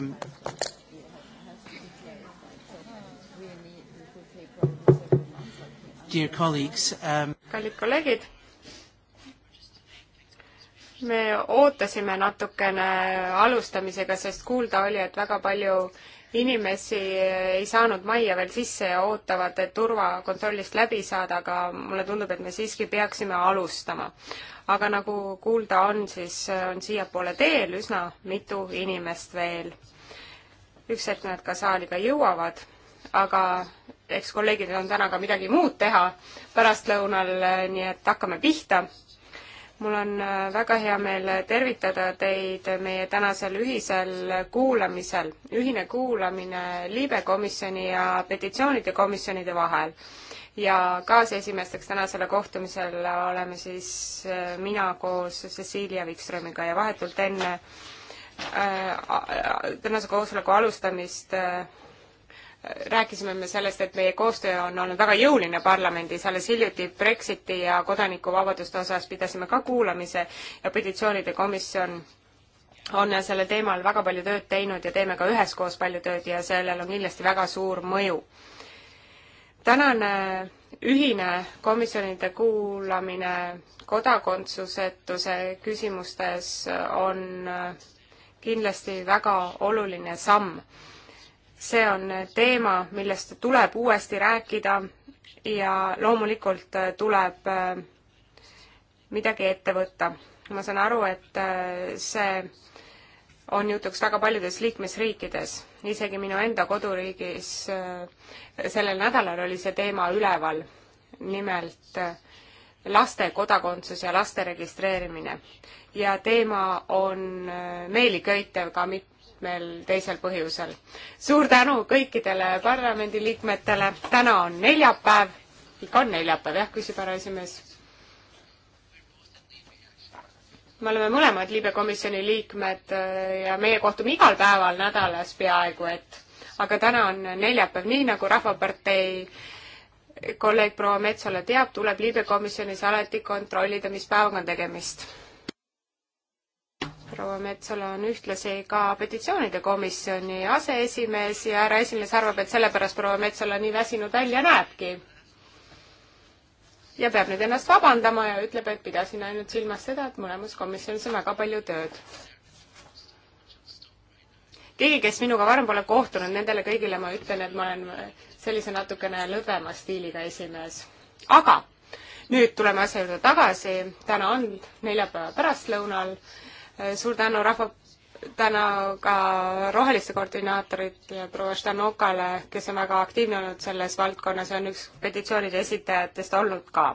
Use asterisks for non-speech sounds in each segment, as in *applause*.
Um, dear colleagues, um... kallid kolleegid, me ootasime natukene alustamisega, sest kuulda oli, et väga palju inimesi ei saanud majja veel sisse ja ootavad, et turvakontrollist läbi saada, aga mulle tundub, et me siiski peaksime alustama. aga nagu kuulda on, siis on siiapoole teel üsna mitu inimest veel üks hetk nad ka saali ka jõuavad, aga eks kolleegidel on täna ka midagi muud teha pärastlõunal, nii et hakkame pihta. mul on äh, väga hea meel tervitada teid meie tänasel ühisel kuulamisel, ühine kuulamine Liibe komisjoni ja petitsioonide komisjonide vahel ja kaasesimeesteks tänasele kohtumisele oleme siis äh, mina koos Cecilia Wikströmiga ja vahetult enne Äh, äh, tänase koosoleku alustamist äh, rääkisime me sellest, et meie koostöö on olnud väga jõuline parlamendis, alles hiljuti Brexiti ja kodanikuvabaduste osas pidasime ka kuulamise ja petitsioonide komisjon on sellel teemal väga palju tööd teinud ja teeme ka üheskoos palju tööd ja sellel on kindlasti väga suur mõju. tänane ühine komisjonide kuulamine kodakondsusetuse küsimustes on kindlasti väga oluline samm. see on teema, millest tuleb uuesti rääkida ja loomulikult tuleb äh, midagi ette võtta. ma saan aru, et äh, see on jutuks väga paljudes liikmesriikides, isegi minu enda koduriigis äh, sellel nädalal oli see teema üleval. nimelt äh, laste kodakondsus ja laste registreerimine. ja teema on äh, meeliköitev ka mitmel teisel põhjusel. suur tänu kõikidele parlamendiliikmetele, täna on neljapäev, ikka on neljapäev jah, küsib härra esimees. me oleme mõlemad Liibe komisjoni liikmed äh, ja meie kohtume igal päeval nädalas peaaegu et, aga täna on neljapäev, nii nagu Rahvapartei kolleeg proua Metsola teab, tuleb liibekomisjonis alati kontrollida, mis päevaga on tegemist. proua Metsola on ühtlasi ka petitsioonide komisjoni aseesimees ja härra esimees arvab, et sellepärast proua Metsola nii väsinud välja näebki. ja peab nüüd ennast vabandama ja ütleb, et pidasin ainult silmas seda, et mõlemas komisjonis on väga palju tööd keegi, kes minuga varem pole kohtunud, nendele kõigile ma ütlen, et ma olen sellise natukene lõdvema stiiliga esimees. aga nüüd tuleme asja juurde tagasi, täna on neljapäeva pärastlõunal, äh, suur tänu rahva täna ka roheliste koordinaatorit ja proua Štanokale, kes on väga aktiivne olnud selles valdkonnas ja on üks petitsioonide esitajatest olnud ka.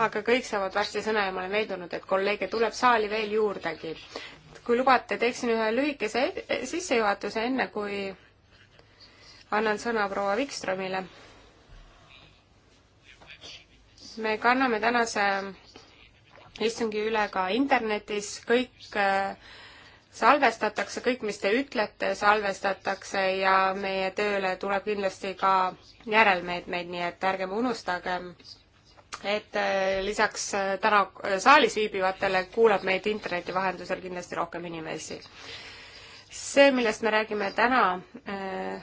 aga kõik saavad varsti sõna ja ma olen veendunud, et kolleege tuleb saali veel juurdegi. kui lubate, teeksin ühe lühikese sissejuhatuse, enne kui annan sõna proua Vikstromile. me kanname tänase istungi üle ka internetis, kõik äh, salvestatakse, kõik, mis te ütlete, salvestatakse ja meie tööle tuleb kindlasti ka järelmeetmeid, nii et ärgem unustagem et äh, lisaks äh, täna saalis viibivatele kuulab meid interneti vahendusel kindlasti rohkem inimesi. see, millest me räägime täna äh,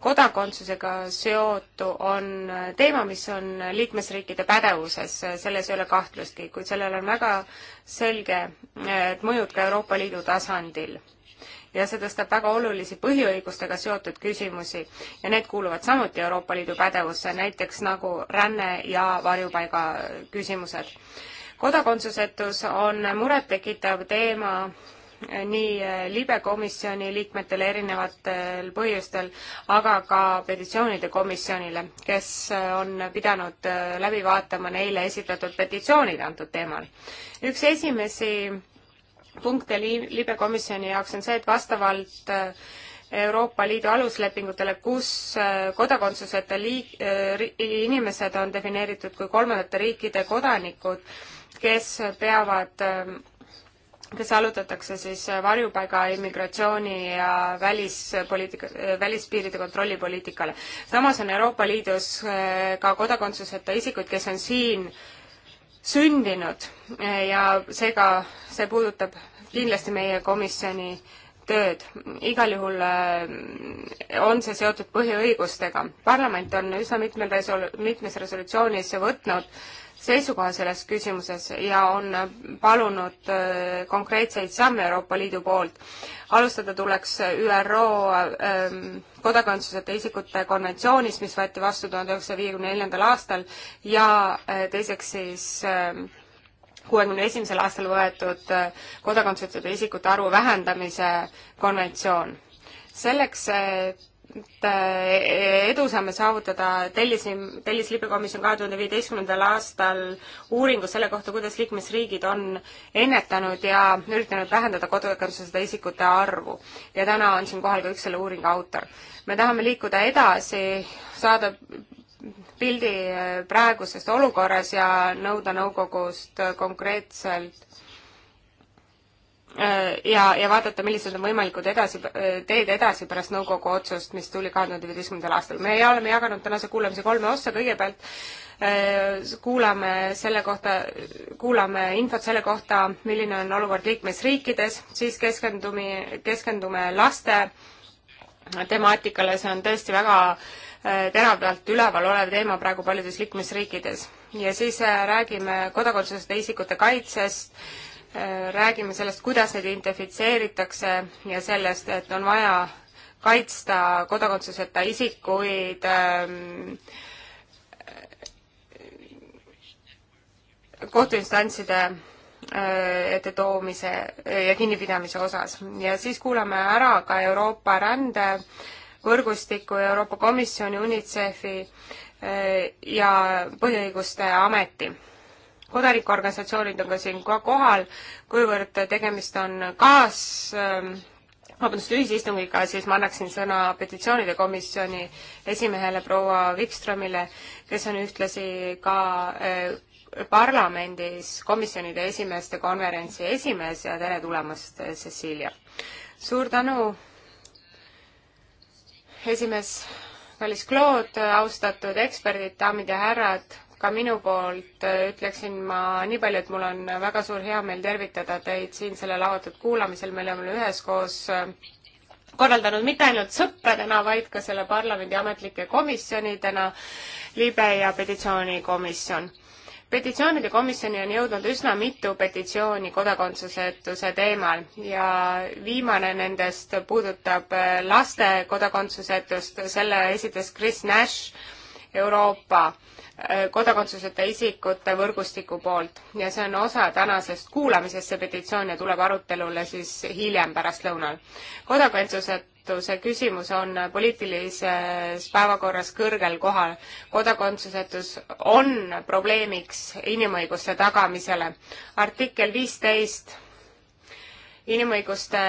kodakondsusega seotu, on teema, mis on liikmesriikide pädevuses, selles ei ole kahtlustki, kuid sellel on väga selged mõjud ka Euroopa Liidu tasandil ja see tõstab väga olulisi põhiõigustega seotud küsimusi ja need kuuluvad samuti Euroopa Liidu pädevusse, näiteks nagu ränne ja varjupaiga küsimused. kodakondsusetus on murettekitav teema nii libekomisjoni liikmetele erinevatel põhjustel, aga ka petitsioonide komisjonile, kes on pidanud läbi vaatama neile esitatud petitsioonid antud teemal. üks esimesi punkte liibe komisjoni jaoks on see, et vastavalt äh, Euroopa Liidu aluslepingutele, kus äh, kodakondsuseta liik-, äh, inimesed on defineeritud kui kolmandate riikide kodanikud, kes peavad, ähm, kes allutatakse siis varjupaiga, immigratsiooni ja välispoliitika, välispiiride kontrollipoliitikale. samas on Euroopa Liidus ka kodakondsuseta isikuid, kes on siin äh, sündinud ja seega see puudutab kindlasti meie komisjoni tööd. igal juhul äh, on see seotud põhiõigustega. parlament on üsna mitmel resol-, mitmes resolutsioonis võtnud seisukoha selles küsimuses ja on palunud äh, konkreetseid samme Euroopa Liidu poolt. alustada tuleks ÜRO ähm, kodakondsuseta isikute konventsioonist, mis võeti vastu tuhande üheksasaja viiekümne neljandal aastal ja äh, teiseks siis ähm, kuuekümne esimesel aastal võetud äh, kodakondsuseta isikute arvu vähendamise konventsioon. selleks, et edusamme saavutada tellis, tellis libekomisjon kahe tuhande viieteistkümnendal aastal uuringu selle kohta, kuidas liikmesriigid on ennetanud ja üritanud vähendada kodakondsuseta isikute arvu. ja täna on siin kohal ka üks selle uuringu autor. me tahame liikuda edasi, saada pildi praegusest olukorras ja nõuda nõukogust konkreetselt Äh, ja, ja vaadata, millised on võimalikud edasi, äh, teed edasi pärast nõukogu otsust, mis tuli kahe tuhande viieteistkümnendal aastal. me oleme jaganud tänase kuulamise kolme ossa, kõigepealt äh, kuulame selle kohta, kuulame infot selle kohta, milline on olukord liikmesriikides, siis keskendumi, keskendume laste temaatikale, see on tõesti väga teravalt üleval olev teema praegu paljudes liikmesriikides. ja siis räägime kodakondsuseta isikute kaitsest, Äh, räägime sellest, kuidas neid identifitseeritakse ja sellest, et on vaja kaitsta kodakondsuseta isikuid ähm, kohtuinstantside äh, ette toomise äh, ja kinnipidamise osas. ja siis kuulame ära ka Euroopa rändevõrgustiku, Euroopa Komisjoni, UNICEF-i ja Põhiõiguste Ameti kodanikuorganisatsioonid on ka siin ka kohal, kuivõrd tegemist on kaas ähm, vabandust, ühisistungiga, siis ma annaksin sõna petitsioonide komisjoni esimehele proua Vikströmile, kes on ühtlasi ka äh, parlamendis komisjonide esimeeste konverentsi esimees ja tere tulemast, äh, Cecilia! suur tänu, esimees, kallis Claude, austatud eksperdid, daamid ja härrad ka minu poolt äh, ütleksin ma nii palju, et mul on väga suur heameel tervitada teid siin sellel avatud kuulamisel, me oleme üheskoos äh, korraldanud mitte ainult sõpradena, vaid ka selle parlamendi ametlike komisjonidena, libe ja petitsioonikomisjon. petitsioonide komisjoni on jõudnud üsna mitu petitsiooni kodakondsusetuse teemal ja viimane nendest puudutab äh, laste kodakondsusetust, selle esitas Chris Nash Euroopa äh, kodakondsuseta isikute võrgustiku poolt ja see on osa tänasest kuulamisest, see petitsioon ja tuleb arutelule siis hiljem pärastlõunal. kodakondsusetuse küsimus on poliitilises päevakorras kõrgel kohal. kodakondsusetus on probleemiks inimõiguste tagamisele. artikkel viisteist inimõiguste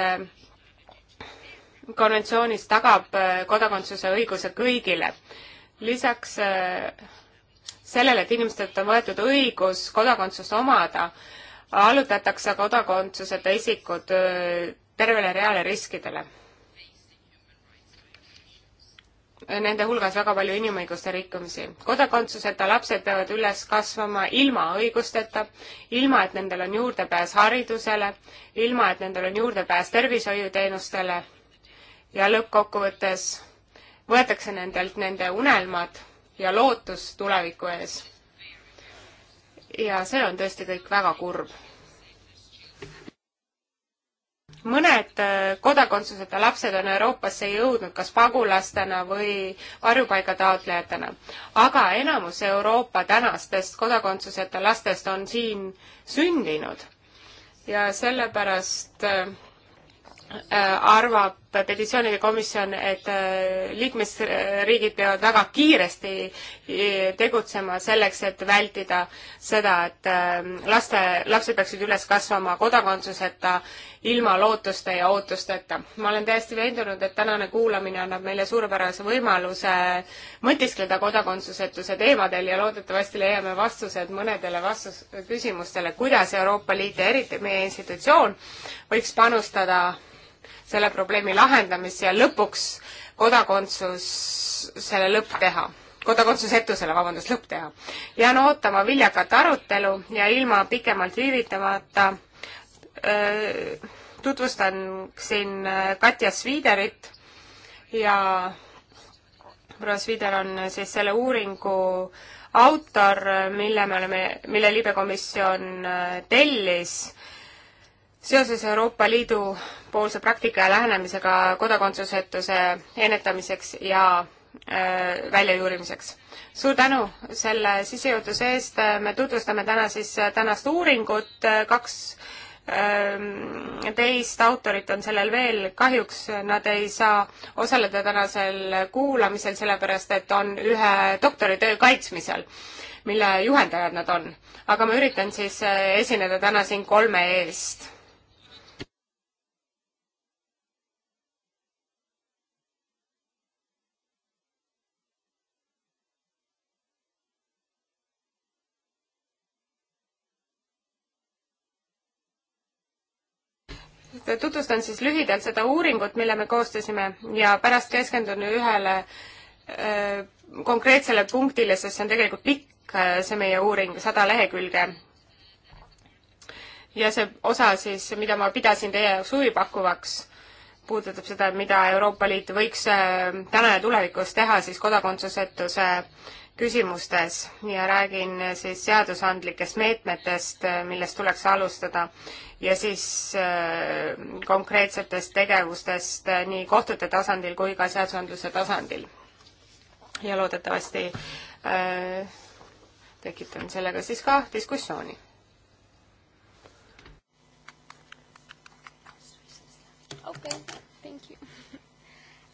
konventsioonis tagab äh, kodakondsuse õiguse kõigile lisaks äh, sellele, et inimestelt on võetud õigus kodakondsust omada, allutatakse kodakondsuseta isikud äh, tervele reale riskidele. Nende hulgas väga palju inimõiguste rikkumisi. kodakondsuseta lapsed peavad üles kasvama ilma õigusteta, ilma et nendel on juurdepääs haridusele, ilma et nendel on juurdepääs tervishoiuteenustele ja lõppkokkuvõttes võetakse nendelt nende unelmad ja lootus tuleviku ees. ja see on tõesti kõik väga kurb. mõned äh, kodakondsuseta lapsed on Euroopasse jõudnud kas pagulastena või varjupaiga taotlejatena, aga enamus Euroopa tänastest kodakondsuseta lastest on siin sündinud ja sellepärast äh, äh, arvab petitsioonide komisjon, et äh, liikmesriigid peavad väga kiiresti äh, tegutsema selleks, et vältida seda, et äh, laste, lapsed peaksid üles kasvama kodakondsuseta, ilma lootuste ja ootusteta. ma olen täiesti veendunud, et tänane kuulamine annab meile suurepärase võimaluse mõtiskleda kodakondsusetuse teemadel ja loodetavasti leiame vastused mõnedele vastus, küsimustele, kuidas Euroopa Liit ja eriti meie institutsioon võiks panustada selle probleemi lahendamisse ja lõpuks kodakondsusele lõpp teha, kodakondsusetusele, vabandust, lõpp teha. jään ootama viljakat arutelu ja ilma pikemalt viivitamata öö, tutvustan siin Katja Sviiderit ja proua Sviider on siis selle uuringu autor, mille me oleme, mille libekomisjon tellis seoses Euroopa Liidu poolse praktika ja lähenemisega kodakondsusetuse ennetamiseks ja äh, väljajuurimiseks. suur tänu selle sissejuhatuse eest, me tutvustame täna siis tänast uuringut, kaks ähm, teist autorit on sellel veel, kahjuks nad ei saa osaleda tänasel kuulamisel, sellepärast et on ühe doktoritöö kaitsmisel, mille juhendajad nad on. aga ma üritan siis äh, esineda täna siin kolme eest tutvustan siis lühidalt seda uuringut, mille me koostasime ja pärast keskendun ühele öö, äh, konkreetsele punktile, sest see on tegelikult pikk, äh, see meie uuring, sada lehekülge. ja see osa siis, mida ma pidasin teie jaoks huvipakkuvaks, puudutab seda, mida Euroopa Liit võiks äh, täna ja tulevikus teha siis kodakondsusetuse küsimustes ja räägin siis seadusandlikest meetmetest, millest tuleks alustada ja siis äh, konkreetsetest tegevustest äh, nii kohtute tasandil kui ka seadusandluse tasandil. ja loodetavasti äh, tekitan sellega siis ka diskussiooni. okei okay,, thank you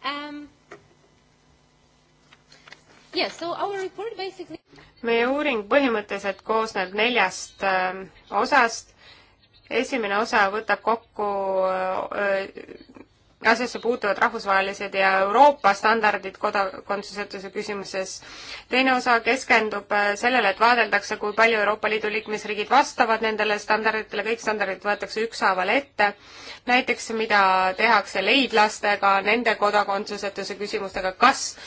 *laughs* um.... Yes, so our report basically... meie uuring põhimõtteliselt koosneb neljast äh, osast. esimene osa võtab kokku äh, asjasse puutuvad rahvusvahelised ja Euroopa standardid kodakondsusetuse küsimuses. teine osa keskendub äh, sellele, et vaadeldakse, kui palju Euroopa Liidu liikmesriigid vastavad nendele standarditele, kõik standardid võetakse ükshaaval ette, näiteks mida tehakse leidlastega, nende kodakondsusetuse küsimustega, kas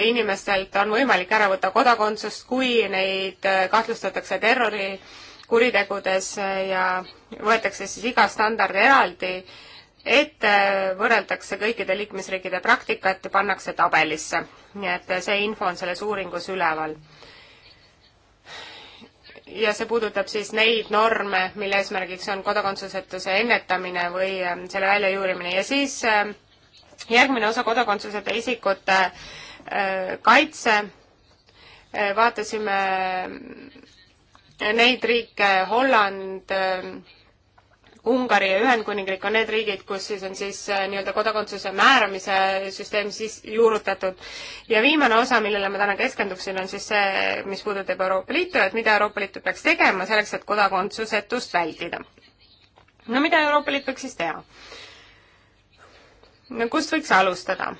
inimestelt on võimalik ära võtta kodakondsust, kui neid äh, kahtlustatakse terrori kuritegudes äh, ja võetakse siis iga standard eraldi äh, ette äh, võrreldakse kõikide liikmesriikide praktikat ja pannakse tabelisse. nii et äh, see info on selles uuringus üleval. ja see puudutab siis neid norme, mille eesmärgiks on kodakondsusetuse ennetamine või ähm, selle väljajuurimine ja siis ähm, järgmine osa kodakondsuseta isikute äh, kaitse, vaatasime ähm, neid riike, Holland, Ungari ja Ühendkuningriik on need riigid, kus siis on siis äh, nii-öelda kodakondsuse määramise süsteem siis juurutatud. ja viimane osa, millele ma täna keskenduksin, on siis see, mis puudutab Euroopa Liitu, et mida Euroopa Liit peaks tegema selleks, et kodakondsusetust vältida. no mida Euroopa Liit võiks siis teha? no kust võiks alustada?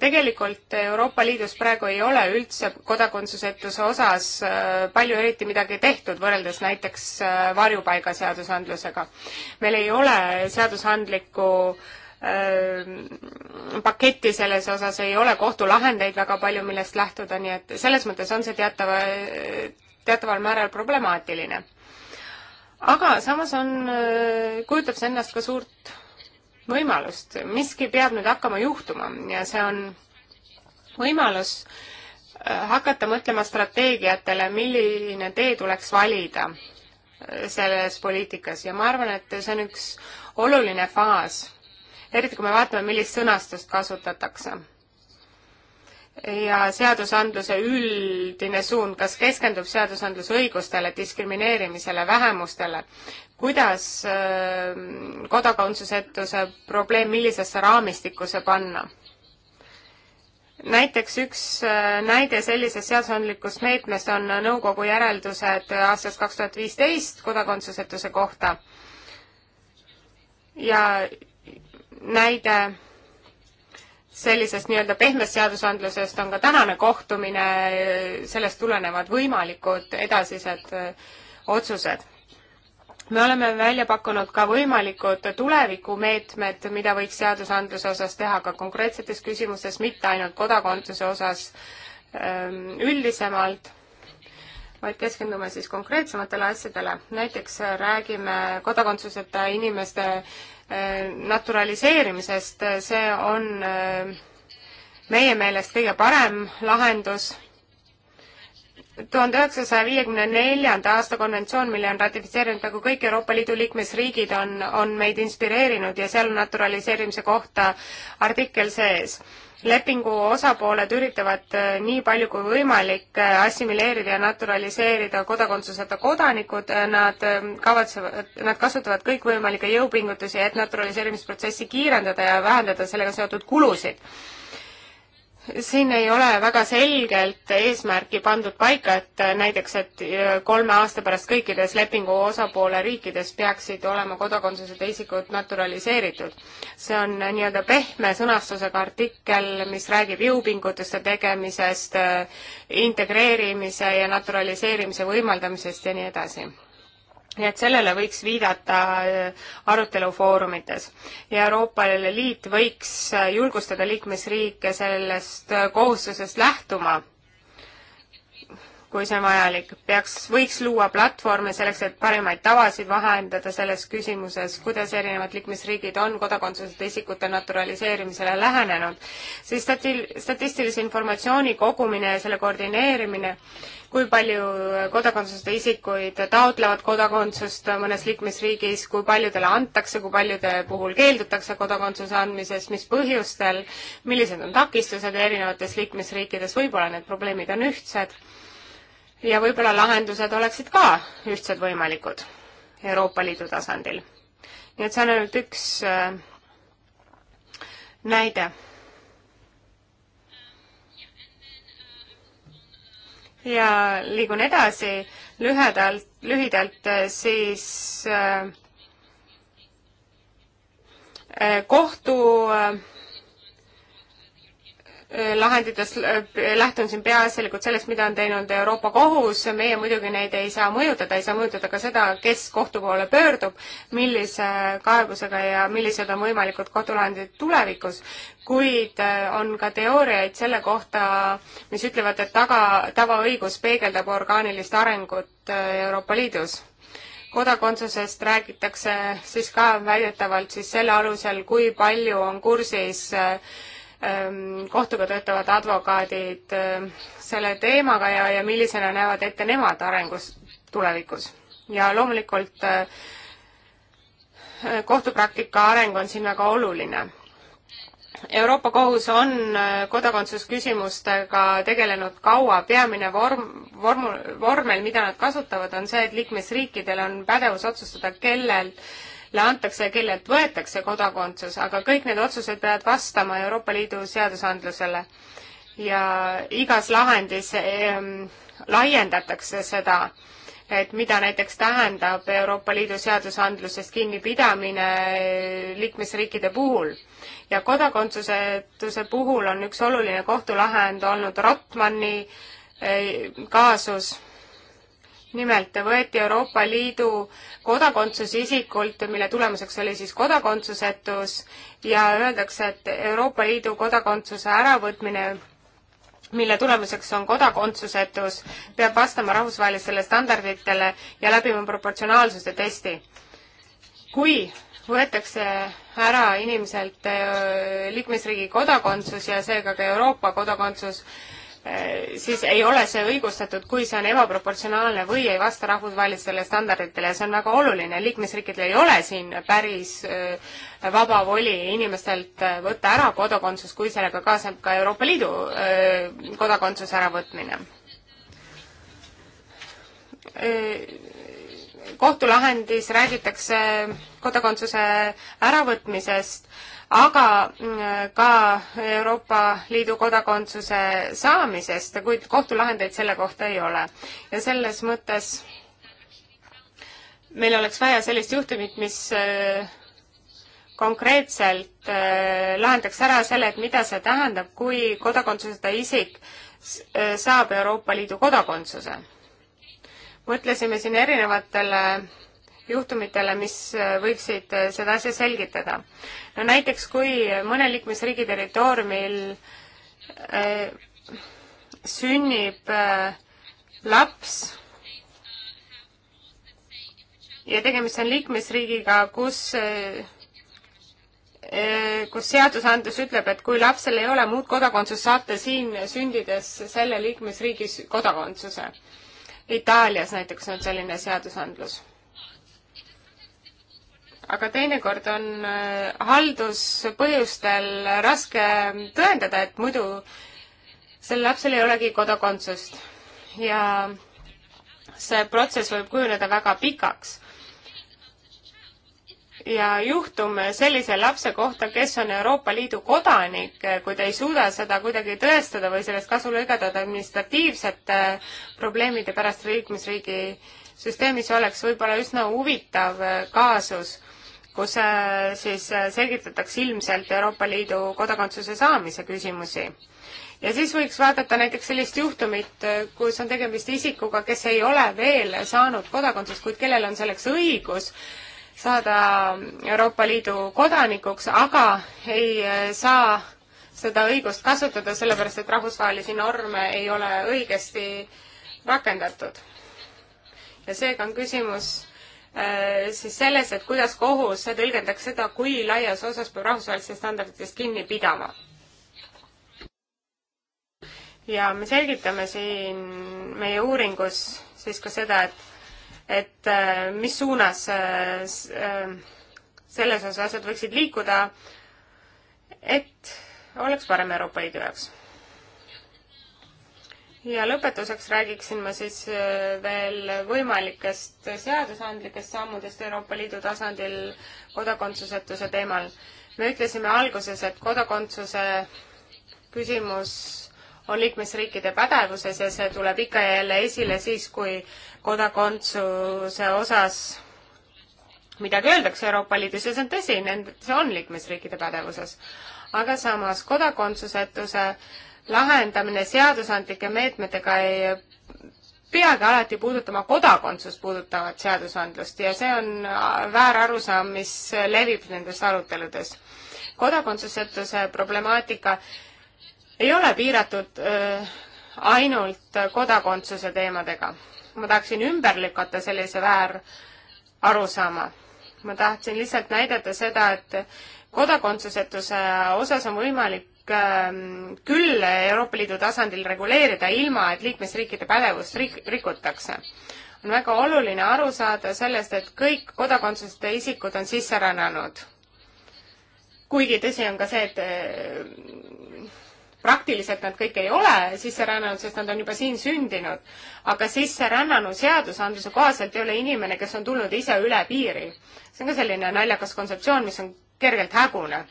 tegelikult Euroopa Liidus praegu ei ole üldse kodakondsusetuse osas äh, palju eriti midagi tehtud, võrreldes näiteks äh, varjupaigaseadusandlusega. meil ei ole seadusandlikku äh, paketti selles osas, ei ole kohtulahendeid väga palju, millest lähtuda, nii et selles mõttes on see teatava, teataval määral problemaatiline. aga samas on, kujutab see endast ka suurt võimalust, miski peab nüüd hakkama juhtuma ja see on võimalus äh, hakata mõtlema strateegiatele, milline tee tuleks valida äh, selles poliitikas ja ma arvan, et see on üks oluline faas, eriti kui me vaatame, millist sõnastust kasutatakse. ja seadusandluse üldine suund, kas keskendub seadusandlus õigustele, diskrimineerimisele, vähemustele, kuidas ähm, kodakondsusetuse probleem, millisesse raamistikku see panna. näiteks üks äh, näide sellisest seadusandlikust meetmest on nõukogu järeldused aastast kaks tuhat viisteist kodakondsusetuse kohta ja näide sellisest nii-öelda pehmest seadusandlusest on ka tänane kohtumine, sellest tulenevad võimalikud edasised äh, otsused me oleme välja pakkunud ka võimalikud tulevikumeetmed, mida võiks seadusandluse osas teha ka konkreetsetes küsimustes, mitte ainult kodakondsuse osas ähm, üldisemalt, vaid keskendume siis konkreetsematele asjadele. näiteks räägime kodakondsuseta inimeste äh, naturaliseerimisest, see on äh, meie meelest kõige parem lahendus tuhande üheksasaja viiekümne neljanda aasta konventsioon, mille on ratifitseerinud peaaegu kõik Euroopa Liidu liikmesriigid, on, on meid inspireerinud ja seal on naturaliseerimise kohta artikkel sees. lepingu osapooled üritavad äh, nii palju kui võimalik äh, assimileerida ja naturaliseerida kodakondsuseta kodanikud, äh, nad ähm, kavatsevad, nad kasutavad kõikvõimalikke jõupingutusi, et naturaliseerimisprotsessi kiirendada ja vähendada sellega seotud kulusid siin ei ole väga selgelt eesmärki pandud paika, et näiteks, et äh, kolme aasta pärast kõikides lepingu osapoole riikides peaksid olema kodakondsuseta isikud naturaliseeritud. see on nii-öelda pehme sõnastusega artikkel, mis räägib jõupingutuste tegemisest, äh, integreerimise ja naturaliseerimise võimaldamisest ja nii edasi nii et sellele võiks viidata äh, arutelufoorumites. ja Euroopa Liit võiks äh, julgustada liikmesriike sellest äh, kohustusest lähtuma kui see on vajalik, peaks, võiks luua platvorme selleks, et parimaid tavasid vahendada selles küsimuses, kuidas erinevad liikmesriigid on kodakondsuseta isikute naturaliseerimisele lähenenud, siis stati-, statistilise informatsiooni kogumine ja selle koordineerimine, kui palju kodakondsuseta isikuid taotlevad kodakondsust mõnes liikmesriigis, kui paljudele antakse, kui paljude puhul keeldutakse kodakondsuse andmisest, mis põhjustel, millised on takistused erinevates liikmesriikides, võib-olla need probleemid on ühtsed ja võib-olla lahendused oleksid ka ühtsed võimalikud Euroopa Liidu tasandil. nii et see on ainult üks äh, näide. ja liigun edasi lühedalt, lühidalt äh, siis äh, kohtu äh, Äh, lahendites äh, lähtun siin peaasjalikult sellest, mida on teinud Euroopa Kohus, meie muidugi neid ei saa mõjutada, ei saa mõjutada ka seda, kes kohtu poole pöördub, millise kaebusega ja millised on võimalikud kohtulahendid tulevikus, kuid äh, on ka teooriaid selle kohta, mis ütlevad, et taga, tavaõigus peegeldab orgaanilist arengut Euroopa Liidus kodakondsusest räägitakse siis ka väidetavalt siis selle alusel, kui palju on kursis äh, Ehm, kohtuga töötavad advokaadid ehm, selle teemaga ja, ja millisena näevad ette nemad arengus tulevikus. ja loomulikult ehm, kohtupraktika areng on siin väga oluline. Euroopa Kohus on kodakondsusküsimustega tegelenud kaua, peamine vorm, vorm, vormel, mida nad kasutavad, on see, et liikmesriikidel on pädevus otsustada, kellel äh, antakse ja kellelt võetakse kodakondsus, aga kõik need otsused peavad vastama Euroopa Liidu seadusandlusele. ja igas lahendis ähm, laiendatakse seda, et mida näiteks tähendab Euroopa Liidu seadusandlusest kinnipidamine eh, liikmesriikide puhul. ja kodakondsusetuse puhul on üks oluline kohtulahend olnud Rotmani eh, kaasus nimelt võeti Euroopa Liidu kodakondsus isikult, mille tulemuseks oli siis kodakondsusetus ja öeldakse, et Euroopa Liidu kodakondsuse äravõtmine mille tulemuseks on kodakondsusetus, peab vastama rahvusvahelistele standarditele ja läbima proportsionaalsuse testi. kui võetakse ära inimeselt äh, liikmesriigi kodakondsus ja seega ka Euroopa kodakondsus, Äh, siis ei ole see õigustatud, kui see on ebaproportsionaalne või ei vasta rahvusvahelistele standarditele ja see on väga oluline, liikmesriikidel ei ole siin päris äh, vaba voli inimestelt äh, võtta ära kodakondsus, kui sellega kaasneb ka Euroopa Liidu kodakondsuse äravõtmine kohtulahendis räägitakse kodakondsuse äravõtmisest aga mm, ka Euroopa Liidu kodakondsuse saamisest, kuid kohtulahendeid selle kohta ei ole. ja selles mõttes meil oleks vaja sellist juhtumit, mis äh, konkreetselt äh, lahendaks ära selle, et mida see tähendab, kui kodakondsuseta isik äh, saab Euroopa Liidu kodakondsuse. mõtlesime siin erinevatele juhtumitele, mis äh, võiksid äh, seda asja selgitada. no näiteks, kui mõne liikmesriigi territooriumil äh, sünnib äh, laps ja tegemist on liikmesriigiga, kus äh, äh kus seadusandlus ütleb, et kui lapsel ei ole muud kodakondsust, saate siin sündides selle liikmesriigi kodakondsuse. Itaalias näiteks on selline seadusandlus aga teinekord on äh, halduspõhjustel raske tõendada, et muidu sel lapsel ei olegi kodakondsust. ja see protsess võib kujuneda väga pikaks. ja juhtum sellise lapse kohta, kes on Euroopa Liidu kodanik, kui ta ei suuda seda kuidagi tõestada või sellest kasu lõigata administratiivsete äh, probleemide pärast liikmesriigi süsteemis oleks võib-olla üsna huvitav äh, kaasus kus siis selgitatakse ilmselt Euroopa Liidu kodakondsuse saamise küsimusi. ja siis võiks vaadata näiteks sellist juhtumit, kus on tegemist isikuga, kes ei ole veel saanud kodakondsust, kuid kellel on selleks õigus saada Euroopa Liidu kodanikuks, aga ei saa seda õigust kasutada, sellepärast et rahvusvahelisi norme ei ole õigesti rakendatud. ja seega on küsimus Äh, siis selles, et kuidas kohus tõlgendaks seda, kui laias osas peab rahvusvahelistest standarditest kinni pidama. ja me selgitame siin meie uuringus siis ka seda, et, et äh, mis suunas äh, selles osas asjad võiksid liikuda, et oleks parem Euroopa Liidu jaoks ja lõpetuseks räägiksin ma siis äh, veel võimalikest seadusandlikest sammudest Euroopa Liidu tasandil kodakondsusetuse teemal. me ütlesime alguses, et kodakondsuse küsimus on liikmesriikide pädevuses ja see tuleb ikka ja jälle esile siis, kui kodakondsuse osas midagi öeldakse Euroopa Liidus ja see on tõsi, see on liikmesriikide pädevuses. aga samas kodakondsusetuse lahendamine seadusandlike meetmetega ei peagi alati puudutama kodakondsust puudutavat seadusandlust ja see on väär arusaam, mis levib nendes aruteludes. kodakondsusetuse problemaatika ei ole piiratud äh, ainult kodakondsuse teemadega. ma tahaksin ümber lükata sellise väär arusaama. ma tahtsin lihtsalt näidata seda, et kodakondsusetuse osas on võimalik Ähm, küll Euroopa Liidu tasandil reguleerida, ilma et liikmesriikide pädevust rik-, rikutakse. on väga oluline aru saada sellest, et kõik kodakondsuseta isikud on sisse rännanud. kuigi tõsi on ka see, et äh, praktiliselt nad kõik ei ole sisse rännanud, sest nad on juba siin sündinud, aga sisse rännanud seadusandluse kohaselt ei ole inimene, kes on tulnud ise üle piiri. see on ka selline naljakas kontseptsioon, mis on kergelt hägune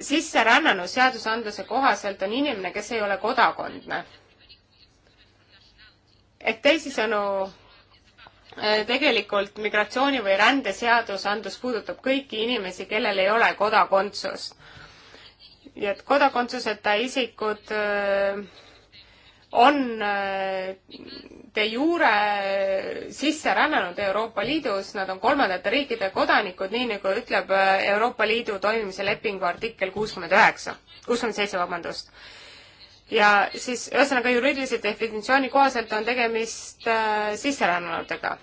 sisserännanu seadusandluse kohaselt on inimene, kes ei ole kodakondne. et teisisõnu, äh, tegelikult migratsiooni või rändeseadusandlus puudutab kõiki inimesi, kellel ei ole kodakondsust. ja et kodakondsuseta isikud äh, on äh, de jure sisse rännanud Euroopa Liidus, nad on kolmandate riikide kodanikud, nii nagu ütleb äh, Euroopa Liidu toimimise lepingu artikkel kuuskümmend üheksa, kuuskümmend seitse, vabandust. ja siis ühesõnaga juriidilise definitsiooni kohaselt on tegemist äh, sisserännanutega.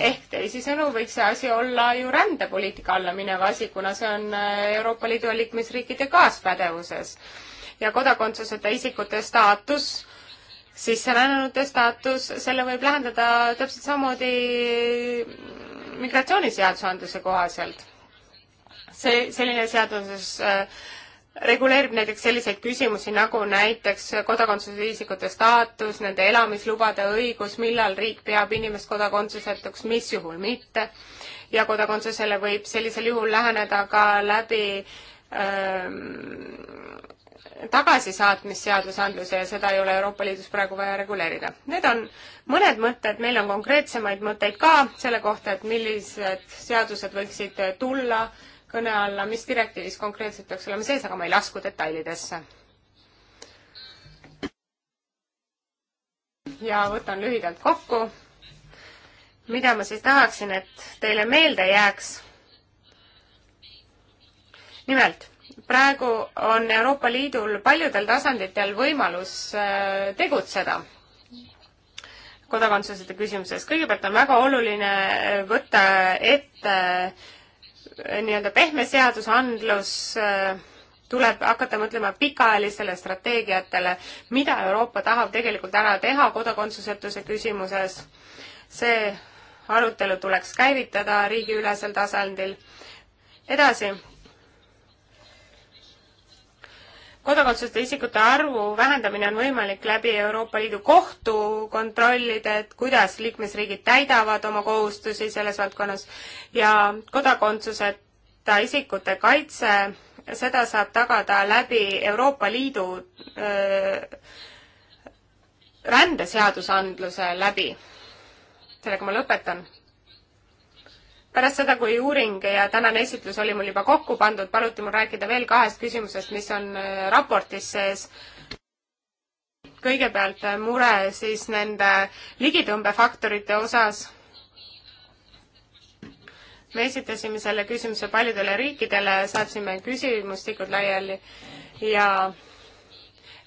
ehk teisisõnu võiks see asi olla ju rändepoliitika alla minev asi, kuna see on äh, Euroopa Liidu liikmesriikide kaaspädevuses. ja kodakondsuseta isikute staatus äh, sisserännanute staatus, selle võib lahendada täpselt samamoodi migratsiooniseadusandluse kohaselt. see, selline seaduses äh, reguleerib näiteks selliseid küsimusi nagu näiteks kodakondsuse isikute staatus, nende elamislubade õigus, millal riik peab inimest kodakondsusetuks, mis juhul mitte. ja kodakondsusele võib sellisel juhul läheneda ka läbi ähm, tagasisaatmisseadusandluse ja seda ei ole Euroopa Liidus praegu vaja reguleerida. Need on mõned mõtted, meil on konkreetsemaid mõtteid ka selle kohta, et millised seadused võiksid tulla kõne alla, mis direktiivis konkreetselt peaks olema sees, aga ma ei lasku detailidesse. ja võtan lühidalt kokku, mida ma siis tahaksin, et teile meelde jääks. nimelt praegu on Euroopa Liidul paljudel tasanditel võimalus äh, tegutseda kodakondsuseta küsimuses. kõigepealt on väga oluline äh, võtta ette äh, nii-öelda pehme seadusandlus, tuleb hakata mõtlema pikaajalistele strateegiatele, mida Euroopa tahab tegelikult ära teha kodakondsusetuse küsimuses. see arutelu tuleks käivitada riigiülesel tasandil. edasi kodakondsuseta isikute arvu vähendamine on võimalik läbi Euroopa Liidu kohtu kontrollida, et kuidas liikmesriigid täidavad oma kohustusi selles valdkonnas ja kodakondsuseta isikute kaitse, seda saab tagada läbi Euroopa Liidu öö, rändeseadusandluse läbi. sellega ma lõpetan pärast seda, kui uuring ja tänane esitlus oli mul juba kokku pandud, paluti mul rääkida veel kahest küsimusest, mis on äh, raportis sees. kõigepealt äh, mure siis nende ligitõmbefaktorite osas. me esitasime selle küsimuse paljudele riikidele, saatsime küsimustikud laiali ja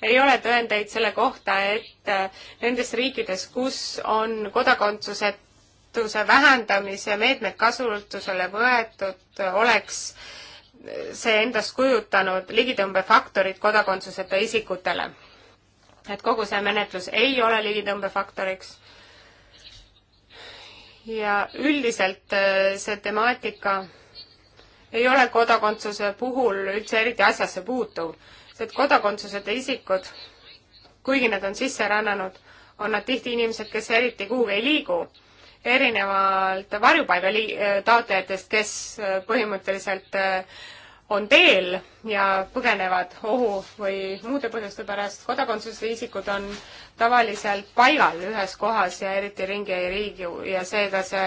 ei ole tõendeid selle kohta, et äh, nendes riikides, kus on kodakondsused sõltuvuse vähendamise meetmed kasutusele võetud, oleks see endast kujutanud ligitõmbefaktorid kodakondsuseta isikutele. et kogu see menetlus ei ole ligitõmbefaktoriks. ja üldiselt äh, see temaatika ei ole kodakondsuse puhul üldse eriti asjasse puutuv, sest kodakondsuseta isikud, kuigi nad on sisse rännanud, on nad tihti inimesed, kes eriti kuhugi ei liigu erinevalt varjupaiga äh, taotlejatest, kes äh, põhimõtteliselt äh, on teel ja põgenevad ohu või muude põhjuste pärast. kodakondsuseta isikud on tavaliselt paigal ühes kohas ja eriti ringi ei riigi ja seega see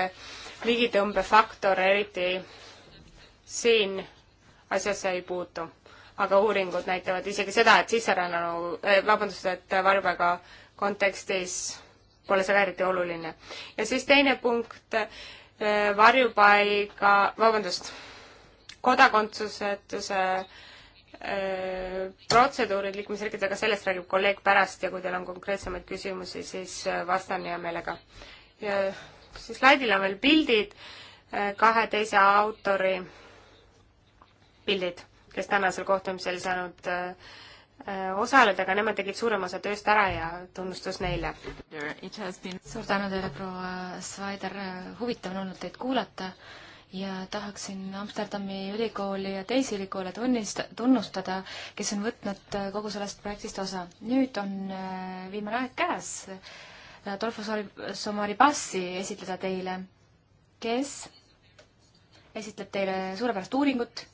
ligitõmbefaktor eriti siin asjasse ei puutu. aga uuringud näitavad isegi seda, et sisserännanu, vabandust, et varjupaiga kontekstis pole see ka eriti oluline. ja siis teine punkt, äh, varjupaiga, vabandust, kodakondsusetuse äh, protseduurid liikmesriigid, aga sellest räägib kolleeg pärast ja kui teil on konkreetsemaid küsimusi, siis äh, vastan hea meelega. ja siis slaidil on veel pildid, kahe teise autori pildid, kes tänasel kohtumisel saanud äh, Äh, osaleda, aga nemad tegid suurema osa tööst ära ja tunnustus neile. Been... suur tänu teile, proua Svaider, huvitav on olnud teid kuulata ja tahaksin Amsterdami ülikooli ja teisi ülikoole tunnist-, tunnustada, kes on võtnud äh, kogu sellest projektist osa. nüüd on äh, viimane aeg käes Adolfo Somaribassi esitleda teile, kes esitleb teile suurepärast uuringut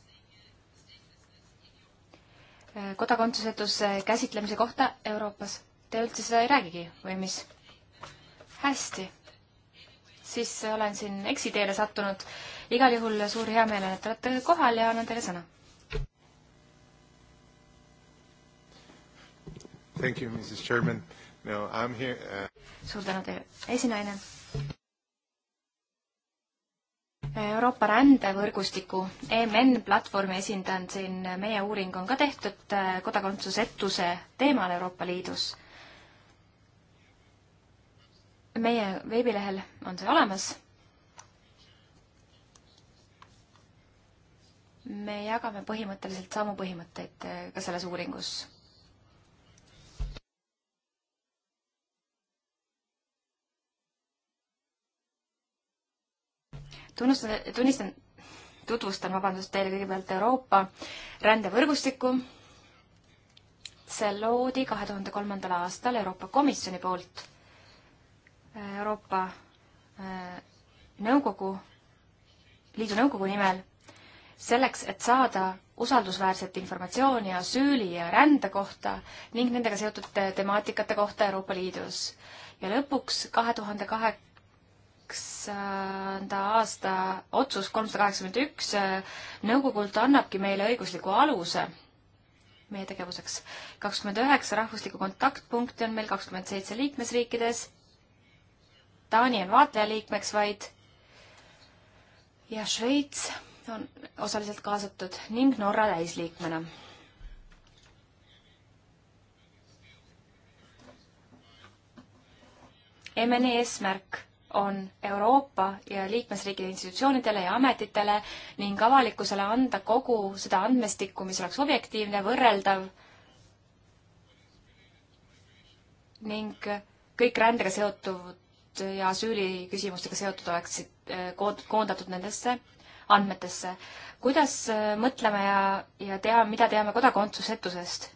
kodakondsusetuse käsitlemise kohta Euroopas. Te üldse seda ei räägigi või mis? hästi. siis olen siin eksiteele sattunud. igal juhul suur heameel, et olete kohal ja annan teile sõna. Thank you, Mrs Chairman. no I am here uh.... suur tänu teile, esinaine. Euroopa rändevõrgustiku EMN platvormi esindan siin, meie uuring on ka tehtud äh, kodakondsusetuse teemal Euroopa Liidus. meie veebilehel on see olemas. me jagame põhimõtteliselt samu põhimõtteid äh, ka selles uuringus tunnustan, tunnistan, tutvustan, vabandust, teile kõigepealt Euroopa rändevõrgustikku. see loodi kahe tuhande kolmandal aastal Euroopa Komisjoni poolt Euroopa äh, Nõukogu, Liidu Nõukogu nimel, selleks, et saada usaldusväärset informatsiooni asüüli ja rände kohta ning nendega seotud temaatikate kohta Euroopa Liidus. ja lõpuks kahe tuhande kahe, kaheksanda aasta otsus kolmsada kaheksakümmend üks eh, nõukogult annabki meile õigusliku aluse meie tegevuseks. kakskümmend üheksa rahvuslikku kontaktpunkti on meil kakskümmend seitse liikmesriikides. Taani on vaatlejaliikmeks vaid ja Šveits on osaliselt kaasatud ning Norra täisliikmena MNE eesmärk on Euroopa ja liikmesriikide institutsioonidele ja ametitele ning avalikkusele anda kogu seda andmestikku, mis oleks objektiivne, võrreldav ning kõik rändega seotud ja asüüliküsimustega seotud oleksid eh, koondatud nendesse andmetesse. kuidas eh, mõtleme ja, ja tea, mida teame kodakondsusetusest?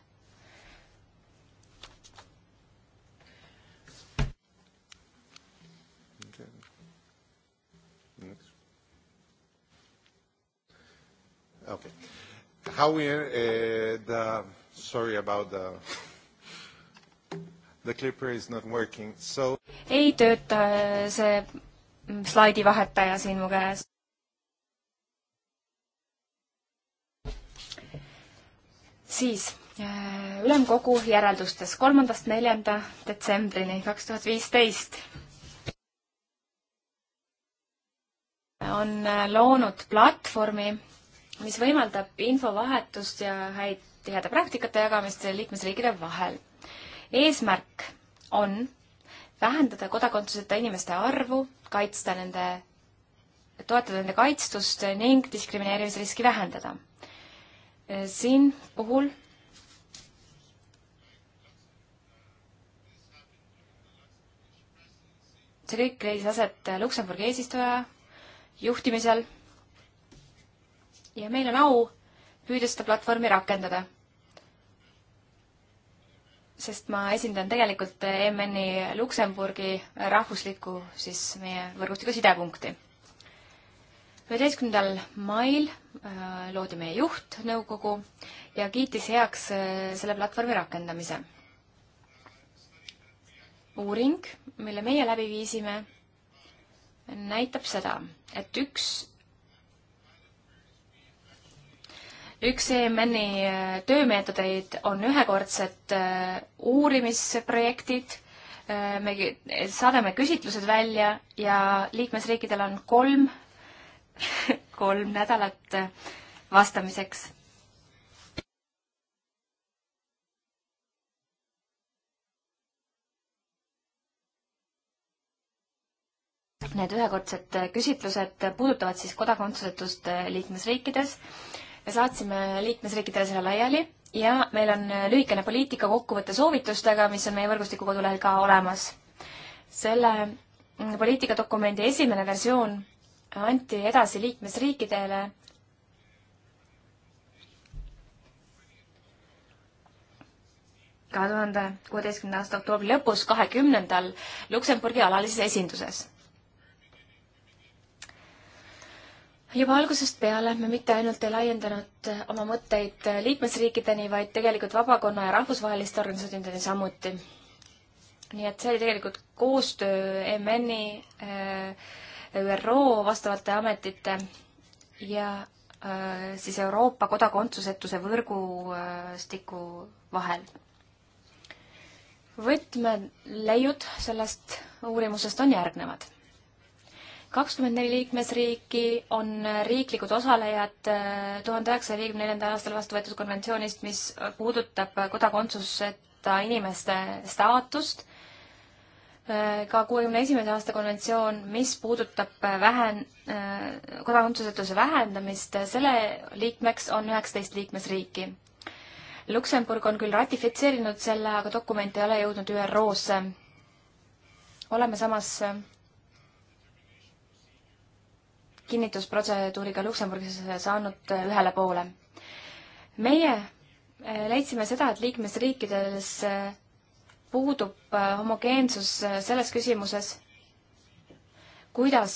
how we, uh, the, sorry about the, the clipper is not working, so. ei tööta see slaidivahetaja siin mu käes. siis äh, ülemkogu järeldustes kolmandast neljanda detsembrini kaks tuhat viisteist on äh, loonud platvormi mis võimaldab infovahetust ja häid tiheda praktikate jagamist liikmesriikide vahel. eesmärk on vähendada kodakondsuseta inimeste arvu, kaitsta nende, toetada nende kaitstust ning diskrimineerimisriski vähendada. siin puhul see kõik leidis aset Luksemburgi eesistuja juhtimisel ja meil on au püüda seda platvormi rakendada. sest ma esindan tegelikult EMN-i Luksemburgi rahvuslikku, siis meie võrgustiku sidepunkti. üheteistkümnendal mail äh, loodi meie juhtnõukogu ja kiitis heaks äh, selle platvormi rakendamise. uuring, mille meie läbi viisime, näitab seda, et üks üks EMN-i äh, töömeetodeid on ühekordsed äh, uurimisprojektid, äh, me saadame küsitlused välja ja liikmesriikidel on kolm, *laughs* kolm nädalat vastamiseks Need ühekordsed küsitlused puudutavad siis kodakondsusetust liikmesriikides me saatsime liikmesriikidele selle laiali ja meil on lühikene poliitika kokkuvõte soovitustega, mis on meie võrgustiku kodulehel ka olemas. selle mm, poliitikadokumendi esimene versioon anti edasi liikmesriikidele kahe tuhande kuueteistkümnenda aasta oktoobri lõpus kahekümnendal Luksemburgi alalises esinduses juba algusest peale me mitte ainult ei laiendanud äh, oma mõtteid äh, liikmesriikideni, vaid tegelikult vabakonna ja rahvusvaheliste organisatsioonideni samuti. nii et see oli tegelikult koostöö MN-i, äh, ÜRO vastavate ametite ja siis Euroopa kodakondsusetuse võrgustiku vahel. võtmeleiud sellest uurimusest on järgnevad kakskümmend neli liikmesriiki on riiklikud osalejad äh, tuhande üheksasaja viiekümne neljandal aastal vastu võetud konventsioonist, mis puudutab kodakondsuseta inimeste staatust. Äh, ka kuuekümne esimese aasta konventsioon, mis puudutab vähen-, äh, kodakondsusetuse vähendamist, selle liikmeks on üheksateist liikmesriiki. Luksemburg on küll ratifitseerinud selle, aga dokument ei ole jõudnud ÜRO-sse. oleme samas kinnitusprotseduuriga Luksemburgis saanud ühele poole. meie äh, leidsime seda, et liikmesriikides äh, puudub äh, homogeensus selles küsimuses, kuidas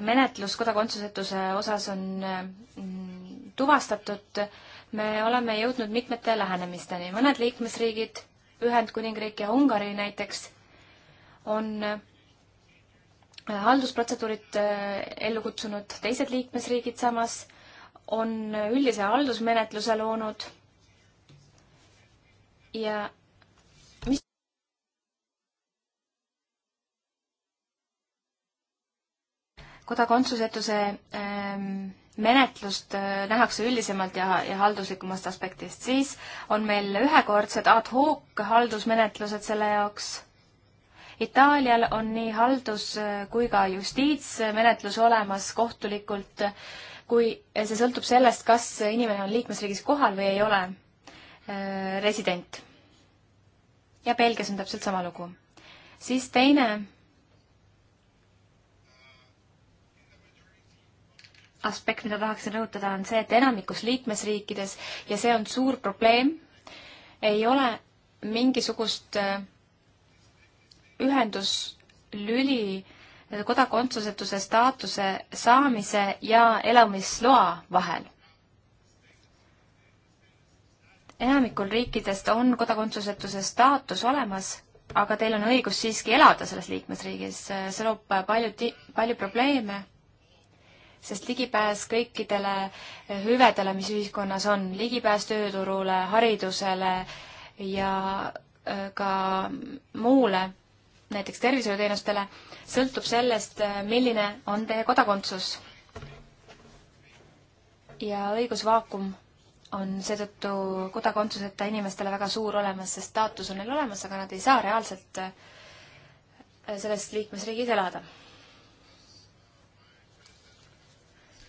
menetlus kodakondsusetuse osas on mm, tuvastatud. me oleme jõudnud mitmete lähenemisteni, mõned liikmesriigid, Ühendkuningriik ja Ungari näiteks, on haldusprotseduurid äh, ellu kutsunud teised liikmesriigid samas on üldise haldusmenetluse loonud ja mis kodakondsusetuse ähm, menetlust äh, nähakse üldisemalt ja, ja halduslikumast aspektist, siis on meil ühekordsed ad hoc haldusmenetlused selle jaoks Itaalial on nii haldus äh, kui ka justiitsmenetlus olemas kohtulikult, kui äh, see sõltub sellest, kas inimene on liikmesriigis kohal või ei ole äh, resident. ja Belgias on täpselt sama lugu. siis teine aspekt, mida tahaksin rõhutada, on see, et enamikus liikmesriikides ja see on suur probleem, ei ole mingisugust äh, ühenduslüli eh, kodakondsusetuse staatuse saamise ja elamisloa vahel. enamikul riikidest on kodakondsusetuse staatus olemas, aga teil on õigus siiski elada selles liikmesriigis, eh, see loob palju, palju probleeme, sest ligipääs kõikidele eh, hüvedele, mis ühiskonnas on, ligipääs tööturule, haridusele ja ka muule näiteks tervishoiuteenustele, sõltub sellest, milline on teie kodakondsus. ja õigusvaakum on seetõttu kodakondsuseta inimestele väga suur olemas, sest staatus on neil olemas, aga nad ei saa reaalselt äh, selles liikmesriigis elada.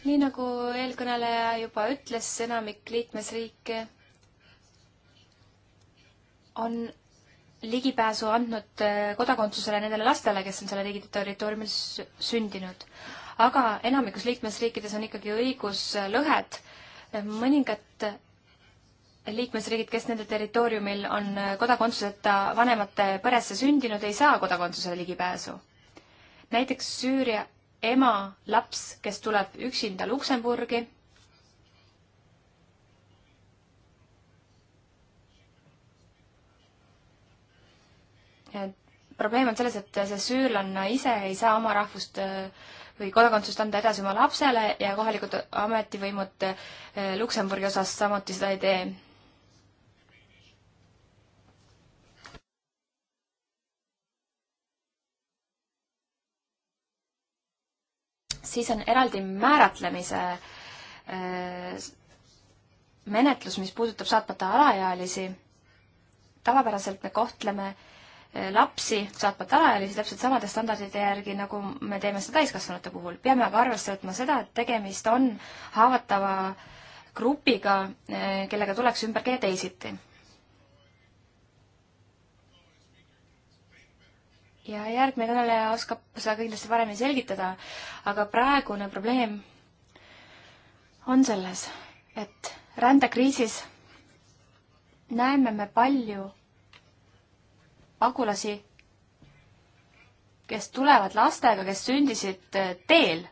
nii nagu eelkõneleja juba ütles, enamik liikmesriike on ligipääsu andnud äh, kodakondsusele nendele lastele, kes on selle riigi territooriumil sündinud. aga enamikus liikmesriikides on ikkagi õiguslõhed, mõningad liikmesriigid, kes nende territooriumil on äh, kodakondsuseta vanemate peresse sündinud, ei saa kodakondsusele ligipääsu. näiteks Süüria ema laps, kes tuleb üksinda Luksemburgi probleem on selles, et see süürlanna ise ei saa oma rahvust äh, või kodakondsust anda edasi oma lapsele ja kohalikud ametivõimud äh, Luksemburgi osas samuti seda ei tee. siis on eraldi määratlemise äh, menetlus, mis puudutab saatmata alaealisi. tavapäraselt me kohtleme äh, Eh, lapsi, saatmata alaealisi täpselt samade standardite järgi, nagu me teeme seda täiskasvanute puhul. peame aga arvesse võtma seda, et tegemist on haavatava grupiga, eh, kellega tuleks ümber käia teisiti. ja järgmine kõneleja oskab seda kindlasti paremini selgitada, aga praegune probleem on selles, et rändekriisis näeme me palju pagulasi, kes tulevad lastega, kes sündisid eh, teel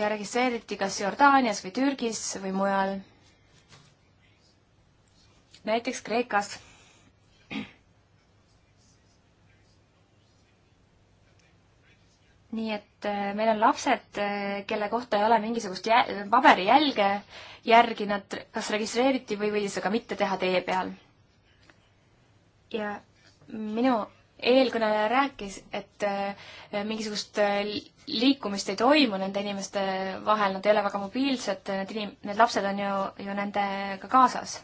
ja registreeriti kas Jordaanias või Türgis või mujal. näiteks Kreekas. nii et eh, meil on lapsed, eh, kelle kohta ei ole mingisugust jä-, paberijälge järgi, nad kas registreeriti või võis aga mitte teha tee peal. ja minu eelkõneleja rääkis, et äh, mingisugust äh, liikumist ei toimu nende inimeste vahel, nad ei ole väga mobiilsed, need inim-, need lapsed on ju, ju nendega ka kaasas.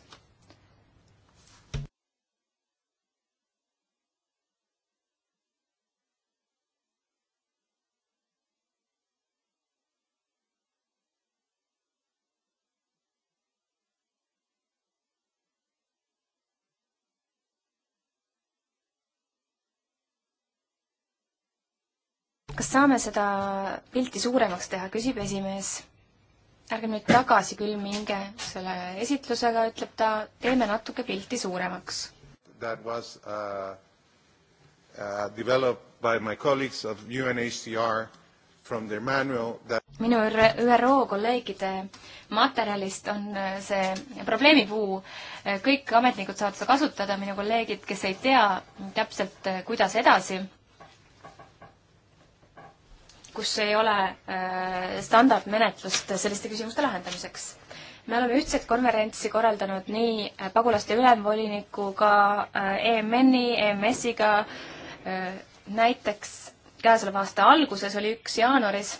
kas saame seda pilti suuremaks teha, küsib esimees. ärge nüüd tagasi küll minge selle esitlusega, ütleb ta, teeme natuke pilti suuremaks. That was uh, uh, developed by my colleagues of UNHCR from their manual that minu ÜRO kolleegide materjalist on uh, see probleemipuu, uh, kõik ametnikud saavad seda kasutada, minu kolleegid, kes ei tea täpselt, uh, kuidas edasi kus ei ole äh, standardmenetlust selliste küsimuste lahendamiseks. me oleme ühtset konverentsi korraldanud nii äh, pagulaste ülemvolinikuga, äh, EMN-i, EMS-iga, näiteks käesoleva aasta alguses oli üks jaanuaris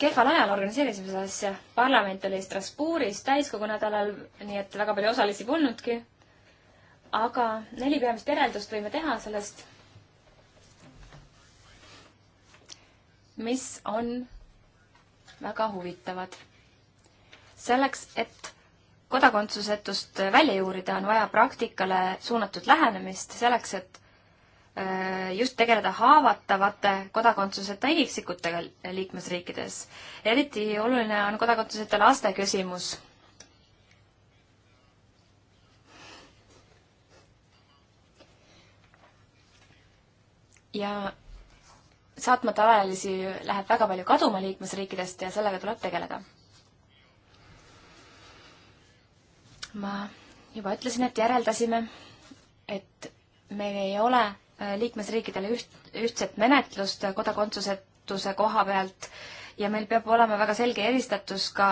kehval ajal organiseerisime seda asja. parlament oli Strasbourgis täiskogu nädalal, nii et väga palju osalisi polnudki aga neli peamist järeldust võime teha sellest, mis on väga huvitavad. selleks, et kodakondsusetust välja juurida, on vaja praktikale suunatud lähenemist selleks, et äh, just tegeleda haavatavate kodakondsuseta isikutega liikmesriikides. eriti oluline on kodakondsuseta laste küsimus ja saatmata alaealisi läheb väga palju kaduma liikmesriikidest ja sellega tuleb tegeleda. ma juba ütlesin, et järeldasime, et meil ei ole äh, liikmesriikidele üht, ühtset menetlust kodakondsusetuse koha pealt ja meil peab olema väga selge eristatus ka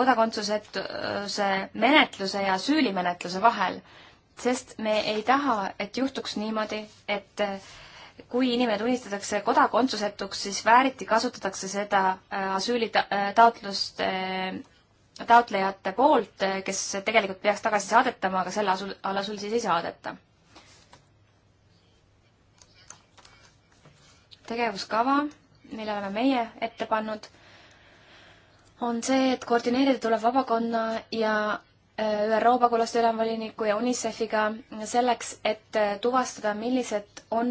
kodakondsusetuse menetluse ja süülimenetluse vahel sest me ei taha, et juhtuks niimoodi, et äh, kui inimene tunnistatakse kodakondsusetuks, siis vääriti kasutatakse seda äh, asüülitaotlust äh, taotlejate poolt, kes tegelikult peaks tagasi saadetama, aga selle asul, alasul siis ei saadeta. tegevuskava, mille oleme meie ette pannud, on see, et koordineerida tuleb vabakonna ja Äh, ÜRO pagulaste ülemvoliniku ja UNICEF-iga selleks, et äh, tuvastada, millised on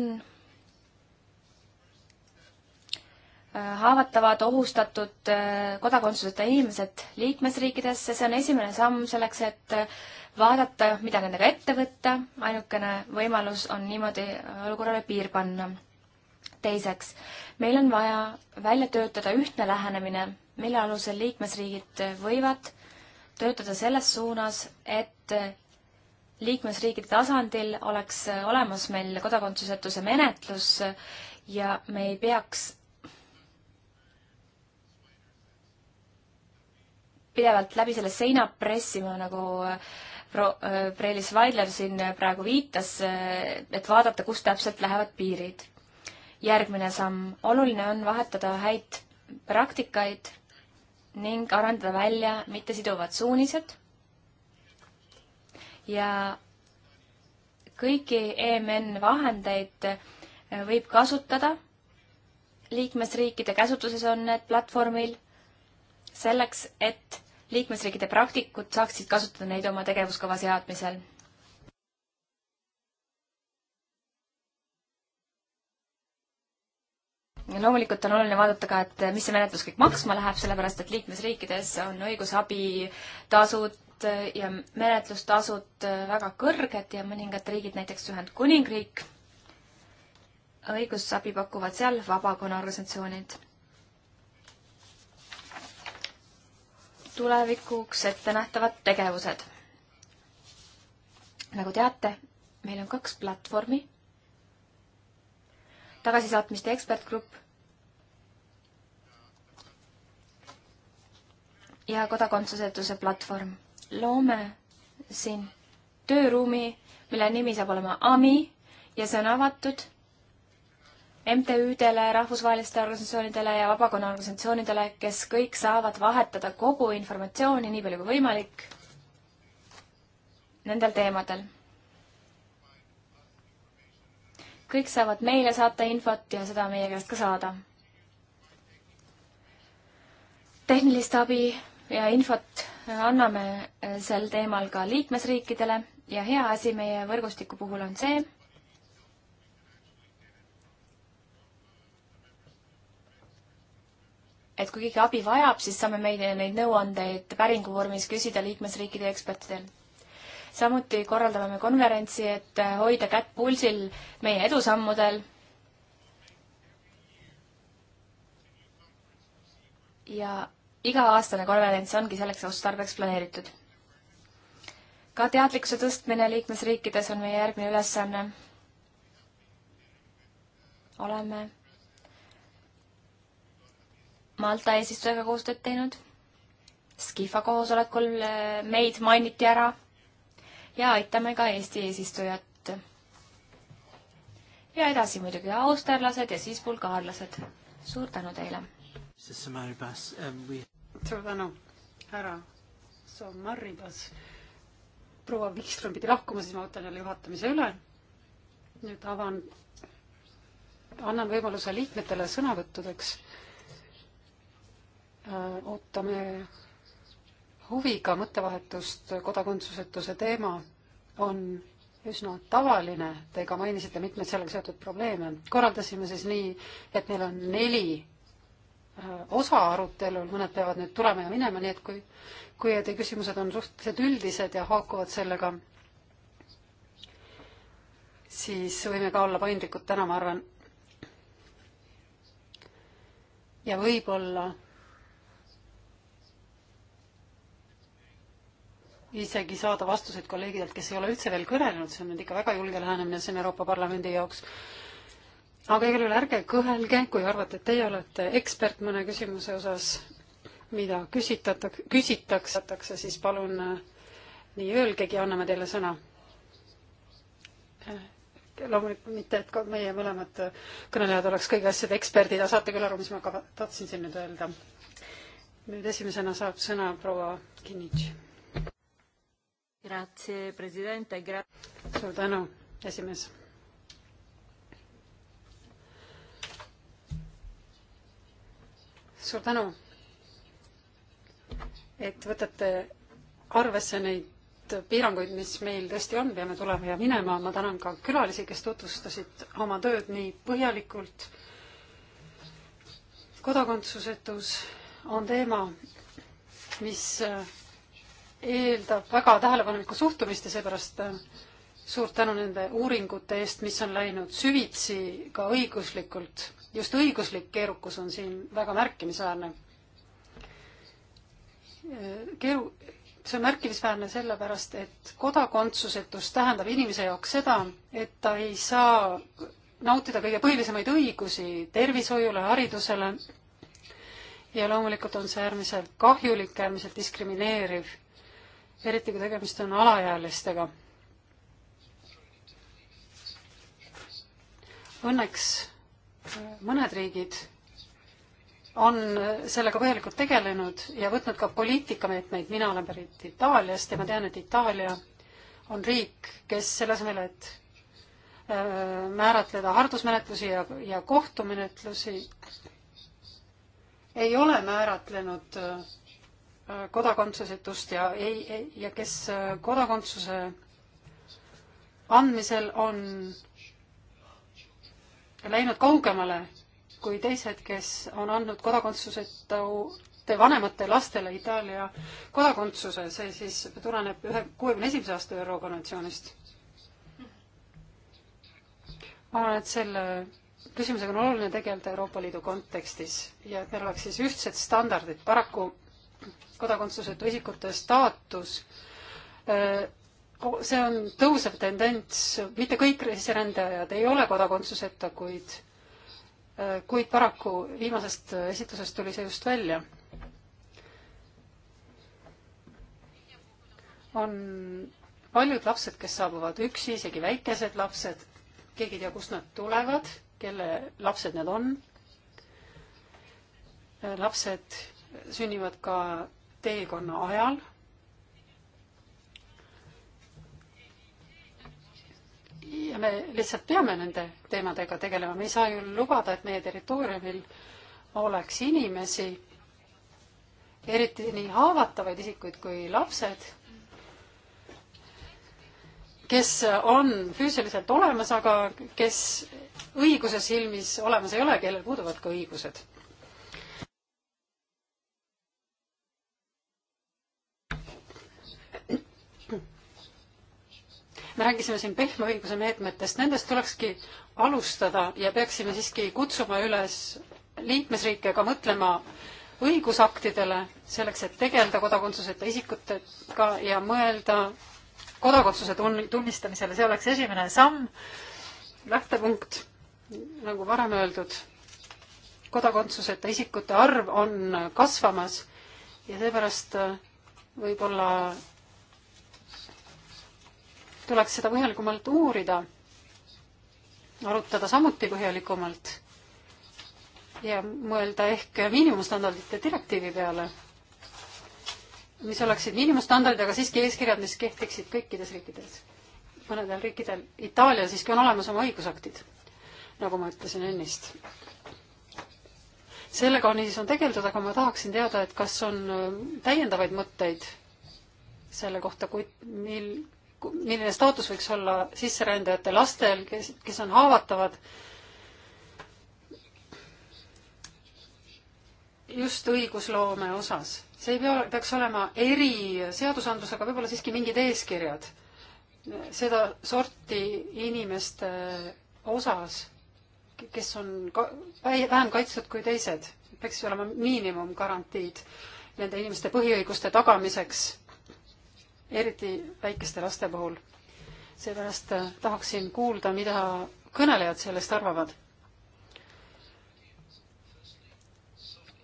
äh, haavatavad, ohustatud kodakondsuseta inimesed liikmesriikidesse, see on esimene samm selleks, et vaadata, mida nendega ette võtta, ainukene võimalus on niimoodi olukorrale piir panna. teiseks, meil on vaja välja töötada ühtne lähenemine, mille alusel liikmesriigid võivad töötada selles suunas, et liikmesriikide tasandil oleks olemas meil kodakondsusetuse menetlus ja me ei peaks pidevalt läbi selle seina pressima, nagu pro-, Preelis Vaidler siin praegu viitas, et vaadata, kus täpselt lähevad piirid. järgmine samm, oluline on vahetada häid praktikaid ning arendada välja mittesiduvad suunised ja kõiki EMN vahendeid äh, võib kasutada, liikmesriikide käsutuses on need platvormil, selleks et liikmesriikide praktikud saaksid kasutada neid oma tegevuskava seadmisel loomulikult on oluline vaadata ka, et mis see menetlus kõik maksma läheb, sellepärast et liikmesriikides on õigusabitasud ja menetlustasud väga kõrged ja mõningad riigid, näiteks Ühendkuningriik, õigusabi pakuvad seal vabakonnaorganisatsioonid. tulevikuks ettenähtavad tegevused. nagu teate, meil on kaks platvormi tagasisaatmiste ekspertgrupp ja kodakondsusetuse platvorm. loome siin tööruumi, mille nimi saab olema AMI ja see on avatud MTÜ-dele, rahvusvahelistele organisatsioonidele ja vabakonna organisatsioonidele, kes kõik saavad vahetada kogu informatsiooni nii palju kui võimalik nendel teemadel kõik saavad meile saata infot ja seda meie käest ka saada. tehnilist abi ja infot anname eh, sel teemal ka liikmesriikidele ja hea asi meie võrgustiku puhul on see, et kui keegi abi vajab, siis saame meile neid nõuandeid päringu vormis küsida liikmesriikide ekspertidelt samuti korraldame me konverentsi, et äh, hoida kätt pulsil meie edusammudel. ja iga-aastane konverents ongi selleks otstarbeks planeeritud. ka teadlikkuse tõstmine liikmesriikides on meie järgmine ülesanne. oleme Malta eesistujaga koostööd teinud. Skifa koosolekul äh, meid mainiti ära ja aitame ka Eesti eesistujat. ja edasi muidugi austerlased ja siis bulgaarlased. suur tänu teile! Um, suur tänu, härra Somaribas! proua Wikström pidi lahkuma, siis ma võtan jälle juhatamise üle. nüüd avan, annan võimaluse liikmetele sõnavõttudeks. Äh, ootame huviga mõttevahetust kodakondsusetuse teema on üsna tavaline, te ka mainisite mitmeid sellega seotud probleeme. korraldasime siis nii, et meil on neli äh, osa arutelul, mõned peavad nüüd tulema ja minema, nii et kui, kui teie küsimused on suhteliselt üldised ja haakuvad sellega, siis võime ka olla paindlikud täna, ma arvan. ja võib-olla isegi saada vastuseid kolleegidelt, kes ei ole üldse veel kõnelenud, see on nüüd ikka väga julge lähenemine siin Euroopa Parlamendi jaoks. aga igal juhul ärge kõhelge, kui arvate, et teie olete ekspert mõne küsimuse osas, mida küsitatakse, küsitakse, siis palun äh, nii öelgegi, anname teile sõna. Äh, loomulikult mitte, et ka meie mõlemad äh, kõnelejad oleks kõigi asjade eksperdid, aga saate küll aru, mis ma ka tahtsin siin nüüd öelda. nüüd esimesena saab sõna proua Kinnitš suur tänu, esimees. suur tänu, et võtate arvesse neid piiranguid, mis meil tõesti on, peame tulema ja minema. ma tänan ka külalisi, kes tutvustasid oma tööd nii põhjalikult. kodakondsusetus on teema, mis eeldab väga tähelepanelikku suhtumist ja seepärast äh, suur tänu nende uuringute eest, mis on läinud süvitsi ka õiguslikult. just õiguslik keerukus on siin väga märkimisväärne. Äh, keeru-, see on märkimisväärne sellepärast, et kodakondsusetus tähendab inimese jaoks seda, et ta ei saa nautida kõige põhilisemaid õigusi tervishoiule, haridusele ja loomulikult on see äärmiselt kahjulik, äärmiselt diskrimineeriv eriti kui tegemist on alaealistega. Õnneks äh, mõned riigid on äh, sellega põhjalikult tegelenud ja võtnud ka poliitikameetmeid, mina olen pärit Itaaliast ja ma tean, et Itaalia on riik, kes selle asemel, et äh, määratleda haldusmenetlusi ja, ja kohtumenetlusi, ei ole määratlenud äh, kodakondsusetust ja ei, ei, ja kes äh, kodakondsuse andmisel on läinud kaugemale kui teised, kes on andnud kodakondsuseta vanemate lastele Itaalia kodakondsuse, see siis tuleneb ühe, kuuekümne esimese aasta ÜRO konventsioonist. ma arvan, et selle küsimusega on oluline tegeleda Euroopa Liidu kontekstis ja et meil oleks siis ühtsed standardid, paraku kodakondsusetu isikute staatus, äh, see on tõusev tendents, mitte kõik sisserändajad ei ole kodakondsuseta, kuid, äh, kuid paraku viimasest esitlusest tuli see just välja. on paljud lapsed, kes saabuvad üksi, isegi väikesed lapsed, keegi ei tea, kust nad tulevad, kelle lapsed need on. Äh, lapsed sünnivad ka teekonna ajal. ja me lihtsalt peame nende teemadega tegelema, me ei saa ju lubada, et meie territooriumil oleks inimesi, eriti nii haavatavaid isikuid kui lapsed, kes on füüsiliselt olemas, aga kes õiguse silmis olemas ei ole, kellel puuduvad ka õigused me rääkisime siin pehme õiguse meetmetest, nendest tulekski alustada ja peaksime siiski kutsuma üles liikmesriike ka mõtlema õigusaktidele selleks, et tegeleda kodakondsuseta isikutega ja mõelda kodakondsuse tunnistamisele, see oleks esimene samm, lähtepunkt, nagu varem öeldud, kodakondsuseta isikute arv on kasvamas ja seepärast võib-olla tuleks seda põhjalikumalt uurida, arutada samuti põhjalikumalt ja mõelda ehk miinimumstandardite direktiivi peale, mis oleksid miinimumstandardid, aga siiski eeskirjad, mis kehtiksid kõikides riikides. mõnedel riikidel, Itaalial siiski on olemas oma õigusaktid, nagu ma ütlesin ennist. sellega on niisiis, on tegeldud, aga ma tahaksin teada, et kas on täiendavaid mõtteid selle kohta, kui, mil, milline staatus võiks olla sisserändajate lastel, kes, kes on haavatavad. just õigusloome osas, see ei pea, peaks olema eriseadusandlus, aga võib-olla siiski mingid eeskirjad seda sorti inimeste osas, kes on ka, vähem kaitstud kui teised, peaks olema miinimumgarantiid nende inimeste põhiõiguste tagamiseks eriti väikeste laste puhul. seepärast äh, tahaksin kuulda, mida kõnelejad sellest arvavad.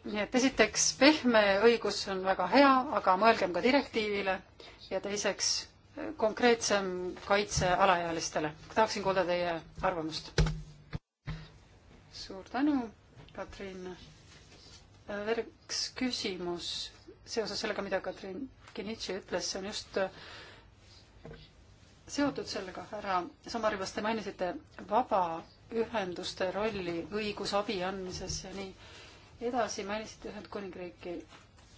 nii et esiteks, pehme õigus on väga hea, aga mõelgem ka direktiivile ja teiseks, konkreetsem kaitse alaealistele. tahaksin kuulda teie arvamust. suur tänu, Katrin. Äh, veel üks küsimus seoses sellega, mida Katrin Kinitši ütles, see on just äh, seotud sellega, härra Samarivas, te mainisite vabaühenduste rolli õigusabi andmises ja nii edasi, mainisite Ühendkuningriiki.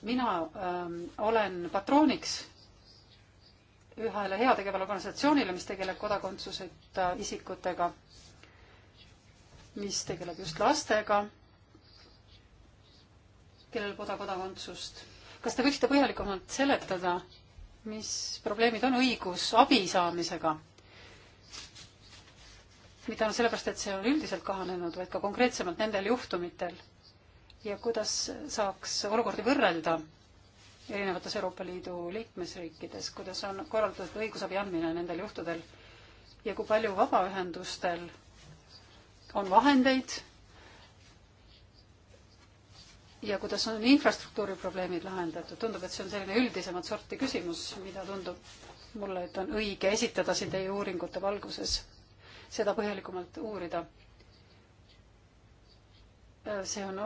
mina ähm, olen patrooniks ühele heategevale organisatsioonile, mis tegeleb kodakondsuseta isikutega, mis tegeleb just lastega, kellel pole kodakondsust kas te võiksite põhjalikumalt seletada, mis probleemid on õigusabi saamisega? mitte ainult sellepärast, et see on üldiselt kahanenud, vaid ka konkreetsemalt nendel juhtumitel ja kuidas saaks olukordi võrrelda erinevates Euroopa Liidu liikmesriikides, kuidas on korraldatud õigusabi andmine nendel juhtudel ja kui palju vabaühendustel on vahendeid ja kuidas on infrastruktuuri probleemid lahendatud, tundub, et see on selline üldisemat sorti küsimus, mida tundub mulle, et on õige esitada siin teie uuringute valguses, seda põhjalikumalt uurida. see on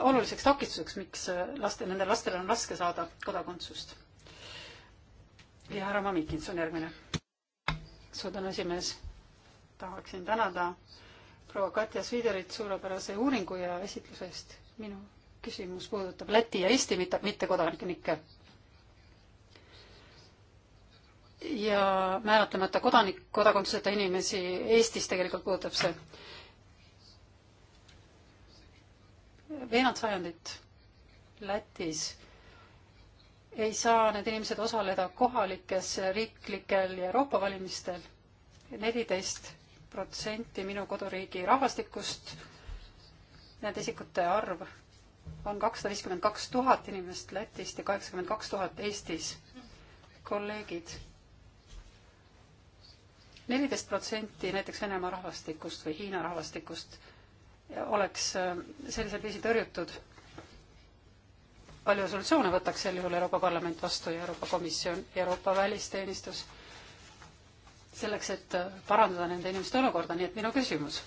oluliseks takistuseks, miks äh, laste, nendel lastel on raske saada kodakondsust. ja härra Mamikins on järgmine. suur tänu, esimees. tahaksin tänada ta proua Katja Sviderit suurepärase uuringu ja esitluse eest. minu küsimus puudutab Läti ja Eesti mitte, mittekodanikke. ja määratlemata kodanik, kodakondsuseta inimesi Eestis tegelikult puudutab see veerand sajandit Lätis ei saa need inimesed osaleda kohalikes, riiklikel ja Euroopa valimistel. neliteist protsenti minu koduriigi rahvastikust. Nende isikute arv on kakssada viiskümmend kaks tuhat inimest Lätist ja kaheksakümmend kaks tuhat Eestis. kolleegid, neliteist protsenti näiteks Venemaa rahvastikust või Hiina rahvastikust oleks äh, sellisel viisil tõrjutud. palju resolutsioone võtaks sel juhul Euroopa Parlament vastu ja Euroopa Komisjon, Euroopa Välisteenistus selleks, et parandada nende inimeste olukorda, nii et minu küsimus.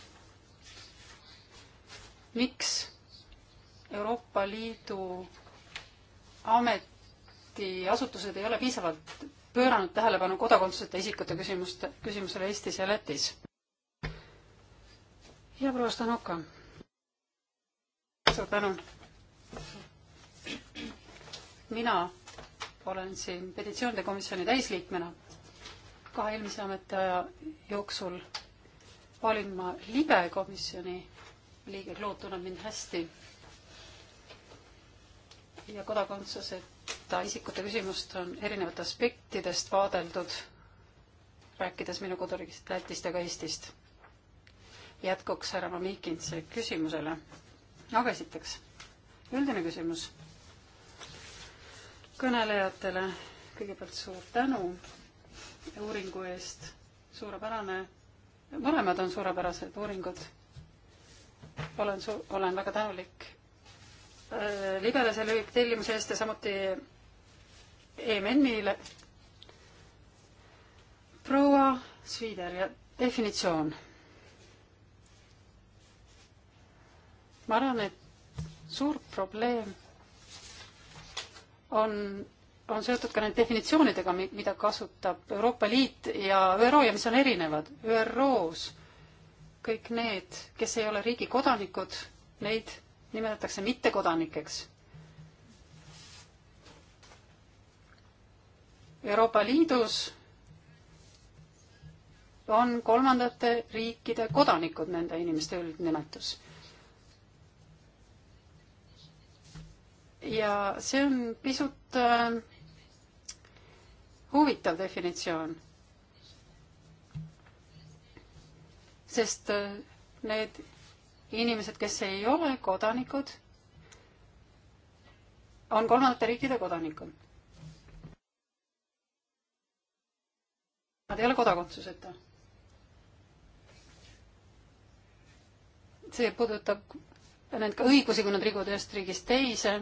miks Euroopa Liidu ametiasutused ei ole piisavalt pööranud tähelepanu kodakondsuseta isikute küsimuste, küsimusele Eestis ja Lätis? ja proua Stanoka. suur tänu. mina olen siin petitsioonide komisjoni täisliikmena kahe eelmise ametiaja jooksul olin ma libe komisjoni liige, Claude tunneb mind hästi. ja kodakondsuseta isikute küsimust on erinevate aspektidest vaadeldud, rääkides minu koduriigist Lätist ja ka Eestist. jätkuks härra Mamikintse küsimusele. aga esiteks, üldine küsimus kõnelejatele kõigepealt suur tänu uuringu eest, suurepärane, mõlemad on suurepärased uuringud. olen su-, olen väga tänulik äh, libele selle tellimuse eest ja samuti EMN-ile. proua Sviider ja definitsioon. ma arvan, et suur probleem on on seotud ka nende definitsioonidega, mida kasutab Euroopa Liit ja ÜRO ja mis on erinevad. ÜRO-s kõik need, kes ei ole riigi kodanikud, neid nimetatakse mittekodanikeks. Euroopa Liidus on kolmandate riikide kodanikud nende inimeste üldnimetus ja see on pisut äh, huvitav definitsioon. sest äh, need inimesed, kes ei ole kodanikud, on kolmandate riikide kodanikud. Nad ei ole kodakondsuseta. see puudutab nende õigusi, kui nad rikuvad ühest riigist teise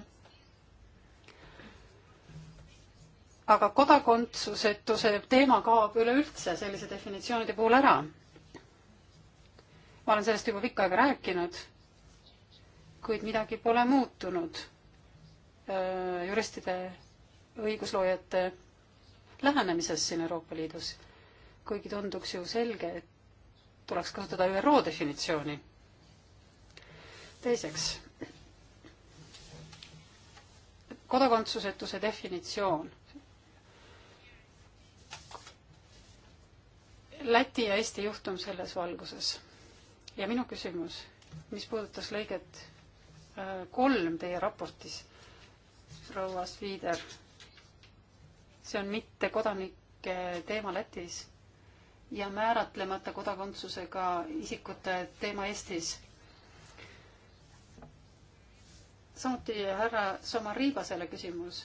aga kodakondsusetuse teema kaob üleüldse sellise definitsioonide puhul ära. ma olen sellest juba pikka aega rääkinud, kuid midagi pole muutunud juristide, õigusloojate lähenemises siin Euroopa Liidus. kuigi tunduks ju selge, et tuleks kasutada ÜRO definitsiooni. teiseks, kodakondsusetuse definitsioon Läti ja Eesti juhtum selles valguses. ja minu küsimus, mis puudutas lõiget äh, kolm teie raportis, proua Sviider, see on mittekodanike teema Lätis ja määratlemata kodakondsusega isikute teema Eestis. samuti härra Somaribasele küsimus.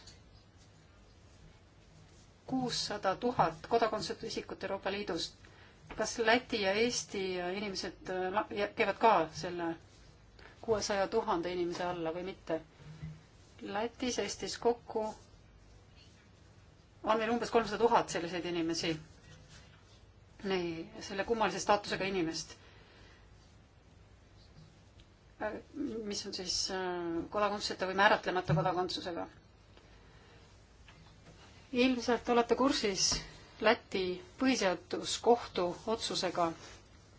kuussada tuhat kodakondsetu isikut Euroopa Liidust kas Läti ja Eesti inimesed käivad ka selle kuuesaja tuhande inimese alla või mitte? Lätis, Eestis kokku on meil umbes kolmsada tuhat selliseid inimesi. nii, selle kummalise staatusega inimest. Äh, mis on siis äh, kodakondsuseta või määratlemata kodakondsusega. ilmselt olete kursis Läti põhiseaduskohtu otsusega,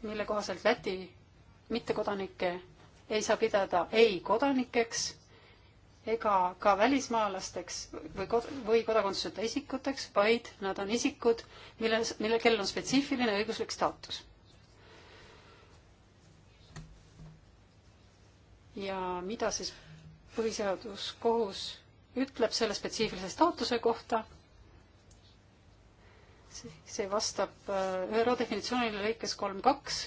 mille kohaselt Läti mittekodanikke ei saa pidada ei kodanikeks ega ka välismaalasteks või kod-, või kodakondsuseta isikuteks, vaid nad on isikud, milles, mille, kellel on spetsiifiline õiguslik staatus. ja mida siis põhiseaduskohus ütleb selle spetsiifilise staatuse kohta, see vastab äh, ÜRO definitsioonile lõikes kolm kaks,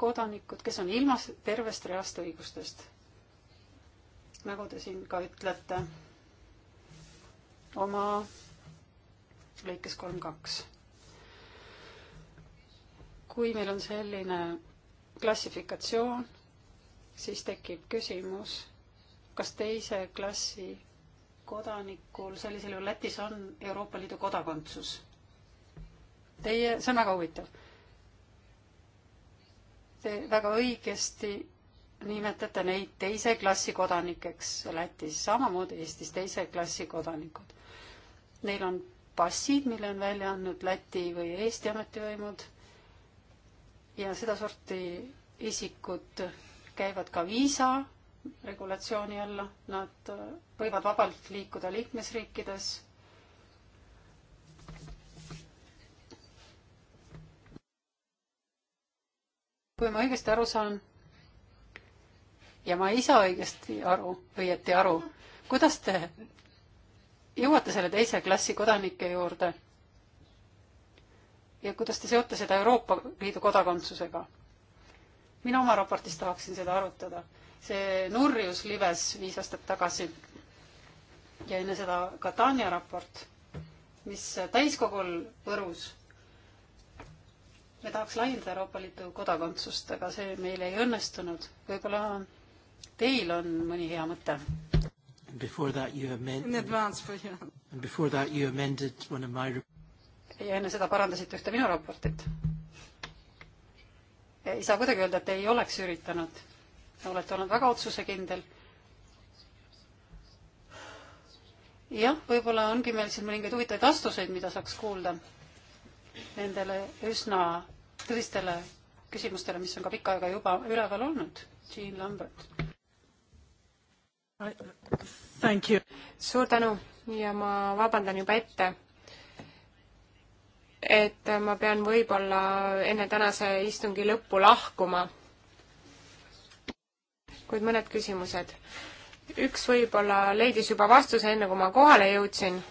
kodanikud, kes on ilma tervest reast õigustest. nagu te siin ka ütlete oma lõikes kolm kaks. kui meil on selline klassifikatsioon, siis tekib küsimus, kas teise klassi kodanikul sellisel juhul Lätis on Euroopa Liidu kodakondsus Teie, see on väga huvitav. Te väga õigesti nimetate neid teise klassi kodanikeks Lätis, samamoodi Eestis teise klassi kodanikud. Neil on passid, mille on välja andnud Läti või Eesti ametivõimud ja sedasorti isikud käivad ka viisa regulatsiooni alla, nad võivad vabalt liikuda liikmesriikides kui ma õigesti aru saan ja ma ei saa õigesti aru, õieti aru, kuidas te jõuate selle teise klassi kodanike juurde? ja kuidas te seote seda Euroopa Liidu kodakondsusega? mina oma raportis tahaksin seda arutada. see nurjus libes viis aastat tagasi ja enne seda Katania raport, mis täiskogul Võrus me tahaks laiendada Euroopa Liidu kodakondsust, aga see meil ei õnnestunud. võib-olla teil on mõni hea mõte? Before that you amend-. In advance for you. And before that you amended one of my. ja enne seda parandasite ühte minu raportit. ei saa kuidagi öelda, et ei oleks üritanud. olete olnud väga otsusekindel. jah, võib-olla ongi meil siin mõningaid huvitavaid vastuseid, mida saaks kuulda nendele üsna tõsistele küsimustele, mis on ka pikka aega juba üleval olnud. Jean Lambert. suur tänu ja ma vabandan juba ette, et ma pean võib-olla enne tänase istungi lõppu lahkuma. kuid mõned küsimused. üks võib-olla leidis juba vastuse, enne kui ma kohale jõudsin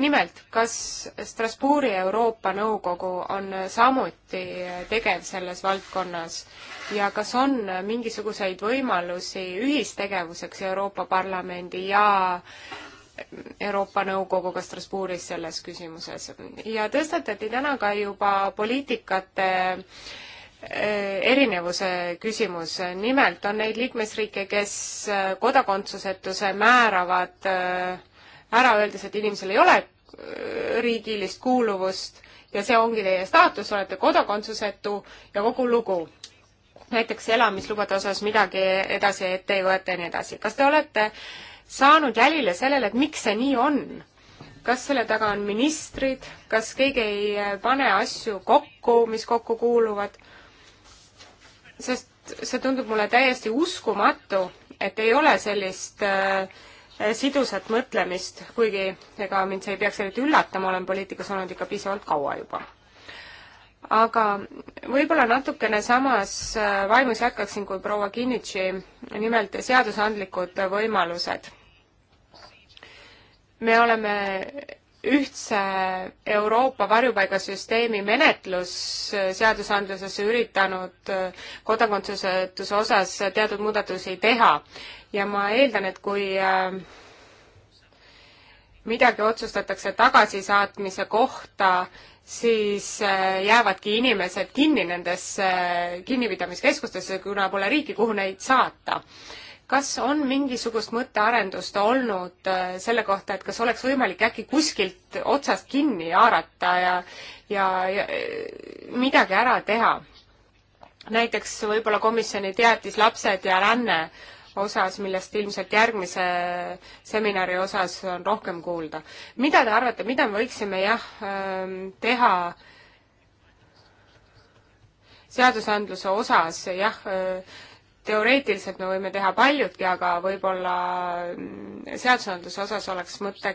nimelt, kas Strasbourgi Euroopa Nõukogu on samuti tegev selles valdkonnas ja kas on mingisuguseid võimalusi ühistegevuseks Euroopa Parlamendi ja Euroopa Nõukoguga Strasbourgis selles küsimuses. ja tõstatati täna ka juba poliitikate äh, erinevuse küsimus, nimelt on neid liikmesriike, kes kodakondsusetuse määravad äh, ära, öeldes, et inimesel ei ole äh, riigilist kuuluvust ja see ongi teie staatus, olete kodakondsusetu ja kogu lugu. näiteks elamislubade osas midagi edasi ette ei võeta ja nii edasi. kas te olete saanud jälile sellele, et miks see nii on? kas selle taga on ministrid, kas keegi ei äh, pane asju kokku, mis kokku kuuluvad? sest see tundub mulle täiesti uskumatu, et ei ole sellist äh, sidusat mõtlemist, kuigi ega mind see ei peaks eriti üllatama, olen poliitikas olnud ikka piisavalt kaua juba. aga võib-olla natukene samas äh, vaimus jätkaksin kui proua Kinnitši, nimelt seadusandlikud võimalused. me oleme ühtse Euroopa varjupaigasüsteemi menetlus äh, seadusandlusesse üritanud äh, kodakondsusetuse osas teatud muudatusi teha ja ma eeldan, et kui äh, midagi otsustatakse tagasisaatmise kohta, siis äh, jäävadki inimesed kinni nendesse äh, kinnipidamiskeskustesse, kuna pole riiki, kuhu neid saata. kas on mingisugust mõttearendust olnud selle kohta, et kas oleks võimalik äkki kuskilt otsast kinni haarata ja, ja, ja midagi ära teha? näiteks võib-olla komisjoni teatis Lapsed ja ränne osas, millest ilmselt järgmise seminari osas on rohkem kuulda. mida te arvate, mida me võiksime jah, ähm, teha seadusandluse osas, jah, äh, teoreetiliselt me võime teha paljutki, aga võib-olla mm, seadusandluse osas oleks mõte,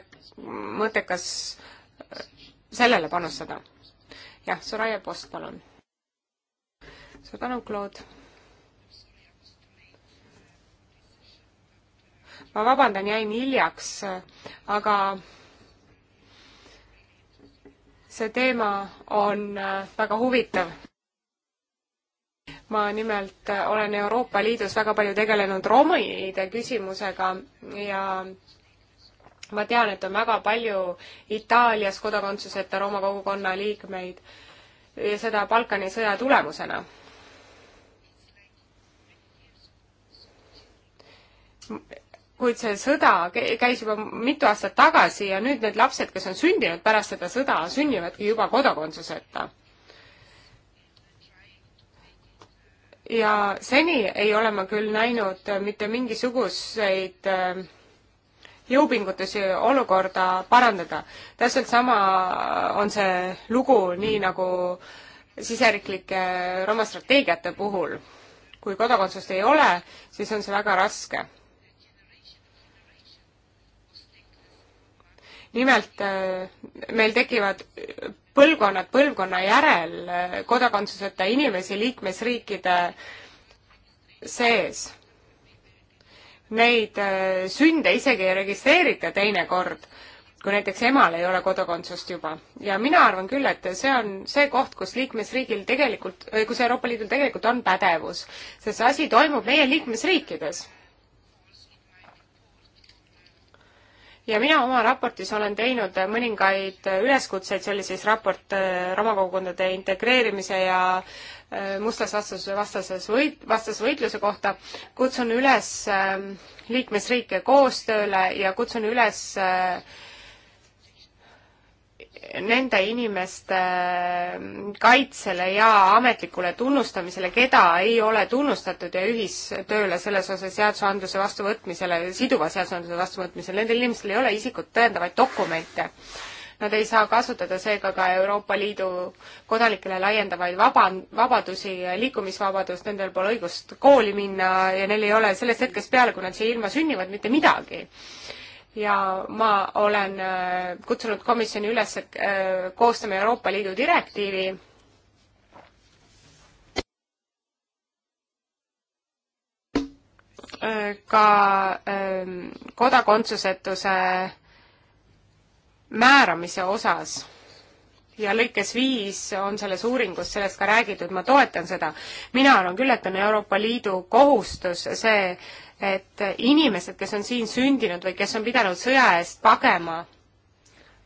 mõttekas äh, sellele panustada. jah, Soraya Post, palun. suur tänu, Claude ma vabandan, jäin hiljaks, aga see teema on äh, väga huvitav. ma nimelt äh, olen Euroopa Liidus väga palju tegelenud romide küsimusega ja ma tean, et on väga palju Itaalias kodakondsuseta Rooma kogukonna liikmeid ja seda Balkani sõja tulemusena kuid see sõda käis juba mitu aastat tagasi ja nüüd need lapsed, kes on sündinud pärast seda sõda, sünnivadki juba kodakondsuseta. ja seni ei ole ma küll näinud äh, mitte mingisuguseid äh, jõupingutusi olukorda parandada. täpselt sama äh, on see lugu, nii nagu siseriiklike romastrateegiate puhul. kui kodakondsust ei ole, siis on see väga raske nimelt äh, meil tekivad põlvkonnad põlvkonna järel äh, kodakondsuseta inimesi liikmesriikide sees. Neid äh, sünde isegi ei registreerita teinekord, kui näiteks emal ei ole kodakondsust juba. ja mina arvan küll, et see on see koht, kus liikmesriigil tegelikult, kus Euroopa Liidul tegelikult on pädevus, sest see asi toimub meie liikmesriikides ja mina oma raportis olen teinud mõningaid üleskutseid, see oli siis raport äh, ramakogukondade integreerimise ja äh, mustlasvastase vastases võit-, vastase võitluse kohta, kutsun üles ähm, liikmesriike koostööle ja kutsun üles äh, nende inimeste kaitsele ja ametlikule tunnustamisele, keda ei ole tunnustatud ja ühistööle selles osas seadusandluse vastuvõtmisele, siduva seadusandluse vastuvõtmisele, nendel inimestel ei ole isikut tõendavaid dokumente. Nad ei saa kasutada seega ka Euroopa Liidu kodanikele laiendavaid vaba, vabadusi, liikumisvabadust, nendel pole õigust kooli minna ja neil ei ole sellest hetkest peale, kui nad siia ilma sünnivad, mitte midagi ja ma olen äh, kutsunud komisjoni üles äh, koostama Euroopa Liidu direktiivi, äh, ka ähm, kodakondsusetuse määramise osas ja lõikes viis on selles uuringus sellest ka räägitud, ma toetan seda. mina arvan küll, et on Euroopa Liidu kohustus see et inimesed, kes on siin sündinud või kes on pidanud sõja eest pagema,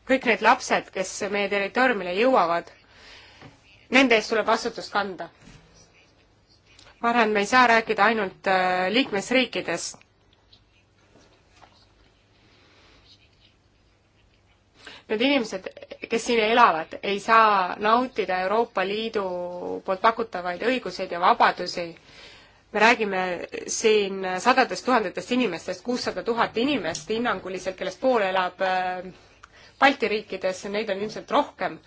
kõik need lapsed, kes meie territooriumile jõuavad, nende eest tuleb vastutust kanda. ma arvan, me ei saa rääkida ainult äh, liikmesriikidest. Need inimesed, kes siin elavad, ei saa nautida Euroopa Liidu poolt pakutavaid õiguseid ja vabadusi me räägime siin sadadest tuhandetest inimestest, kuussada tuhat inimest hinnanguliselt, kellest pool elab äh, Balti riikides, neid on ilmselt rohkem.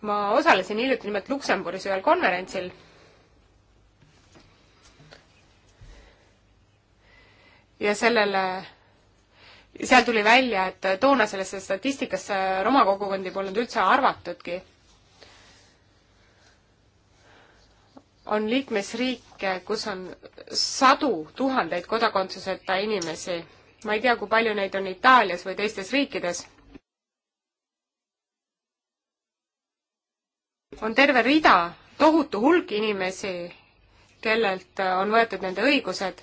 ma osalesin hiljuti nimelt Luksemburgis ühel konverentsil ja sellele, seal tuli välja, et toona sellesse statistikasse roma kogukondi polnud üldse arvatudki. on liikmesriike, kus on sadu tuhandeid kodakondsuseta inimesi. ma ei tea, kui palju neid on Itaalias või teistes riikides. on terve rida, tohutu hulk inimesi, kellelt on võetud nende õigused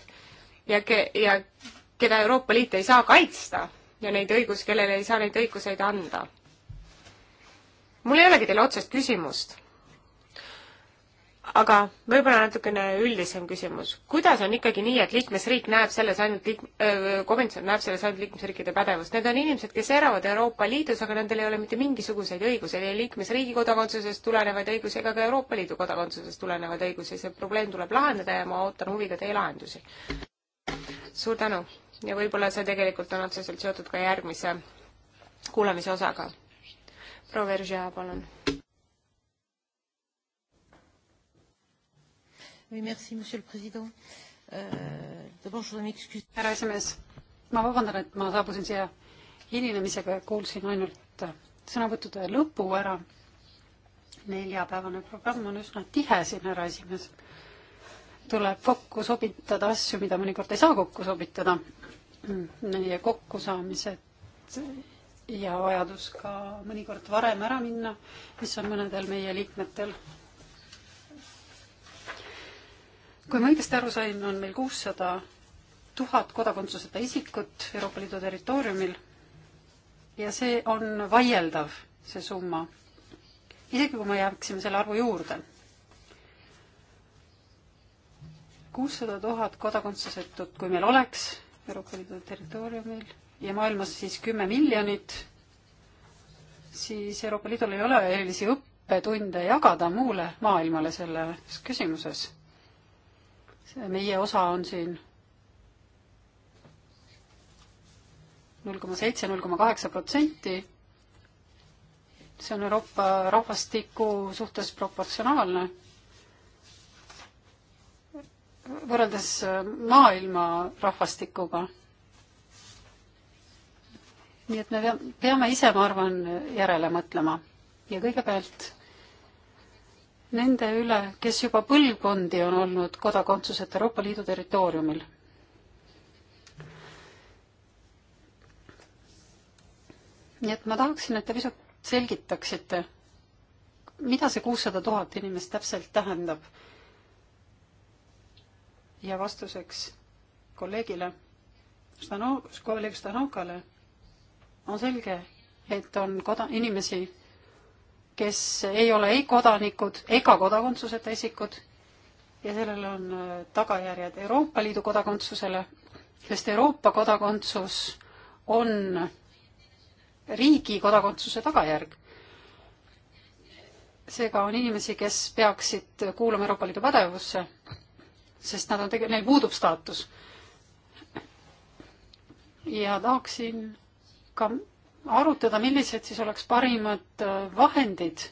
ja ke-, ja keda Euroopa Liit ei saa kaitsta ja neid õigus, kellele ei saa neid õiguseid anda. mul ei olegi teile otsest küsimust aga võib-olla natukene üldisem küsimus. kuidas on ikkagi nii, et liikmesriik näeb selles ainult liik-, komisjon näeb selles ainult liikmesriikide pädevust? Need on inimesed, kes elavad Euroopa Liidus, aga nendel ei ole mitte mingisuguseid õiguseid, ei liikmesriigi kodakondsusest tulenevaid õigusi ega ka Euroopa Liidu kodakondsusest tulenevaid õigusi. see probleem tuleb lahendada ja ma ootan huviga teie lahendusi. suur tänu! ja võib-olla see tegelikult on otseselt seotud ka järgmise kuulamise osaga. proua Veržea, palun! Euh, härra esimees, ma vabandan, et ma saabusin siia hilinemisega ja kuulsin ainult sõnavõttude lõpu ära. neljapäevane programm on üsna tihe siin, härra esimees. tuleb kokku sobitada asju, mida mõnikord ei saa kokku sobitada. meie kokkusaamised ja vajadus ka mõnikord varem ära minna, mis on mõnedel meie liikmetel kui ma õigesti aru sain, on meil kuussada tuhat kodakondsuseta isikut Euroopa Liidu territooriumil ja see on vaieldav, see summa. isegi kui me jääksime selle arvu juurde. kuussada tuhat kodakondsusetut, kui meil oleks Euroopa Liidu territooriumil ja maailmas siis kümme miljonit, siis Euroopa Liidul ei ole erilisi õppetunde jagada muule maailmale selles küsimuses meie osa on siin null koma seitse, null koma kaheksa protsenti. see on Euroopa rahvastiku suhtes proportsionaalne. võrreldes maailma rahvastikuga. nii et me peame ise, ma arvan, järele mõtlema ja kõigepealt nende üle, kes juba põlvkondi on olnud kodakondsuseta Euroopa Liidu territooriumil. nii et ma tahaksin, et te pisut selgitaksite, mida see kuussada tuhat inimest täpselt tähendab. ja vastuseks kolleegile Stano-, kolleeg Stanokale on selge, et on koda-, inimesi kes ei ole ei kodanikud ega kodakondsuseta isikud ja sellel on äh, tagajärjed Euroopa Liidu kodakondsusele, sest Euroopa kodakondsus on riigi kodakondsuse tagajärg. seega on inimesi, kes peaksid kuuluma Euroopa Liidu pädevusse, sest nad on tege-, neil puudub staatus. ja tahaksin ka arutada, millised siis oleks parimad äh, vahendid,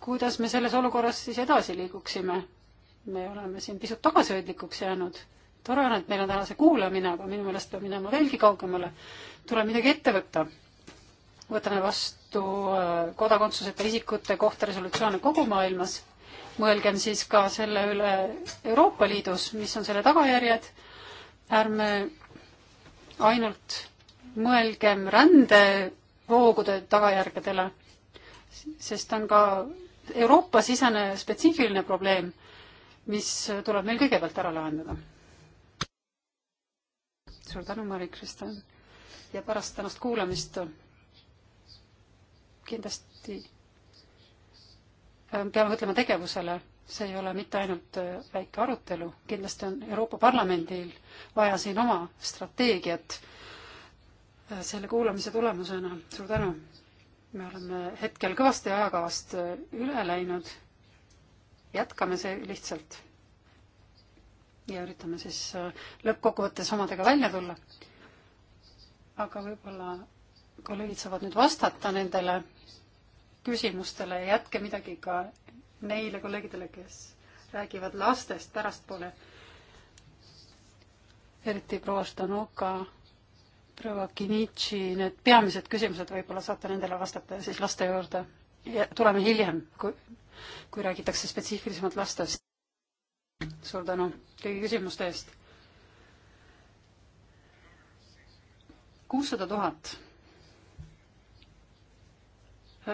kuidas me selles olukorras siis edasi liiguksime. me oleme siin pisut tagasihoidlikuks jäänud. tore on, et meil on täna see kuulamine, aga minu meelest peab minema veelgi kaugemale. tuleb midagi ette võtta. võtame vastu äh, kodakondsuseta isikute kohta resolutsioone kogu maailmas. mõelgem siis ka selle üle Euroopa Liidus, mis on selle tagajärjed. ärme ainult mõelgem rändevoogude tagajärgedele, sest on ka Euroopa-sisene spetsiifiline probleem, mis tuleb meil kõigepealt ära lahendada. suur tänu, Mari-Kristen! ja pärast tänast kuulamist kindlasti äh, peame mõtlema tegevusele, see ei ole mitte ainult äh, väike arutelu, kindlasti on Euroopa Parlamendil vaja siin oma strateegiat selle kuulamise tulemusena. suur tänu! me oleme hetkel kõvasti ajakavast äh, üle läinud. jätkame see lihtsalt. ja üritame siis äh, lõppkokkuvõttes omadega välja tulla. aga võib-olla kolleegid saavad nüüd vastata nendele küsimustele ja jätke midagi ka neile kolleegidele, kes räägivad lastest pärastpoole. eriti proua Stanoka proua Kinitši, need peamised küsimused, võib-olla saate nendele vastata ja siis laste juurde. ja tuleme hiljem, kui, kui räägitakse spetsiifilisemalt lastest. suur tänu kõigi küsimuste eest. kuussada tuhat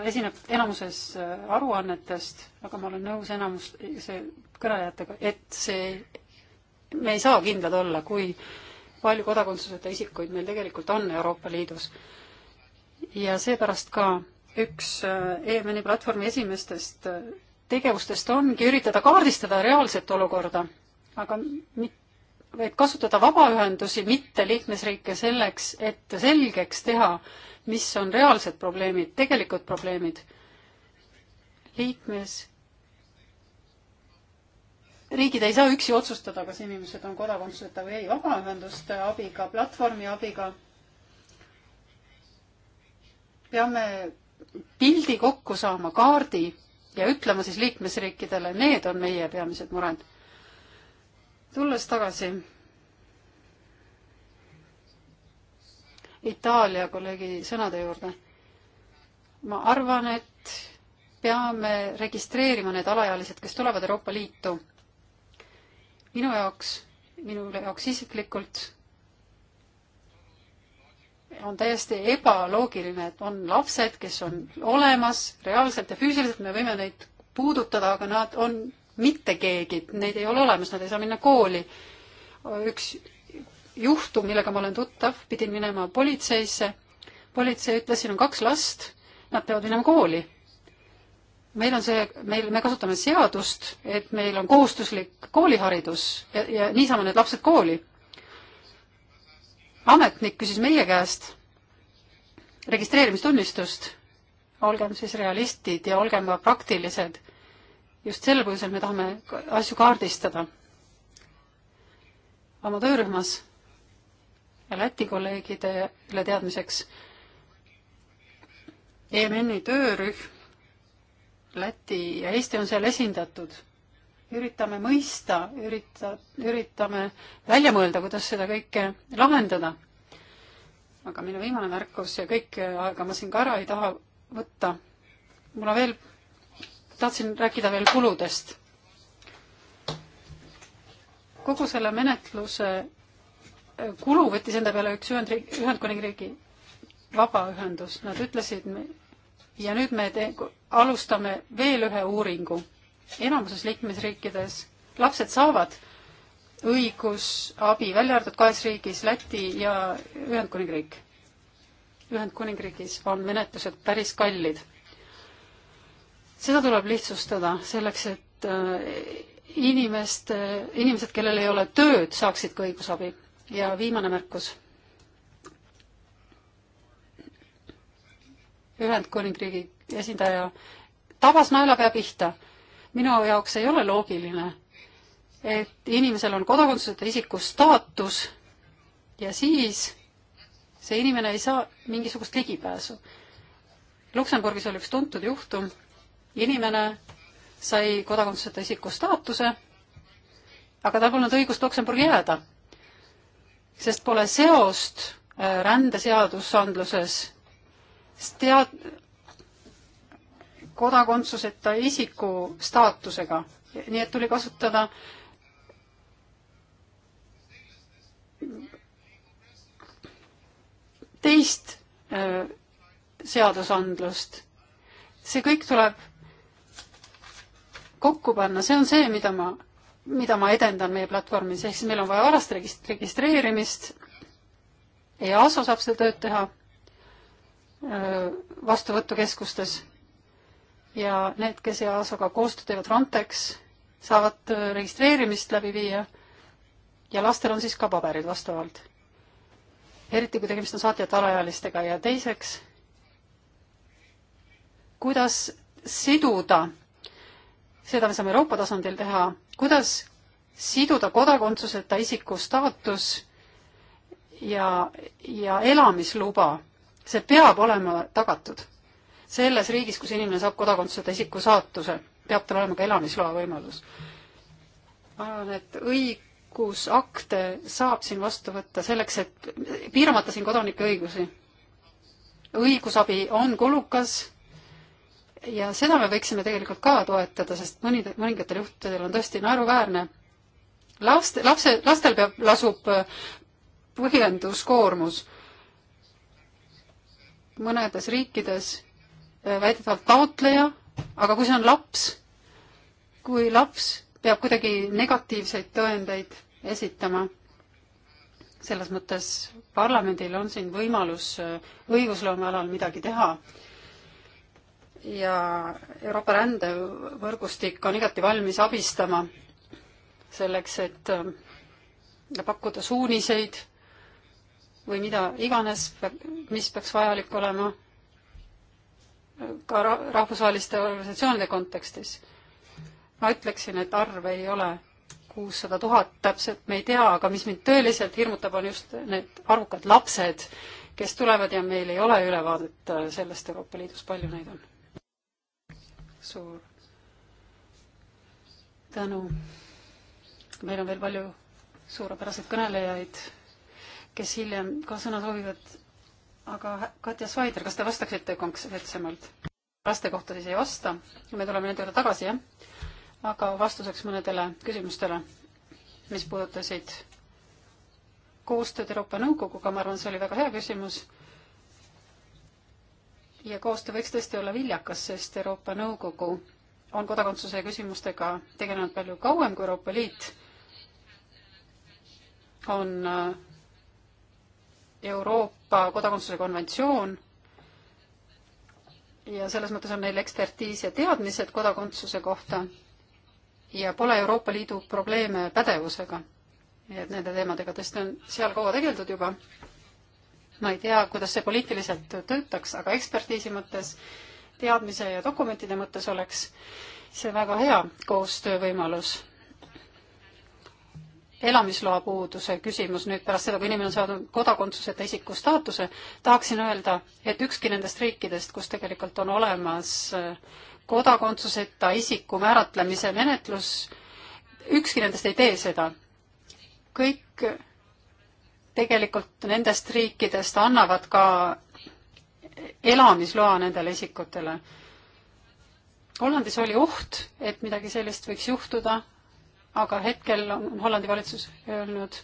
esineb enamuses äh, aruannetest, aga ma olen nõus enamus see kõnelejatega, et see, me ei saa kindlad olla, kui palju kodakondsuseta isikuid meil tegelikult on Euroopa Liidus. ja seepärast ka üks EMN-i eh, e-, platvormi esimestest eh, tegevustest ongi üritada kaardistada reaalset olukorda, aga mit-, et kasutada vabaühendusi, mitte liikmesriike selleks, et selgeks teha, mis on reaalsed probleemid, tegelikud probleemid. liikmes- riigid ei saa üksi otsustada, kas inimesed on kodakondsuseta või ei, vabaühenduste abiga, platvormi abiga peame pildi kokku saama, kaardi ja ütlema siis liikmesriikidele, need on meie peamised mured. tulles tagasi Itaalia kolleegi sõnade juurde, ma arvan, et peame registreerima need alaealised, kes tulevad Euroopa Liitu minu jaoks, minu jaoks isiklikult on täiesti ebaloogiline, et on lapsed, kes on olemas reaalselt ja füüsiliselt, me võime neid puudutada, aga nad on mitte keegi, neid ei ole olemas, nad ei saa minna kooli. üks juhtum, millega ma olen tuttav, pidin minema politseisse. politsei ütles, siin on kaks last, nad peavad minema kooli meil on see, meil, me kasutame seadust, et meil on kohustuslik kooliharidus ja, ja nii saame need lapsed kooli. ametnik küsis meie käest registreerimistunnistust, olgem siis realistid ja olgem ka praktilised. just sel põhjusel me tahame asju kaardistada. oma töörühmas ja Läti kolleegidele teadmiseks EMN-i töörühm Läti ja Eesti on seal esindatud. üritame mõista, ürita, üritame välja mõelda, kuidas seda kõike lahendada. aga minu viimane märkus ja kõike aega ma siin ka ära ei taha võtta. mul on veel, tahtsin rääkida veel kuludest. kogu selle menetluse kulu võttis enda peale üks Ühendriik, Ühendkuningriigi vabaühendus, nad ütlesid ja nüüd me te-, alustame veel ühe uuringu. enamuses liikmesriikides lapsed saavad õigusabi, välja arvatud kahes riigis, Läti ja Ühendkuningriik. Ühendkuningriigis on menetlused päris kallid. seda tuleb lihtsustada selleks, et äh, inimeste, inimesed, kellel ei ole tööd, saaksid ka õigusabi. ja viimane märkus Ühendkuningriigi esindaja tabas naelapea pihta. minu jaoks ei ole loogiline, et inimesel on kodakondsuseta isiku staatus ja siis see inimene ei saa mingisugust ligipääsu. Luksemburgis oli üks tuntud juhtum, inimene sai kodakondsuseta isiku staatuse, aga tal polnud õigust Luksemburgi jääda, sest pole seost äh, rändeseadusandluses tead-, kodakondsuseta isiku staatusega, nii et tuli kasutada teist äh, seadusandlust. see kõik tuleb kokku panna, see on see, mida ma, mida ma edendan meie platvormis, ehk siis meil on vaja alast registreerimist, EASO saab seda tööd teha Äh, vastuvõtukeskustes ja need, kes EASO-ga koostööd teevad, Frontex, saavad äh, registreerimist läbi viia ja lastel on siis ka paberid vastavalt. eriti, kui tegemist on saatjate alaealistega ja teiseks, kuidas siduda, seda me saame Euroopa tasandil teha, kuidas siduda kodakondsuseta isiku staatus ja, ja elamisluba see peab olema tagatud. selles riigis, kus inimene saab kodakondsuseta isiku saatuse, peab tal olema ka elamisloa võimalus. ma arvan, et õigusakte saab siin vastu võtta selleks, et piiramata siin kodanike õigusi. õigusabi on kulukas ja seda me võiksime tegelikult ka toetada, sest mõni, mõningatel juhtudel on tõesti naeruväärne. laste, lapse, lastel peab, lasub põhjenduskoormus mõnedes riikides eh, väidetavalt taotleja, aga kui see on laps, kui laps peab kuidagi negatiivseid tõendeid esitama, selles mõttes parlamendil on siin võimalus eh, õigusloome alal midagi teha. ja Euroopa rändevõrgustik on igati valmis abistama selleks, et eh, pakkuda suuniseid või mida iganes, mis peaks vajalik olema ka rahvusvaheliste organisatsioonide kontekstis. ma ütleksin, et arv ei ole kuussada tuhat, täpselt me ei tea, aga mis mind tõeliselt hirmutab, on just need arvukad lapsed, kes tulevad ja meil ei ole ülevaadet äh, sellest Euroopa Liidus, palju neid on. suur tänu. meil on veel palju suurepäraseid kõnelejaid kes hiljem ka sõna soovivad. aga Katja Svaider, kas te vastaksite konkreetsemalt? laste kohta siis ei vasta, me tuleme nende juurde tagasi, jah. aga vastuseks mõnedele küsimustele, mis puudutasid koostööd Euroopa Nõukoguga, ma arvan, see oli väga hea küsimus. ja koostöö võiks tõesti olla viljakas, sest Euroopa Nõukogu on kodakondsuse küsimustega tegelenud palju kauem kui Euroopa Liit, on äh, Euroopa kodakondsuse konventsioon ja selles mõttes on neil ekspertiis ja teadmised kodakondsuse kohta ja pole Euroopa Liidu probleeme pädevusega. nii et nende teemadega tõesti on seal kaua tegeldud juba. ma ei tea, kuidas see poliitiliselt töötaks, aga ekspertiisi mõttes, teadmise ja dokumentide mõttes oleks see väga hea koostöövõimalus elamisloa puuduse küsimus nüüd pärast seda, kui inimene on saanud kodakondsuseta isiku staatuse, tahaksin öelda, et ükski nendest riikidest, kus tegelikult on olemas äh, kodakondsuseta isiku määratlemise menetlus, ükski nendest ei tee seda. kõik tegelikult nendest riikidest annavad ka elamisloa nendele isikutele. Hollandis oli oht, et midagi sellist võiks juhtuda, aga hetkel on Hollandi valitsus öelnud,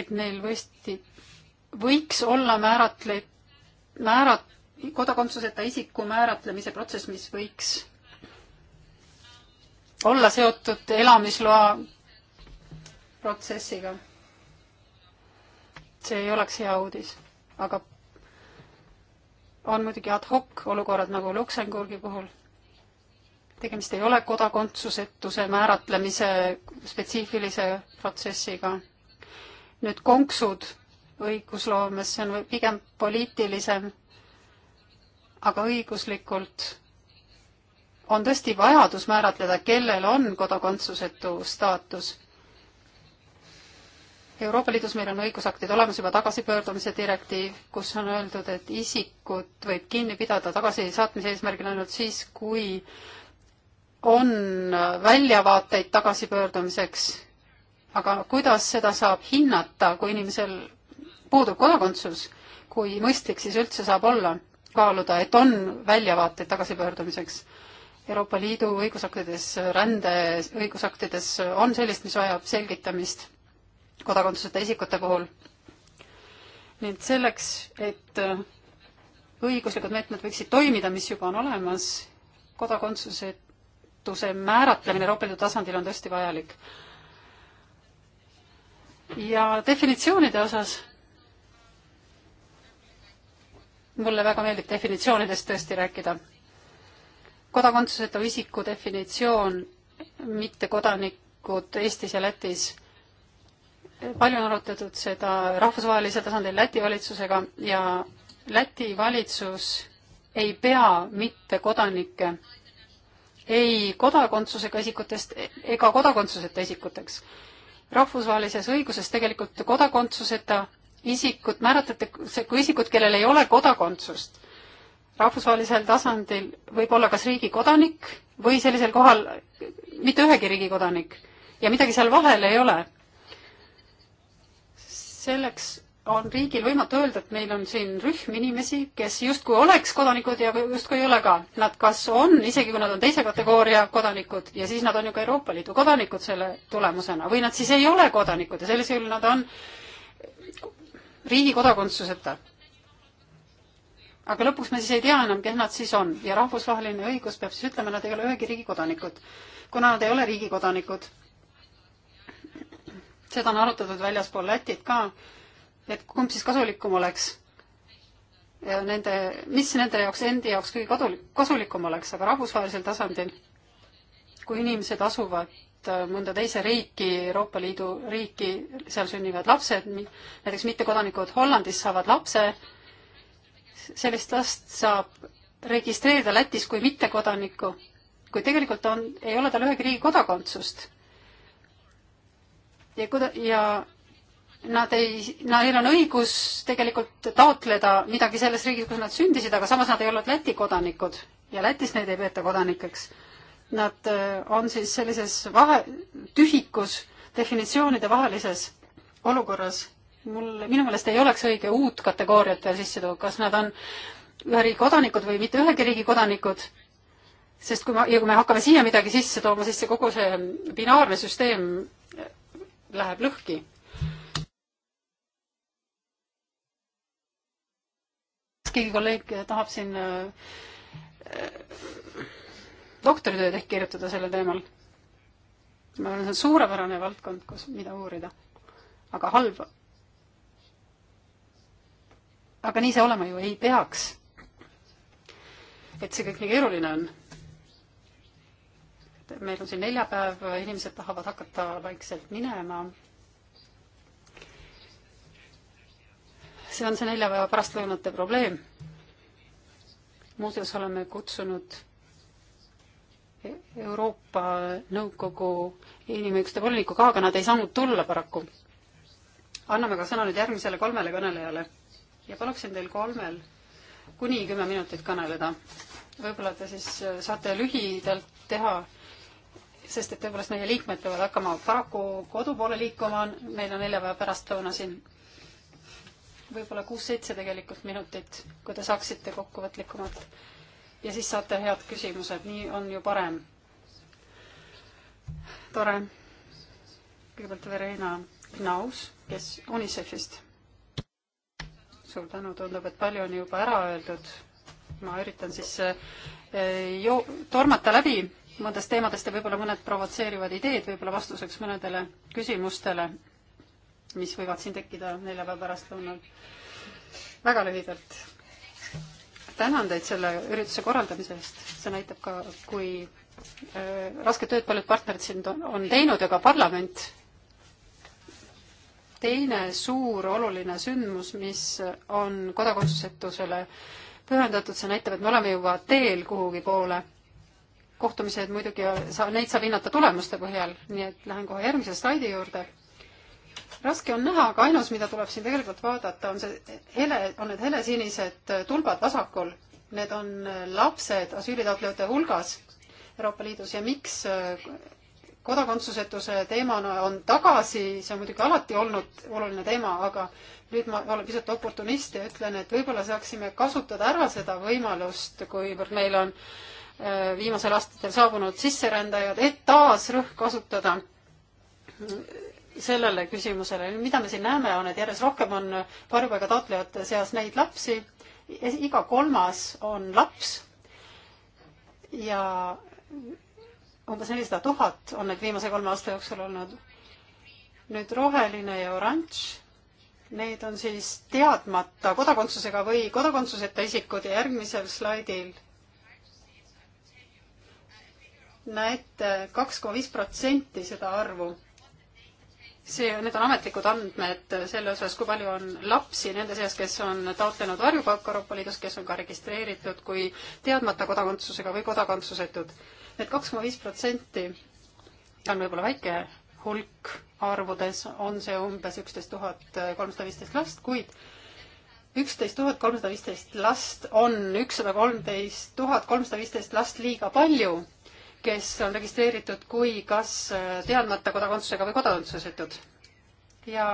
et neil võesti, võiks olla määratle-, määrat-, kodakondsuseta isiku määratlemise protsess, mis võiks olla seotud elamisloa protsessiga. see ei oleks hea uudis, aga on muidugi ad hoc olukorrad nagu Luksemburgi puhul tegemist ei ole kodakondsusetuse määratlemise spetsiifilise protsessiga. nüüd konksud õigusloomes, see on pigem poliitilisem, aga õiguslikult on tõesti vajadus määratleda, kellel on kodakondsusetu staatus. Euroopa Liidus meil on õigusaktid olemas juba tagasipöördumise direktiiv, kus on öeldud, et isikut võib kinni pidada tagasisaatmise eesmärgil ainult siis, kui on väljavaateid tagasipöördumiseks, aga kuidas seda saab hinnata, kui inimesel puudub kodakondsus, kui mõistlik siis üldse saab olla kaaluda, et on väljavaateid tagasipöördumiseks? Euroopa Liidu õigusaktides, rände õigusaktides on sellist, mis vajab selgitamist kodakondsuseta isikute puhul. nii et selleks, et äh, õiguslikud meetmed võiksid toimida, mis juba on olemas, kodakondsused väärtuse määratlemine Euroopa Liidu tasandil on tõesti vajalik. ja definitsioonide osas mulle väga meeldib definitsioonidest tõesti rääkida. kodakondsuseta isiku definitsioon, mittekodanikud Eestis ja Lätis, palju on arutatud seda rahvusvahelisel tasandil Läti valitsusega ja Läti valitsus ei pea mittekodanikke ei kodakondsusega isikutest ega kodakondsuseta isikuteks. rahvusvahelises õiguses tegelikult kodakondsuseta isikut määratletakse kui isikut, kellel ei ole kodakondsust. rahvusvahelisel tasandil võib olla kas riigi kodanik või sellisel kohal mitte ühegi riigi kodanik ja midagi seal vahel ei ole. selleks on riigil võimatu öelda, et meil on siin rühm inimesi, kes justkui oleks kodanikud ja justkui ei ole ka. Nad kas on, isegi kui nad on teise kategooria kodanikud ja siis nad on ju ka Euroopa Liidu kodanikud selle tulemusena või nad siis ei ole kodanikud ja sellisel juhul nad on riigi kodakondsuseta. aga lõpuks me siis ei tea enam, kes nad siis on ja rahvusvaheline õigus peab siis ütlema, nad ei ole ühegi riigi kodanikud, kuna nad ei ole riigi kodanikud. seda on arutatud väljaspool Lätit ka et kumb siis kasulikum oleks ja nende, mis nende jaoks endi jaoks kõige kadulik, kasulikum oleks, aga rahvusvahelisel tasandil, kui inimesed asuvad äh, mõnda teise riiki, Euroopa Liidu riiki, seal sünnivad lapsed, näiteks mittekodanikud Hollandis saavad lapse, sellist last saab registreerida Lätis kui mittekodanikku, kuid tegelikult on, ei ole tal ühegi riigi kodakondsust. ja kuida-, ja nad ei, neil on õigus tegelikult taotleda midagi selles riigis, kus nad sündisid, aga samas nad ei olnud Läti kodanikud ja Lätis neid ei peeta kodanikeks. Nad äh, on siis sellises vahe, tühikus, definitsioonide vahelises olukorras. mul, minu meelest ei oleks õige uut kategooriat veel sisse tuua, kas nad on ühe riigi kodanikud või mitte ühegi riigi kodanikud, sest kui me, ja kui me hakkame siia midagi sisse tooma, siis see kogu see binaarne süsteem äh, läheb lõhki kas keegi kolleeg tahab siin äh, doktoritööd ehk kirjutada sellel teemal? ma arvan, see on suurepärane valdkond, kus, mida uurida. aga halb. aga nii see olema ju ei peaks. et see kõik nii keeruline on. meil on siin neljapäev, inimesed tahavad hakata vaikselt minema see on see neljapäeva pärastlõunate probleem. muuseas oleme kutsunud Euroopa Nõukogu inimõiguste voliniku ka, aga nad ei saanud tulla paraku. anname ka sõna nüüd järgmisele kolmele kõnelejale ja paluksin teil kolmel kuni kümme minutit kõneleda. võib-olla te siis äh, saate lühidalt teha, sest et tõepoolest meie liikmed peavad hakkama paraku kodu poole liikuma, meil on neljapäeva pärastlõuna siin võib-olla kuus-seitse tegelikult minutit, kui te saaksite kokkuvõtlikumalt. ja siis saate head küsimused, nii on ju parem. tore. kõigepealt Verena Knaus, kes UNICEF-ist. suur tänu, tundub, et palju on juba ära öeldud. ma üritan siis eh, jo-, tormata läbi mõndast teemadest ja võib-olla mõned provotseerivad ideed võib-olla vastuseks mõnedele küsimustele mis võivad siin tekkida neljapäeva pärastlõunal. väga lühidalt. tänan teid selle ürituse korraldamise eest, see näitab ka, kui äh, rasket tööd paljud partnerid siin on teinud ja ka parlament. teine suur oluline sündmus, mis on kodakondsusetusele pühendatud, see näitab, et me oleme juba teel kuhugi poole kohtumised muidugi, sa, neid saab hinnata tulemuste põhjal, nii et lähen kohe järgmise slaidi juurde raske on näha, aga ainus, mida tuleb siin tegelikult vaadata, on see hele, on need helesinised tulbad vasakul. Need on äh, lapsed asüülitaotlejate hulgas Euroopa Liidus ja miks äh, kodakondsusetuse teemana on tagasi, see on muidugi alati olnud oluline teema, aga nüüd ma olen pisut oportunist ja ütlen, et võib-olla saaksime kasutada ära seda võimalust, kuivõrd meil on äh, viimasel aastatel saabunud sisserändajad, et taas rõhk kasutada sellele küsimusele, mida me siin näeme, on, et järjest rohkem on varjupaiga taotlejate seas neid lapsi, iga kolmas on laps ja umbes nelisada tuhat on neid viimase kolme aasta jooksul olnud. nüüd roheline ja oranž, need on siis teadmata kodakondsusega või kodakondsuseta isikud ja järgmisel slaidil näete kaks koma viis protsenti seda arvu see, need on ametlikud andmed selle osas, kui palju on lapsi nende seas, kes on taotlenud varjupaika Euroopa Liidus, kes on ka registreeritud kui teadmata kodakondsusega või kodakondsusetud. Need kaks koma viis protsenti on võib-olla väike hulk arvudes, on see umbes üksteist tuhat kolmsada viisteist last, kuid üksteist tuhat kolmsada viisteist last on ükssada kolmteist tuhat kolmsada viisteist last liiga palju kes on registreeritud kui kas äh, teadmata kodakondsusega või kodakondsusetud. ja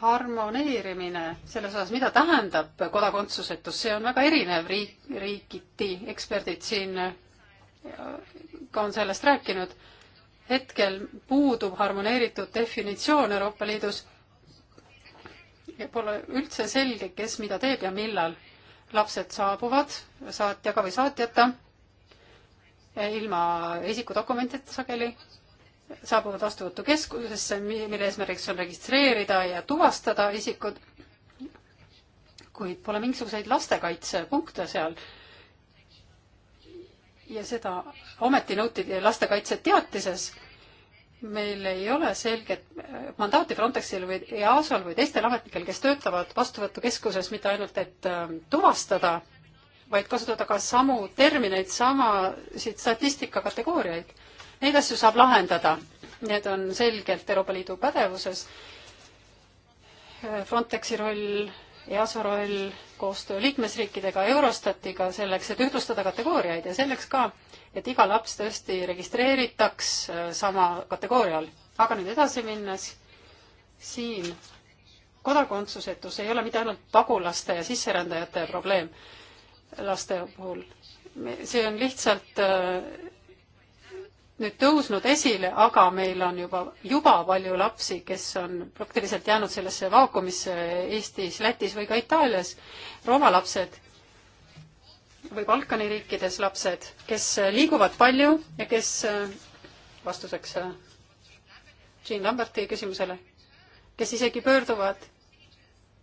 harmoneerimine selles osas, mida tähendab kodakondsusetus, see on väga erinev riik, riikiti, eksperdid siin äh, ka on sellest rääkinud. hetkel puudub harmoneeritud definitsioon Euroopa Liidus. Pole üldse selge, kes mida teeb ja millal lapsed saabuvad saatjaga või saatjata ilma isikudokumentideta sageli saabuvad vastuvõtukeskusesse, mille eesmärgiks on registreerida ja tuvastada isikud, kuid pole mingisuguseid lastekaitsepunkte seal. ja seda ometi nõuti lastekaitseteatises. meil ei ole selget mandaati Frontexil või EASO-l või teistel ametnikel, kes töötavad vastuvõtukeskuses mitte ainult, et äh, tuvastada vaid kasutada ka samu termineid, samasid statistika kategooriaid. Neid asju saab lahendada, need on selgelt Euroopa Liidu pädevuses. Frontexi roll, EASO roll, koostöö liikmesriikidega, Eurostatiga selleks, et ühtlustada kategooriaid ja selleks ka, et iga laps tõesti registreeritaks äh, sama kategooria all. aga nüüd edasi minnes, siin kodakondsusetus ei ole mitte ainult pagulaste ja sisserändajate probleem laste puhul. see on lihtsalt äh, nüüd tõusnud esile, aga meil on juba, juba palju lapsi, kes on praktiliselt jäänud sellesse vaakumisse Eestis, Lätis või ka Itaalias, Rooma lapsed või Balkani riikides lapsed, kes äh, liiguvad palju ja kes, äh, vastuseks Jean Lamberti küsimusele, kes isegi pöörduvad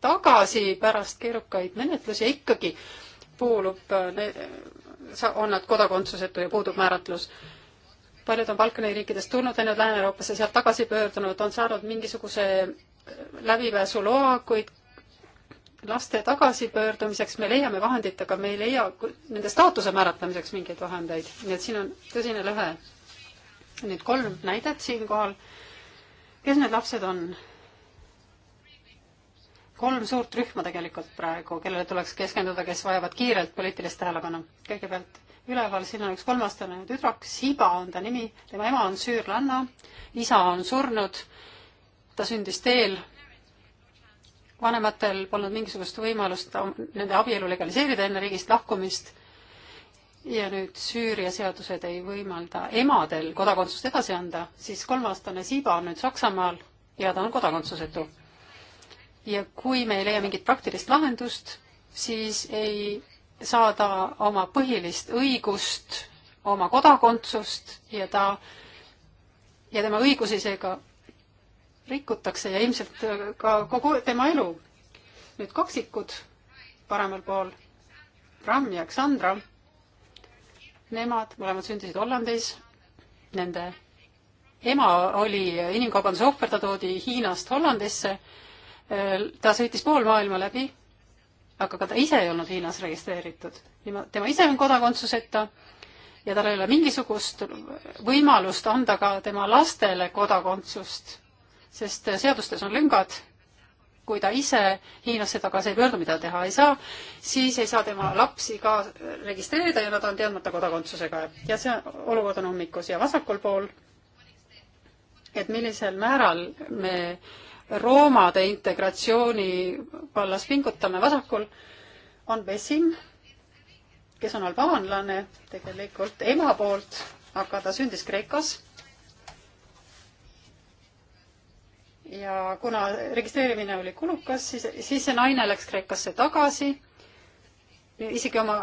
tagasi pärast keerukaid menetlusi ikkagi kuulub, on nad kodakondsusetu ja puudub määratlus. paljud on Balkani riikidest tulnud, läinud Lääne-Euroopasse, sealt tagasi pöördunud, on saanud mingisuguse läbipääsuloa, kuid laste tagasipöördumiseks me leiame vahendit, aga me ei leia nende staatuse määratlemiseks mingeid vahendeid, nii et siin on tõsine lõhe. nüüd kolm näidet siinkohal. kes need lapsed on? kolm suurt rühma tegelikult praegu, kellele tuleks keskenduda, kes vajavad kiirelt poliitilist tähelepanu. kõigepealt üleval, siin on üks kolmastane tüdruk, Siba on ta nimi, tema ema on süürlanna, isa on surnud, ta sündis teel, vanematel polnud mingisugust võimalust nende abielu legaliseerida enne riigist lahkumist ja nüüd Süüria seadused ei võimalda emadel kodakondsust edasi anda, siis kolmeaastane Siba on nüüd Saksamaal ja ta on kodakondsusetu ja kui me ei leia mingit praktilist lahendust, siis ei saa ta oma põhilist õigust, oma kodakondsust ja ta ja tema õigusi seega rikutakse ja ilmselt ka kogu tema elu. nüüd kaksikud paremal pool, Bram ja Aleksandra, nemad mõlemad sündisid Hollandis, nende ema oli inimkaubanduse ohver, ta toodi Hiinast Hollandisse Äh, ta sõitis pool maailma läbi, aga ka ta ise ei olnud Hiinas registreeritud. tema ise on kodakondsuseta ja tal ei ole mingisugust võimalust anda ka tema lastele kodakondsust, sest seadustes on lüngad. kui ta ise Hiinasse tagasi ei pöördu, mida teha ei saa, siis ei saa tema lapsi ka registreerida ja nad on teadmata kodakondsusega ja see olukord on ummikus ja vasakul pool, et millisel määral me äh, roomade integratsiooni vallas pingutame vasakul, on Besim, kes on albaanlane tegelikult ema poolt, aga ta sündis Kreekas. ja kuna registreerimine oli kulukas, siis, siis see naine läks Kreekasse tagasi. isegi oma,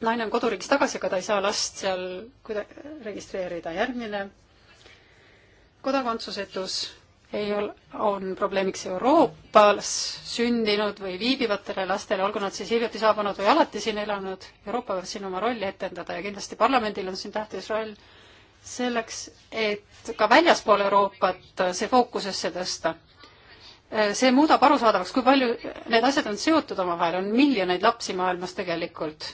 naine on koduriigis tagasi, aga ta ei saa last seal kuidagi registreerida. järgmine kodakondsusetus ei ole, on probleemiks Euroopas sündinud või viibivatele lastele, olgu nad siis hiljuti saabunud või alati siin elanud. Euroopa peab siin oma rolli etendada ja kindlasti parlamendil on siin tähtis roll selleks, et ka väljaspool Euroopat see fookusesse tõsta. see muudab arusaadavaks, kui palju need asjad on seotud omavahel, on miljoneid lapsi maailmas tegelikult,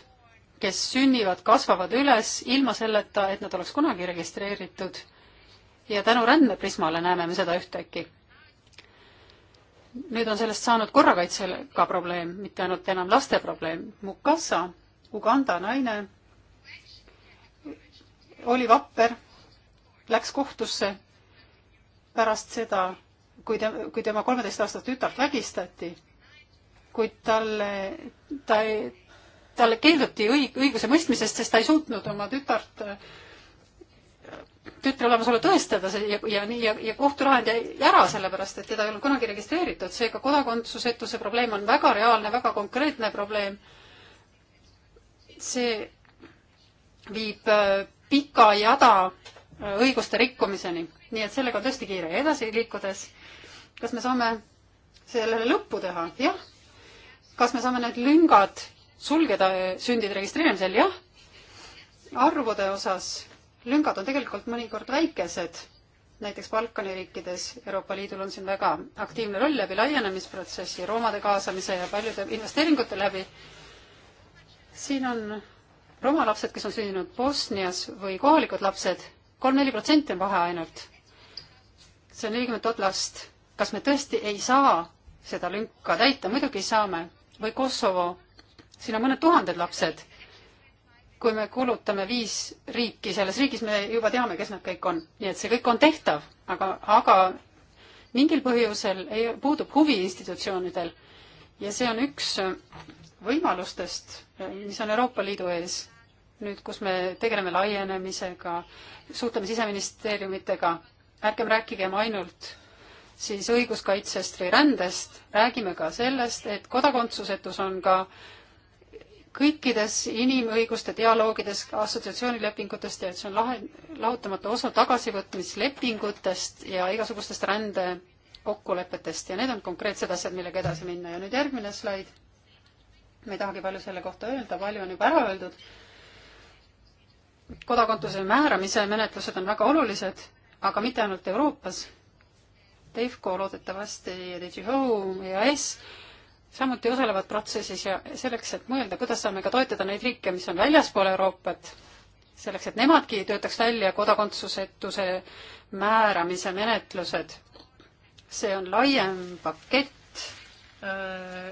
kes sünnivad, kasvavad üles ilma selleta, et nad oleks kunagi registreeritud ja tänu rändmeprismale näeme me seda ühtäkki. nüüd on sellest saanud korrakaitsega probleem, mitte ainult enam laste probleem. Mukasa, Uganda naine, oli vapper, läks kohtusse pärast seda, kui te, kui tema kolmeteist aastat tütart vägistati, kuid talle, ta ei, talle keelduti õig-, õigusemõistmisest, sest ta ei suutnud oma tütart tütre olemasolu tõestada ja, ja nii ja, ja kohtulahend jäi ära, sellepärast et teda ei olnud kunagi registreeritud, seega kodakondsusetuse probleem on väga reaalne, väga konkreetne probleem. see viib äh, pika jada äh, õiguste rikkumiseni, nii et sellega on tõesti kiire ja edasi liikudes, kas me saame sellele lõppu teha? jah. kas me saame need lüngad sulgeda äh, sündide registreerimisel? jah. arvude osas lüngad on tegelikult mõnikord väikesed, näiteks Balkani riikides, Euroopa Liidul on siin väga aktiivne roll läbi laienemisprotsessi, roomade kaasamise ja paljude investeeringute läbi. siin on roma lapsed, kes on sündinud Bosnias või kohalikud lapsed, kolm-neli protsenti on vahe ainult. see on nelikümmend tuhat last. kas me tõesti ei saa seda lünka täita, muidugi saame, või Kosovo, siin on mõned tuhanded lapsed kui me kulutame viis riiki selles riigis, me juba teame, kes nad kõik on, nii et see kõik on tehtav, aga, aga mingil põhjusel ei, puudub huvi institutsioonidel ja see on üks äh, võimalustest, äh, mis on Euroopa Liidu ees nüüd, kus me tegeleme laienemisega, suhtleme siseministeeriumitega, ärgem rääkigem ainult siis õiguskaitsest või rändest, räägime ka sellest, et kodakondsusetus on ka äh, kõikides inimõiguste dialoogides, assotsiatsioonilepingutest ja et see on lahe, lahutamatu osa tagasivõtmislepingutest ja igasugustest rändekokkulepetest ja need on konkreetsed asjad, millega edasi minna ja nüüd järgmine slaid. ma ei tahagi palju selle kohta öelda, palju on juba ära öeldud. kodakondsuse määramise menetlused on väga olulised, aga mitte ainult Euroopas. Defco loodetavasti ja DigiHome EAS samuti osalevad protsessis ja selleks, et mõelda, kuidas saame ka toetada neid riike, mis on väljaspool Euroopat, selleks, et nemadki töötaks välja kodakondsusetuse määramise menetlused. see on laiem pakett, äh,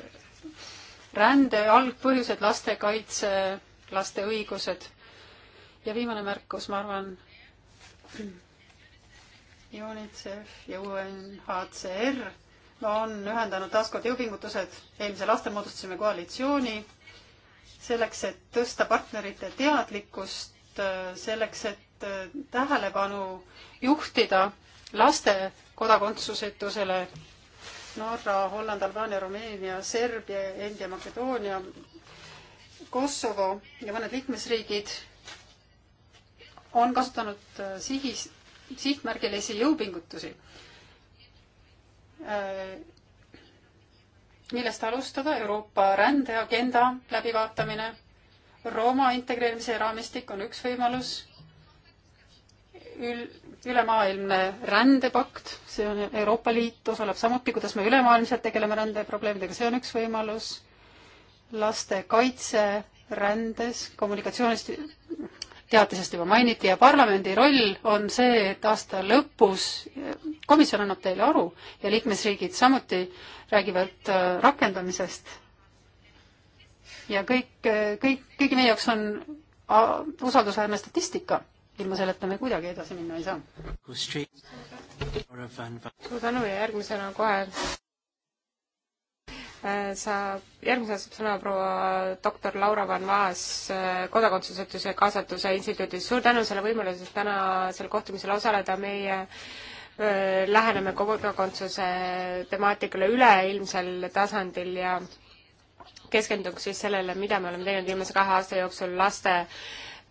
rände algpõhjused, lastekaitse, laste õigused ja viimane märkus, ma arvan, *clears throat* UNICEF ja UNHCR on ühendanud taaskord jõupingutused. eelmisel aastal moodustasime koalitsiooni selleks, et tõsta partnerite teadlikkust, selleks, et tähelepanu juhtida laste kodakondsusetusele Norra, Holland, Albaania, Rumeenia, Serbia, India, Makedoonia, Kosovo ja mõned liikmesriigid on kasutanud sihis, sihtmärgilisi jõupingutusi Äh, millest alustada, Euroopa rändeagenda läbivaatamine, Rooma integreerimise raamistik on üks võimalus, ül-, ülemaailmne rändepakt, see on Euroopa Liit osaleb samuti, kuidas me ülemaailmselt tegeleme rändeprobleemidega, see on üks võimalus, laste kaitse rändes, kommunikatsioonist teatisest juba mainiti ja parlamendi roll on see, et aasta lõpus komisjon annab teile aru ja liikmesriigid samuti räägivad äh, rakendamisest. ja kõik, äh, kõik, kõigi meie jaoks on äh, usaldusväärne statistika, ilma selleta me kuidagi edasi minna ei saa. suur tänu ja järgmisena kohe Äh, saab, järgmisena saab sõna proua doktor Laura Van Vaas äh, Kodakondsusetuse Kaasatuse Instituudist. suur tänu selle võimaluse eest tänasel kohtumisel osaleda, meie öö, äh, läheneme kodakondsuse temaatikale üleilmsel tasandil ja keskenduks siis sellele, mida me oleme teinud viimase kahe aasta jooksul laste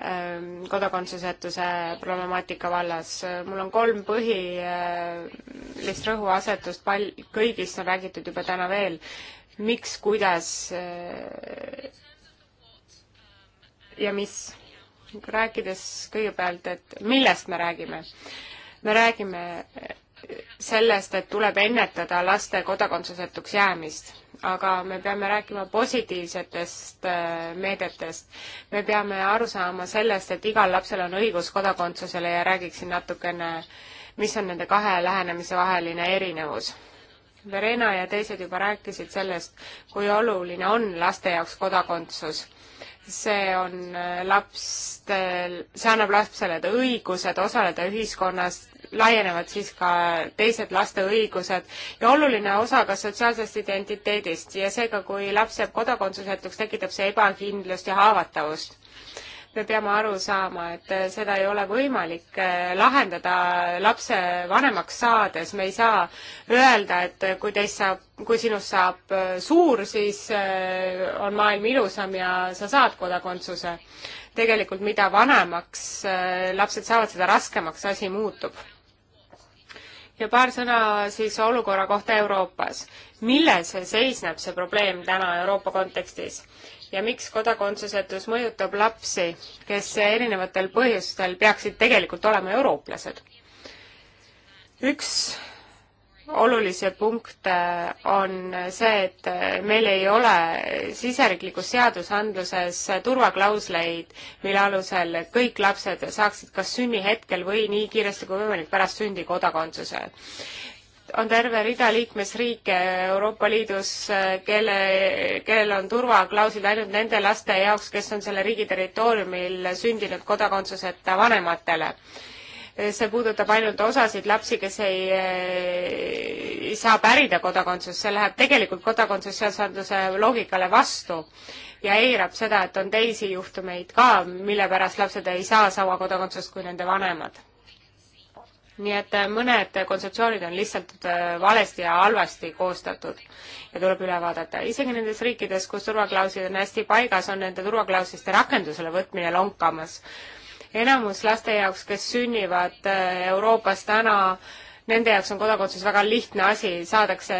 ähm, kodakondsusetuse problemaatika vallas. mul on kolm põhilist rõhuasetust, pal-, kõigist on räägitud juba täna veel miks, kuidas äh, ja mis. rääkides kõigepealt, et millest me räägime. me räägime sellest, et tuleb ennetada laste kodakondsusetuks jäämist, aga me peame rääkima positiivsetest äh, meedetest. me peame aru saama sellest, et igal lapsel on õigus kodakondsusele ja räägiksin natukene, mis on nende kahe lähenemise vaheline erinevus Verena ja teised juba rääkisid sellest, kui oluline on laste jaoks kodakondsus. see on äh, lapstel, see annab lapsele õigused osaleda ühiskonnas, laienevad siis ka teised laste õigused ja oluline osa ka sotsiaalsest identiteedist ja seega, kui laps jääb kodakondsusetuks, tekitab see ebakindlust ja haavatavust me peame aru saama, et äh, seda ei ole võimalik äh, lahendada lapse vanemaks saades, me ei saa öelda, et äh, kui teist saab, kui sinust saab suur, siis on maailm ilusam ja sa saad kodakondsuse. tegelikult mida vanemaks lapsed saavad, seda raskemaks asi muutub ja paar sõna siis olukorra kohta Euroopas. milles seisneb see probleem täna Euroopa kontekstis? ja miks kodakondsusetus mõjutab lapsi, kes erinevatel põhjustel peaksid tegelikult olema eurooplased. üks olulisi punkte on see, et meil ei ole siseriiklikus seadusandluses turvaklausleid, mille alusel kõik lapsed saaksid kas sünnihetkel või nii kiiresti kui võimalik pärast sündi kodakondsuse on terve rida liikmesriike Euroopa Liidus, kelle, kellel on turvaklauslid ainult nende laste jaoks, kes on selle riigi territooriumil sündinud kodakondsuseta vanematele. see puudutab ainult osasid lapsi, kes ei, ei saa pärida kodakondsust, see läheb tegelikult kodakondsusseaduse loogikale vastu ja eirab seda, et on teisi juhtumeid ka, mille pärast lapsed ei saa sama kodakondsust kui nende vanemad nii et äh, mõned kontseptsioonid on lihtsalt äh, valesti ja halvasti koostatud ja tuleb üle vaadata. isegi nendes riikides, kus turvaklauslid on hästi paigas, on nende turvaklausliste rakendusele võtmine lonkamas. enamus laste jaoks, kes sünnivad äh, Euroopas täna, Nende jaoks on kodakondsus väga lihtne asi, saadakse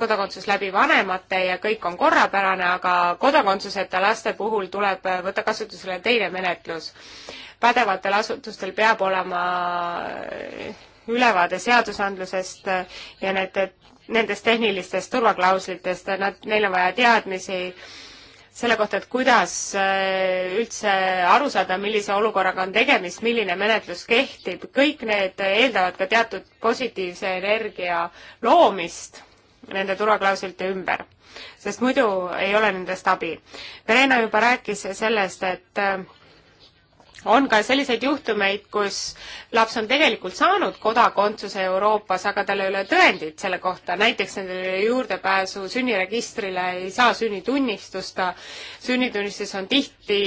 kodakondsus läbi vanemate ja kõik on korrapärane, aga kodakondsuseta laste puhul tuleb võtta kasutusele teine menetlus pädevatel asutustel peab olema äh, ülevaade seadusandlusest äh, ja need, nendest tehnilistest turvaklauslitest, nad, neil on vaja teadmisi selle kohta, et kuidas äh, üldse aru saada, millise olukorraga on tegemist, milline menetlus kehtib, kõik need eeldavad ka teatud positiivse energia loomist nende turvaklauslite ümber, sest muidu ei ole nendest abi. Verena juba rääkis sellest, et on ka selliseid juhtumeid, kus laps on tegelikult saanud kodakondsuse Euroopas, aga tal ei ole tõendit selle kohta, näiteks nendel ei ole juurdepääsu sünniregistrile, ei saa sünnitunnistust, sünnitunnistus on tihti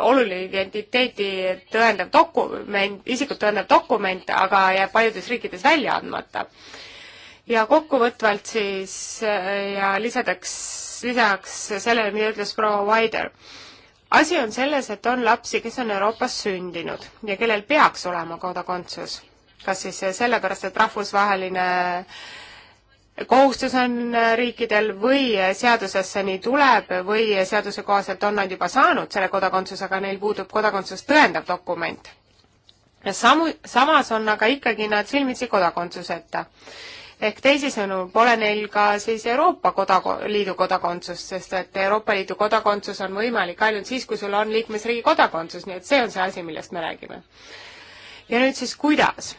oluline identiteeti tõendav dokument, isikut tõendav dokument, aga jääb paljudes riikides välja andmata ja kokkuvõtvalt siis ja lisadaks, lisaks sellele, mida ütles proua Vaider asi on selles, et on lapsi, kes on Euroopas sündinud ja kellel peaks olema kodakondsus. kas siis sellepärast, et rahvusvaheline kohustus on riikidel või seadusesse nii tuleb või seaduse kohaselt on nad juba saanud selle kodakondsuse, aga neil puudub kodakondsust tõendav dokument. samu, samas on aga ikkagi nad silmitsi kodakondsuseta ehk teisisõnu, pole neil ka siis Euroopa kodago-, Liidu kodakondsust, sest et Euroopa Liidu kodakondsus on võimalik ainult siis, kui sul on liikmesriigi kodakondsus, nii et see on see asi, millest me räägime. ja nüüd siis, kuidas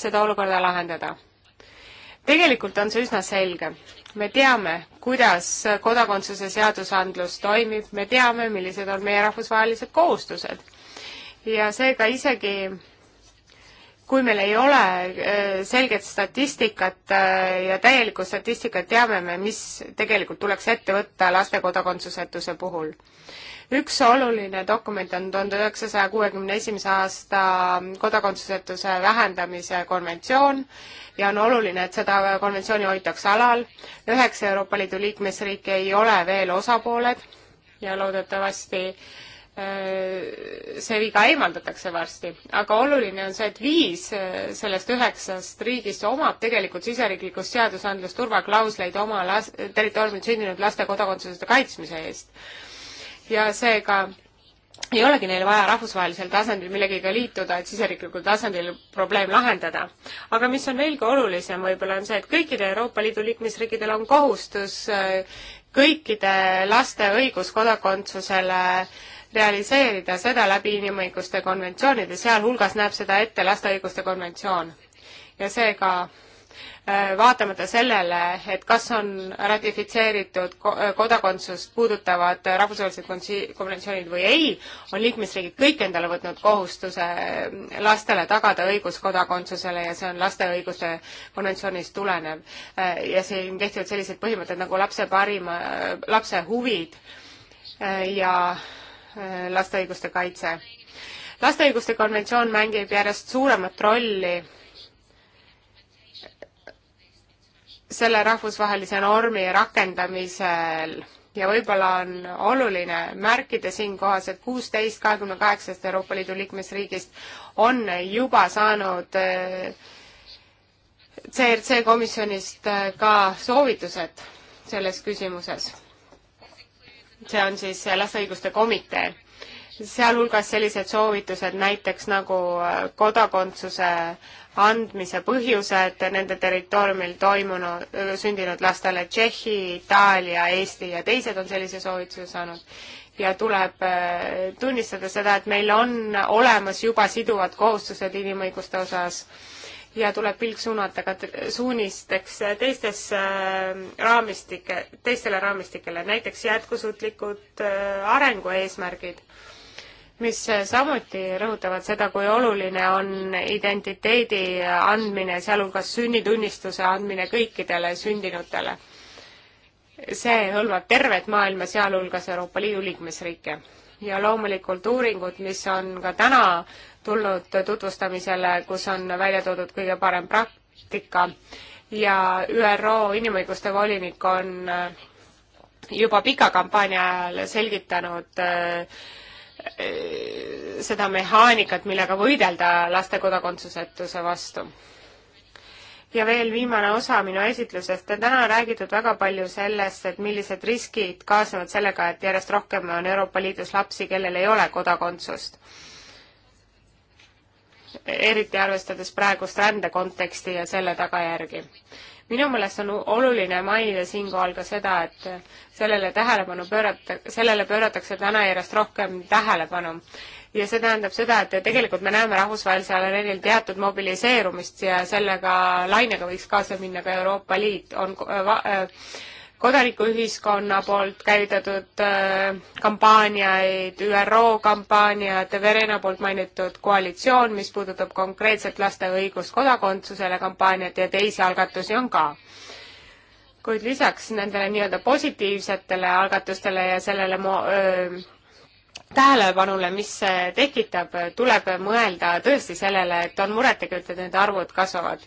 seda olukorda lahendada? tegelikult on see üsna selge. me teame, kuidas kodakondsuse seadusandlus toimib, me teame, millised on meie rahvusvahelised kohustused. ja seega isegi kui meil ei ole äh, selget statistikat äh, ja täielikku statistikat, teame me, mis tegelikult tuleks ette võtta laste kodakondsusetuse puhul. üks oluline dokument on tuhande üheksasaja kuuekümne esimese aasta kodakondsusetuse vähendamise konventsioon ja on oluline, et seda konventsiooni hoitakse alal. üheksa Euroopa Liidu liikmesriiki ei ole veel osapooled ja loodetavasti äh, Äh, see viga eemaldatakse varsti, aga oluline on see, et viis äh, sellest üheksast riigist omab tegelikult siseriiklikus seadusandlus turvaklausleid oma las-, territooriumil sündinud laste kodakondsuseta kaitsmise eest. ja seega ei olegi neil vaja rahvusvahelisel tasandil millegagi liituda, et siseriiklikul tasandil probleem lahendada. aga mis on veelgi olulisem võib-olla, on see, et kõikidel Euroopa Liidu liikmesriikidel on kohustus äh, kõikide laste õigus kodakondsusele äh, realiseerida seda läbi inimõiguste konventsioonide, sealhulgas näeb seda ette laste õiguste konventsioon. ja seega äh, vaatamata sellele, et kas on ratifitseeritud äh, kodakondsust puudutavad rahvusvahelised konventsioonid või ei, on liikmesriigid kõik endale võtnud kohustuse äh, lastele tagada õigus kodakondsusele ja see on laste õiguste konventsioonist tulenev. ja siin kehtivad sellised põhimõtted nagu lapse parima, lapse huvid ja Eh, laste õiguste kaitse. laste õiguste konventsioon mängib järjest suuremat rolli selle rahvusvahelise normi rakendamisel ja võib-olla on oluline märkida siinkohas, et kuusteist kahekümne kaheksast Euroopa Liidu liikmesriigist on juba saanud CRC eh, komisjonist eh, ka soovitused selles küsimuses see on siis laste õiguste komitee. sealhulgas sellised soovitused näiteks nagu äh, kodakondsuse andmise põhjused nende territooriumil toimunud, sündinud lastele Tšehhi, Itaalia, Eesti ja teised on sellise soovituse saanud. ja tuleb äh, tunnistada seda, et meil on olemas juba siduvad kohustused inimõiguste osas ja tuleb pilk suunata ka suunisteks teistesse äh, raamistike, teistele raamistikele, näiteks jätkusuutlikud äh, arengueesmärgid, mis äh, samuti rõhutavad seda, kui oluline on identiteedi andmine, sealhulgas sünnitunnistuse andmine kõikidele sündinutele. see hõlmab tervet maailma, sealhulgas Euroopa Liidu liikmesriike ja loomulikult uuringud, mis on ka täna tulnud tutvustamisele, kus on välja toodud kõige parem praktika ja ÜRO inimõiguste volinik on äh, juba pika kampaania ajal selgitanud äh, äh, seda mehaanikat, millega võidelda laste kodakondsusetuse vastu. ja veel viimane osa minu esitlusest. täna on räägitud väga palju sellest, et millised riskid kaasnevad sellega, et järjest rohkem on Euroopa Liidus lapsi, kellel ei ole kodakondsust eriti arvestades praegust rändekonteksti ja selle tagajärgi. minu meelest on oluline mainida siinkohal ka seda, et sellele tähelepanu pöörata, sellele pööratakse täna järjest rohkem tähelepanu. ja see tähendab seda, et tegelikult me näeme rahvusvahelisel areenil teatud mobiliseerumist ja sellega lainega võiks kaasa minna ka Euroopa Liit, on äh, kodanikuühiskonna poolt käivitatud äh, kampaaniaid, ÜRO kampaaniad, Verena poolt mainitud koalitsioon, mis puudutab konkreetselt laste õigust kodakondsusele kampaaniat ja teisi algatusi on ka. kuid lisaks nendele nii-öelda positiivsetele algatustele ja sellele mo-, öö, tähelepanule, mis see tekitab, tuleb mõelda tõesti sellele, et on murettekütte, et need arvud kasvavad.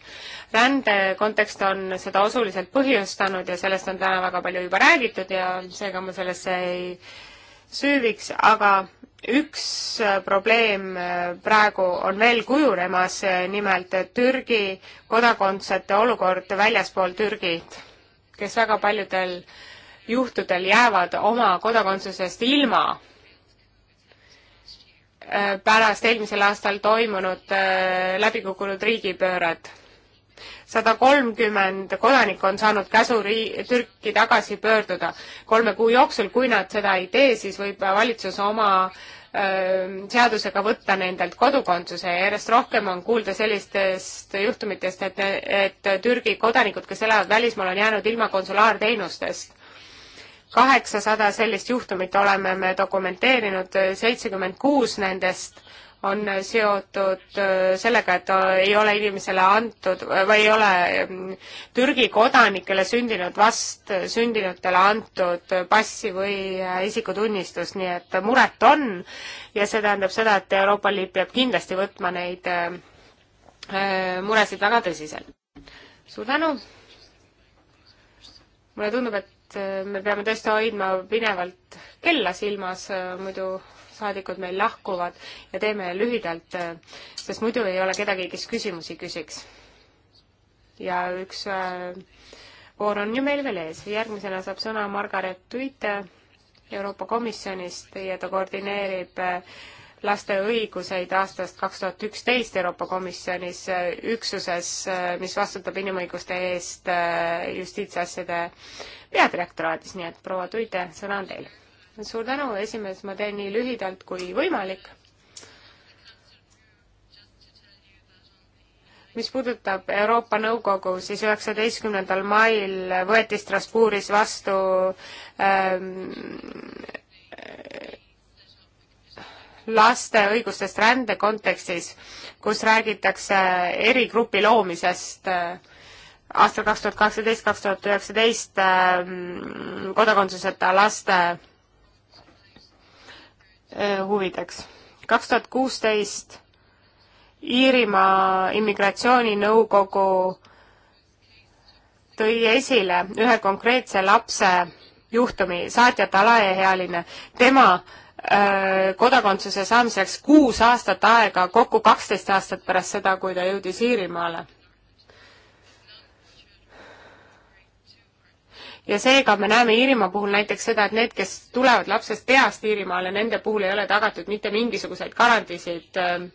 rände kontekst on seda osuliselt põhjustanud ja sellest on täna väga palju juba räägitud ja seega ma sellesse ei süüviks, aga üks probleem praegu on veel kujunemas, nimelt Türgi kodakondsete olukord väljaspool Türgit, kes väga paljudel juhtudel jäävad oma kodakondsusest ilma Äh, pärast eelmisel aastal toimunud äh, läbikukkunud riigipööret. sada kolmkümmend kodanikku on saanud käsu rii-, Türki tagasi pöörduda kolme kuu jooksul, kui nad seda ei tee, siis võib valitsus oma ähm, seadusega võtta nendelt kodukondsuse ja järjest rohkem on kuulda sellistest juhtumitest, et, et Türgi kodanikud, kes elavad välismaal, on jäänud ilma konsulaarteenustest kaheksasada sellist juhtumit oleme me dokumenteerinud, seitsekümmend kuus nendest on seotud äh, sellega, et äh, ei ole inimesele antud äh, või ei ole mm, Türgi kodanikele sündinud vast sündinutele antud passi või isikutunnistust, nii et muret on ja see tähendab seda, et Euroopa Liit peab kindlasti võtma neid muresid väga tõsiselt. suur tänu! mulle tundub, et et äh, me peame tõesti hoidma pidevalt kella silmas, äh, muidu saadikud meil lahkuvad ja teeme lühidalt, äh, sest muidu ei ole kedagi, kes küsimusi küsiks. ja üks voor on ju meil veel ees, järgmisena saab sõna Margaret Tuite Euroopa Komisjonist ja ta koordineerib laste õiguseid aastast kaks tuhat üksteist Euroopa Komisjonis äh, üksuses, äh, mis vastutab inimõiguste eest äh, justiitsasjade peadirektoraadis, nii et proua Tuite, sõna on teil. suur tänu, esimees, ma teen nii lühidalt kui võimalik. mis puudutab Euroopa Nõukogu, siis üheksateistkümnendal mail võeti Strasbourgis vastu ähm, laste õigustest rände kontekstis, kus räägitakse erigrupi loomisest äh, aastal kaks tuhat kaheksateist, kaks tuhat üheksateist ähm, kodakondsuseta laste äh, huvideks. kaks tuhat kuusteist Iirimaa immigratsiooninõukogu tõi esile ühe konkreetse lapse juhtumi, saatjata alaealine, tema Äh, kodakondsuse saamiseks kuus aastat aega, kokku kaksteist aastat pärast seda, kui ta jõudis Iirimaale. ja seega me näeme Iirimaa puhul näiteks seda, et need, kes tulevad lapsest peast Iirimaale, nende puhul ei ole tagatud mitte mingisuguseid garantiisid, äh,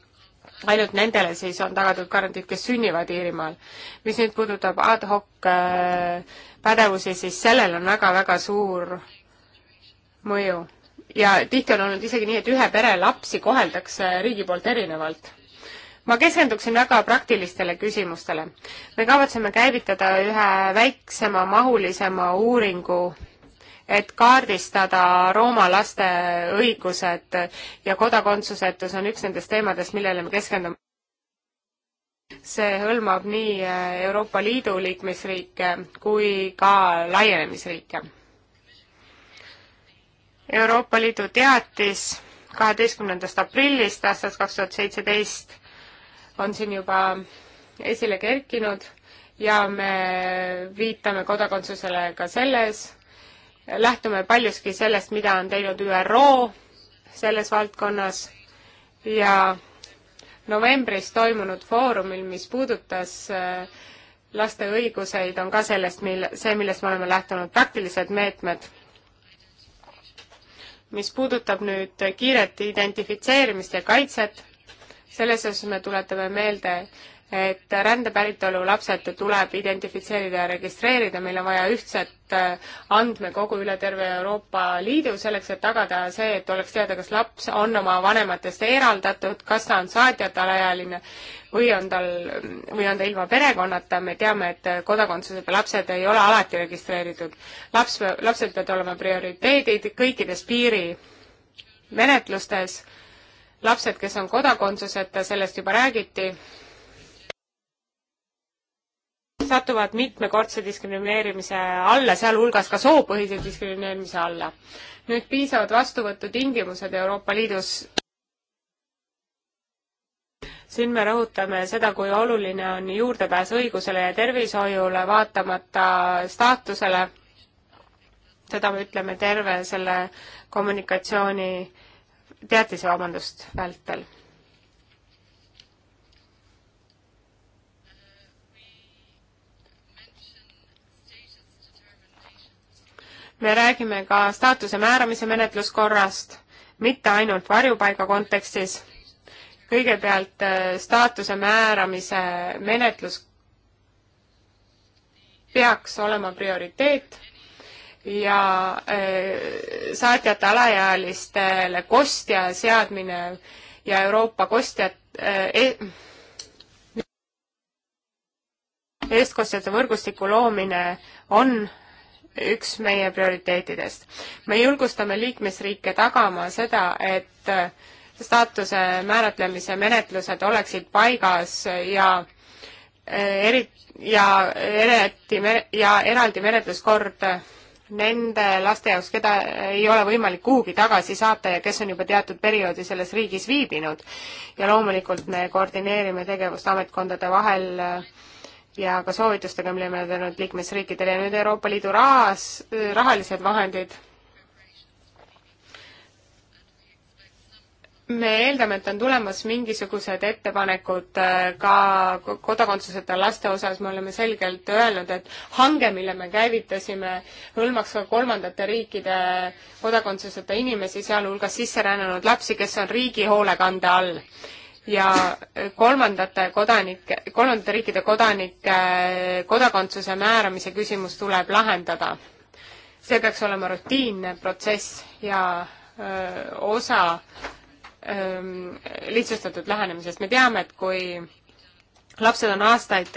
ainult nendele siis on tagatud garantiid, kes sünnivad Iirimaal. mis nüüd puudutab ad hoc äh, pädevusi, siis sellel on väga-väga suur mõju ja tihti on olnud isegi nii, et ühe pere lapsi koheldakse riigi poolt erinevalt ma keskenduksin väga praktilistele küsimustele. me kavatseme käivitada ühe väiksema mahulisema uuringu, et kaardistada Rooma laste õigused ja kodakondsusetus on üks nendest teemadest, millele me keskendume. see hõlmab nii Euroopa Liidu liikmesriike kui ka laienemisriike Euroopa Liidu teatis kaheteistkümnendast aprillist aastast kaks tuhat seitseteist on siin juba esile kerkinud ja me viitame kodakondsusele ka selles, lähtume paljuski sellest, mida on teinud ÜRO selles valdkonnas ja novembris toimunud foorumil, mis puudutas äh, laste õiguseid, on ka sellest, mil-, see, millest me oleme lähtunud, praktilised meetmed mis puudutab nüüd kiiret identifitseerimist ja kaitset, selles osas me tuletame meelde, et rändepäritolu lapsed tuleb identifitseerida ja registreerida, meil on vaja ühtset äh, andmekogu üle terve Euroopa Liidu selleks, et tagada see, et oleks teada, kas laps on oma vanematest eraldatud, kas ta on saatjate alaealine või on tal, või on ta ilma perekonnata, me teame, et kodakondsuseta lapsed ei ole alati registreeritud. laps, lapsed peavad olema prioriteedid kõikides piirimenetlustes, lapsed, kes on kodakondsuseta, sellest juba räägiti satuvad mitmekordse diskrimineerimise alla, sealhulgas ka soopõhise diskrimineerimise alla. nüüd piisavad vastuvõtutingimused Euroopa Liidus. siin me rõhutame seda, kui oluline on juurdepääs õigusele ja tervishoiule vaatamata staatusele. seda me ütleme terve selle kommunikatsiooni teatise, vabandust, vältel me räägime ka staatuse määramise menetluskorrast, mitte ainult varjupaiga kontekstis. kõigepealt äh, staatuse määramise menetlus peaks olema prioriteet ja äh, saatjate alaealistele kostja seadmine ja Euroopa kostjad äh, e eestkostjate võrgustiku loomine on üks meie prioriteetidest. me julgustame liikmesriike tagama seda, et äh, staatuse määratlemise menetlused oleksid paigas ja äh, eri- ja eriti mere- ja eraldi menetluskord nende laste jaoks, keda ei ole võimalik kuhugi tagasi saata ja kes on juba teatud perioodi selles riigis viibinud. ja loomulikult me koordineerime tegevust ametkondade vahel äh, ja ka soovitustega, mille me oleme teinud liikmesriikidele ja nüüd Euroopa Liidu rahas, äh, rahalised vahendid. me eeldame, et on tulemas mingisugused ettepanekud äh, ka kodakondsuseta laste osas, me oleme selgelt öelnud, et hange, mille me käivitasime, hõlmaks ka kolmandate riikide kodakondsuseta inimesi, sealhulgas sisserännanud lapsi, kes on riigi hoolekande all ja kolmandate kodanike, kolmandate riikide kodanike kodakondsuse määramise küsimus tuleb lahendada. see peaks olema rutiinne protsess ja öö, osa öö, lihtsustatud lähenemisest. me teame, et kui lapsed on aastaid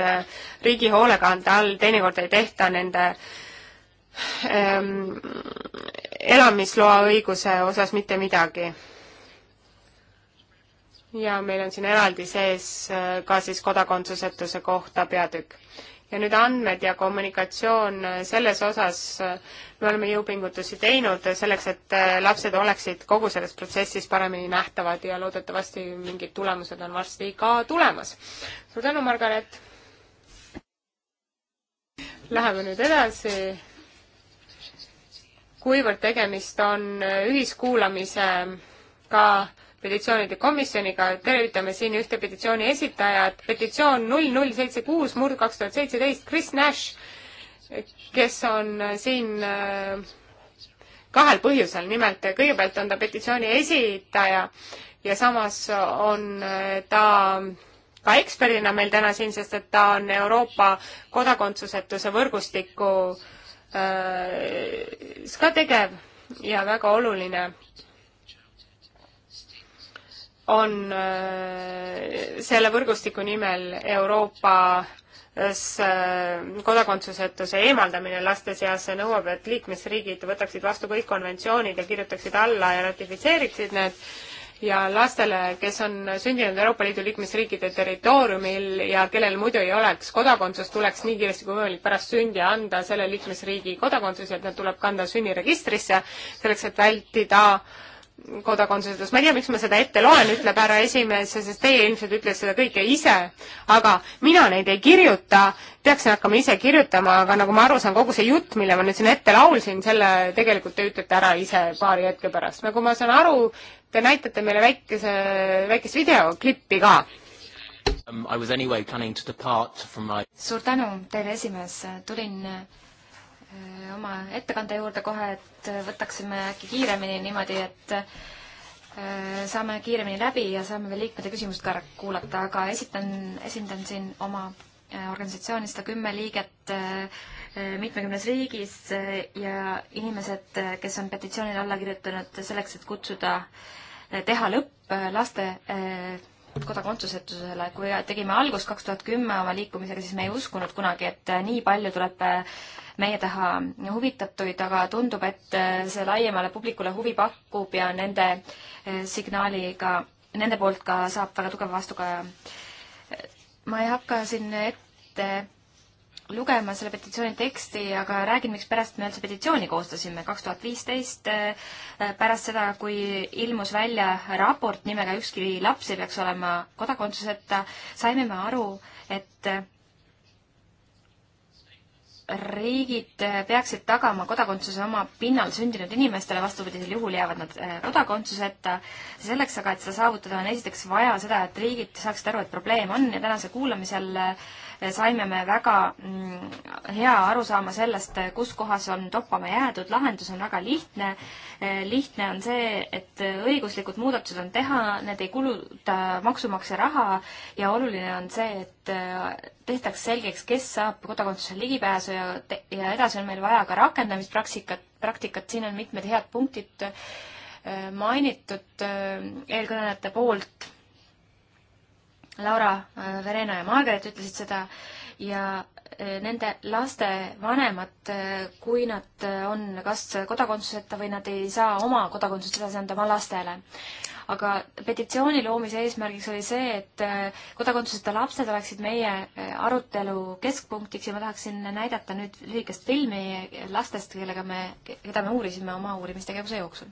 riigi hoolekande all, teinekord ei tehta nende ähm, elamisloa õiguse osas mitte midagi ja meil on siin eraldi sees äh, ka siis kodakondsusetuse kohta peatükk. ja nüüd andmed ja kommunikatsioon äh, selles osas, äh, me oleme jõupingutusi teinud selleks, et lapsed oleksid kogu selles protsessis paremini nähtavad ja loodetavasti mingid tulemused on varsti ka tulemas. suur tänu, Margaret! Läheme nüüd edasi. kuivõrd tegemist on ühiskuulamisega petitsioonide komisjoniga, tervitame siin ühte petitsiooni esitajat, petitsioon null null seitse kuus murd kaks tuhat seitseteist, Chris Nash, kes on äh, siin äh, kahel põhjusel, nimelt äh, kõigepealt on ta petitsiooni esitaja ja samas on ta ka eksperdina meil täna siin, sest et ta on Euroopa kodakondsusetuse võrgustiku äh, ka tegev ja väga oluline on äh, selle võrgustiku nimel Euroopas äh, kodakondsusetuse eemaldamine laste seas nõuab, et liikmesriigid võtaksid vastu kõik konventsioonid ja kirjutaksid alla ja ratifitseeriksid need ja lastele, kes on sündinud Euroopa Liidu liikmesriikide territooriumil ja kellel muidu ei oleks kodakondsust, tuleks nii kiiresti kui võimalik pärast sündi anda selle liikmesriigi kodakondsus ja et nad tuleb kanda sünniregistrisse, selleks et vältida äh, kodakondsusetus, ma ei tea, miks ma seda ette loen, ütleb härra esimees, sest teie ilmselt ütlete seda kõike ise, aga mina neid ei kirjuta, peaksin hakkama ise kirjutama, aga nagu ma aru saan, kogu see jutt, mille ma nüüd siin ette laulsin, selle tegelikult te ütlete ära ise paari hetke pärast. nagu ma saan aru, te näitate meile väikese, väikest videoklippi ka. Um, I was anyway planning to depart from my suur tänu teile, esimees, tulin Eh, oma ettekande juurde kohe, et eh, võtaksime äkki kiiremini niimoodi, et eh, saame kiiremini läbi ja saame veel liikmete küsimust ka kuulata, aga esitan, esindan siin oma organisatsiooni sada kümme liiget mitmekümnes riigis ja inimesed, kes on petitsioonile alla kirjutanud selleks, et kutsuda, teha lõpp laste kodakondsusetusele, kui tegime algust kaks tuhat kümme oma liikumisega, siis me ei uskunud kunagi, et nii palju tuleb meie taha huvitatuid, aga tundub, et äh, see laiemale publikule huvi pakub ja nende äh, signaaliga, nende poolt ka saab väga tugeva vastukaja. ma ei hakka siin ette lugema selle petitsiooni teksti, aga räägin, mikspärast me üldse petitsiooni koostasime. kaks tuhat viisteist, äh, pärast seda, kui ilmus välja raport nimega Ükski laps ei peaks olema kodakondsuseta, saime me aru, et riigid peaksid tagama kodakondsuse oma pinnal sündinud inimestele, vastupidisel juhul jäävad nad äh, kodakondsuseta. selleks aga, et seda saavutada, on esiteks vaja seda, et riigid saaksid aru, et probleem on ja tänase kuulamisel äh, saime me väga mm, hea arusaama sellest, kus kohas on toppama jäädud, lahendus on väga lihtne. lihtne on see, et õiguslikud muudatused on teha, need ei kuluta maksumaksja raha ja oluline on see, et äh, tehtaks selgeks, kes saab kodakondsusele ligipääsu ja, ja edasi on meil vaja ka rakendamispraktikat, praktikat, siin on mitmed head punktid äh, mainitud äh, eelkõnelejate poolt Laura äh, Verena ja Margaret ütlesid seda ja äh, nende laste vanemad, äh, kui nad on kas kodakondsuseta või nad ei saa oma kodakondsust edasi anda oma lastele. aga petitsiooni loomise eesmärgiks oli see, et kodakondsuseta lapsed oleksid meie arutelu keskpunktiks ja ma tahaksin näidata nüüd lühikest filmi lastest, kellega me, keda me uurisime oma uurimistegevuse jooksul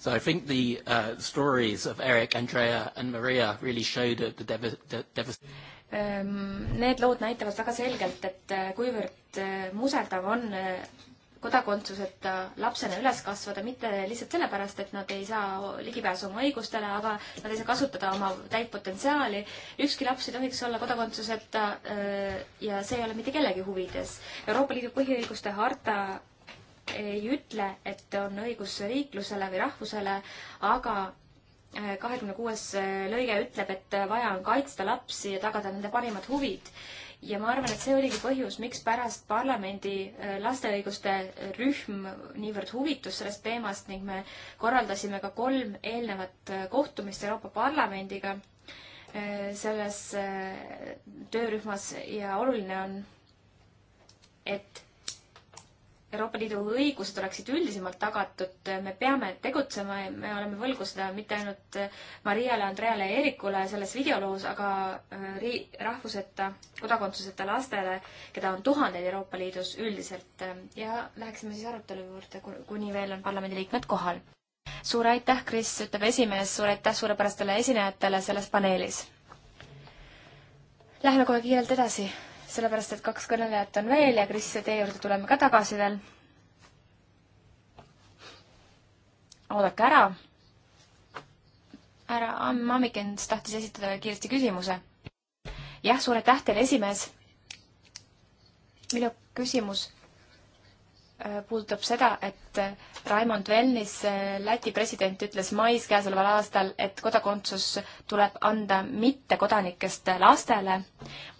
So I think the uh, stories of Eric, Andrea and Maria really showed the dev-, the dev-. Ehm, need lood näitavad väga selgelt, et äh, kuivõrd äh, muserdav on äh, kodakondsuseta lapsena üles kasvada, mitte lihtsalt sellepärast, et nad ei saa ligipääsu oma õigustele, aga nad ei saa kasutada oma täit potentsiaali. ükski laps ei tohiks olla kodakondsuseta ja see ei ole mitte kellegi huvides. Euroopa Liidu põhiõiguste harta ei ütle, et on õigus riiklusele või rahvusele, aga äh, kahekümne kuues äh, lõige ütleb, et vaja on kaitsta lapsi ja tagada nende parimad huvid. ja ma arvan, et see oligi põhjus, mikspärast parlamendi äh, laste õiguste rühm niivõrd huvitus sellest teemast ning me korraldasime ka kolm eelnevat kohtumist Euroopa Parlamendiga selles töörühmas ja oluline on, et Euroopa Liidu õigust oleksid üldisemalt tagatud, me peame tegutsema ja me oleme võlgu seda mitte ainult Mariale, Andreale ja Eerikule selles videoloos, aga äh, ri-, rahvuseta, kodakondsuseta lastele, keda on tuhandeid Euroopa Liidus üldiselt. ja läheksime siis arutelu juurde, kuni veel on parlamendiliikmed kohal. suur aitäh, Kris, ütleb esimees, suur aitäh suurepärastele esinejatele selles paneelis. Läheme kohe kiirelt edasi sellepärast et kaks kõnelejat on veel ja Kris, teie juurde tuleme ka tagasi veel. oodake ära. härra Ammikens tahtis esitada kiiresti küsimuse. jah, suur aitäh teile, esimees. minu küsimus Äh, puudutab seda, et äh, Raimond Velnis, äh, Läti president, ütles mais käesoleval aastal, et kodakondsus tuleb anda mittekodanikest lastele.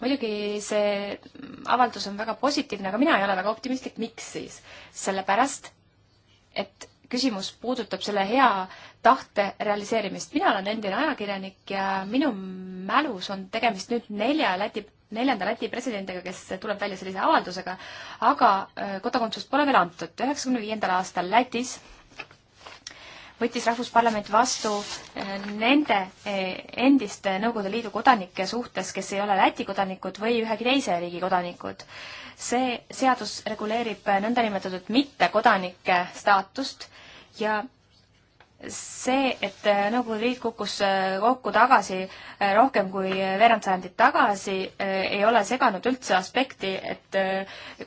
muidugi see avaldus on väga positiivne, aga mina ei ole väga optimistlik, miks siis? sellepärast, et küsimus puudutab selle hea tahte realiseerimist. mina olen endine ajakirjanik ja minu mälus on tegemist nüüd nelja Läti, neljanda Läti presidendiga, kes tuleb välja sellise avaldusega, aga äh, kodakondsust pole veel antud. üheksakümne viiendal aastal Lätis võttis Rahvusparlament vastu äh, nende äh, endiste Nõukogude Liidu kodanike suhtes, kes ei ole Läti kodanikud või ühegi teise riigi kodanikud. see seadus reguleerib nõndanimetatud mittekodanike staatust ja see, et äh, Nõukogude Liit kukkus äh, kokku tagasi äh, rohkem kui veerand sajandit tagasi, ei ole seganud üldse aspekti, et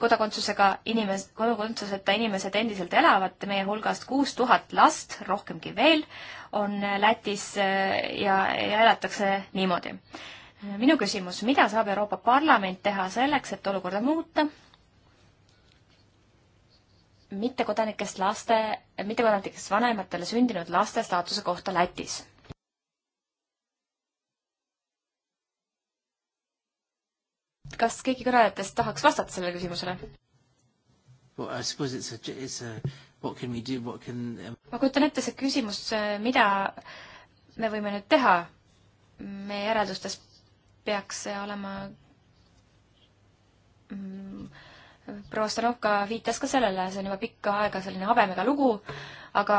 kodakondsusega inimes-, kodakondsuseta inimesed endiselt elavad, meie hulgast kuus tuhat last, rohkemgi veel, on Lätis ja, ja elatakse niimoodi. minu küsimus, mida saab Euroopa Parlament teha selleks, et olukorda muuta? mittekodanikest laste, mittekodanikest vanematele sündinud laste staatuse kohta Lätis kas keegi kõnelejatest tahaks vastata sellele küsimusele well,? Can... Um, ma kujutan ette, see küsimus, äh, mida me võime nüüd teha, meie järeldustes peaks see olema mm, proua Stanovka viitas ka sellele, see on juba pikka aega selline habemega lugu, aga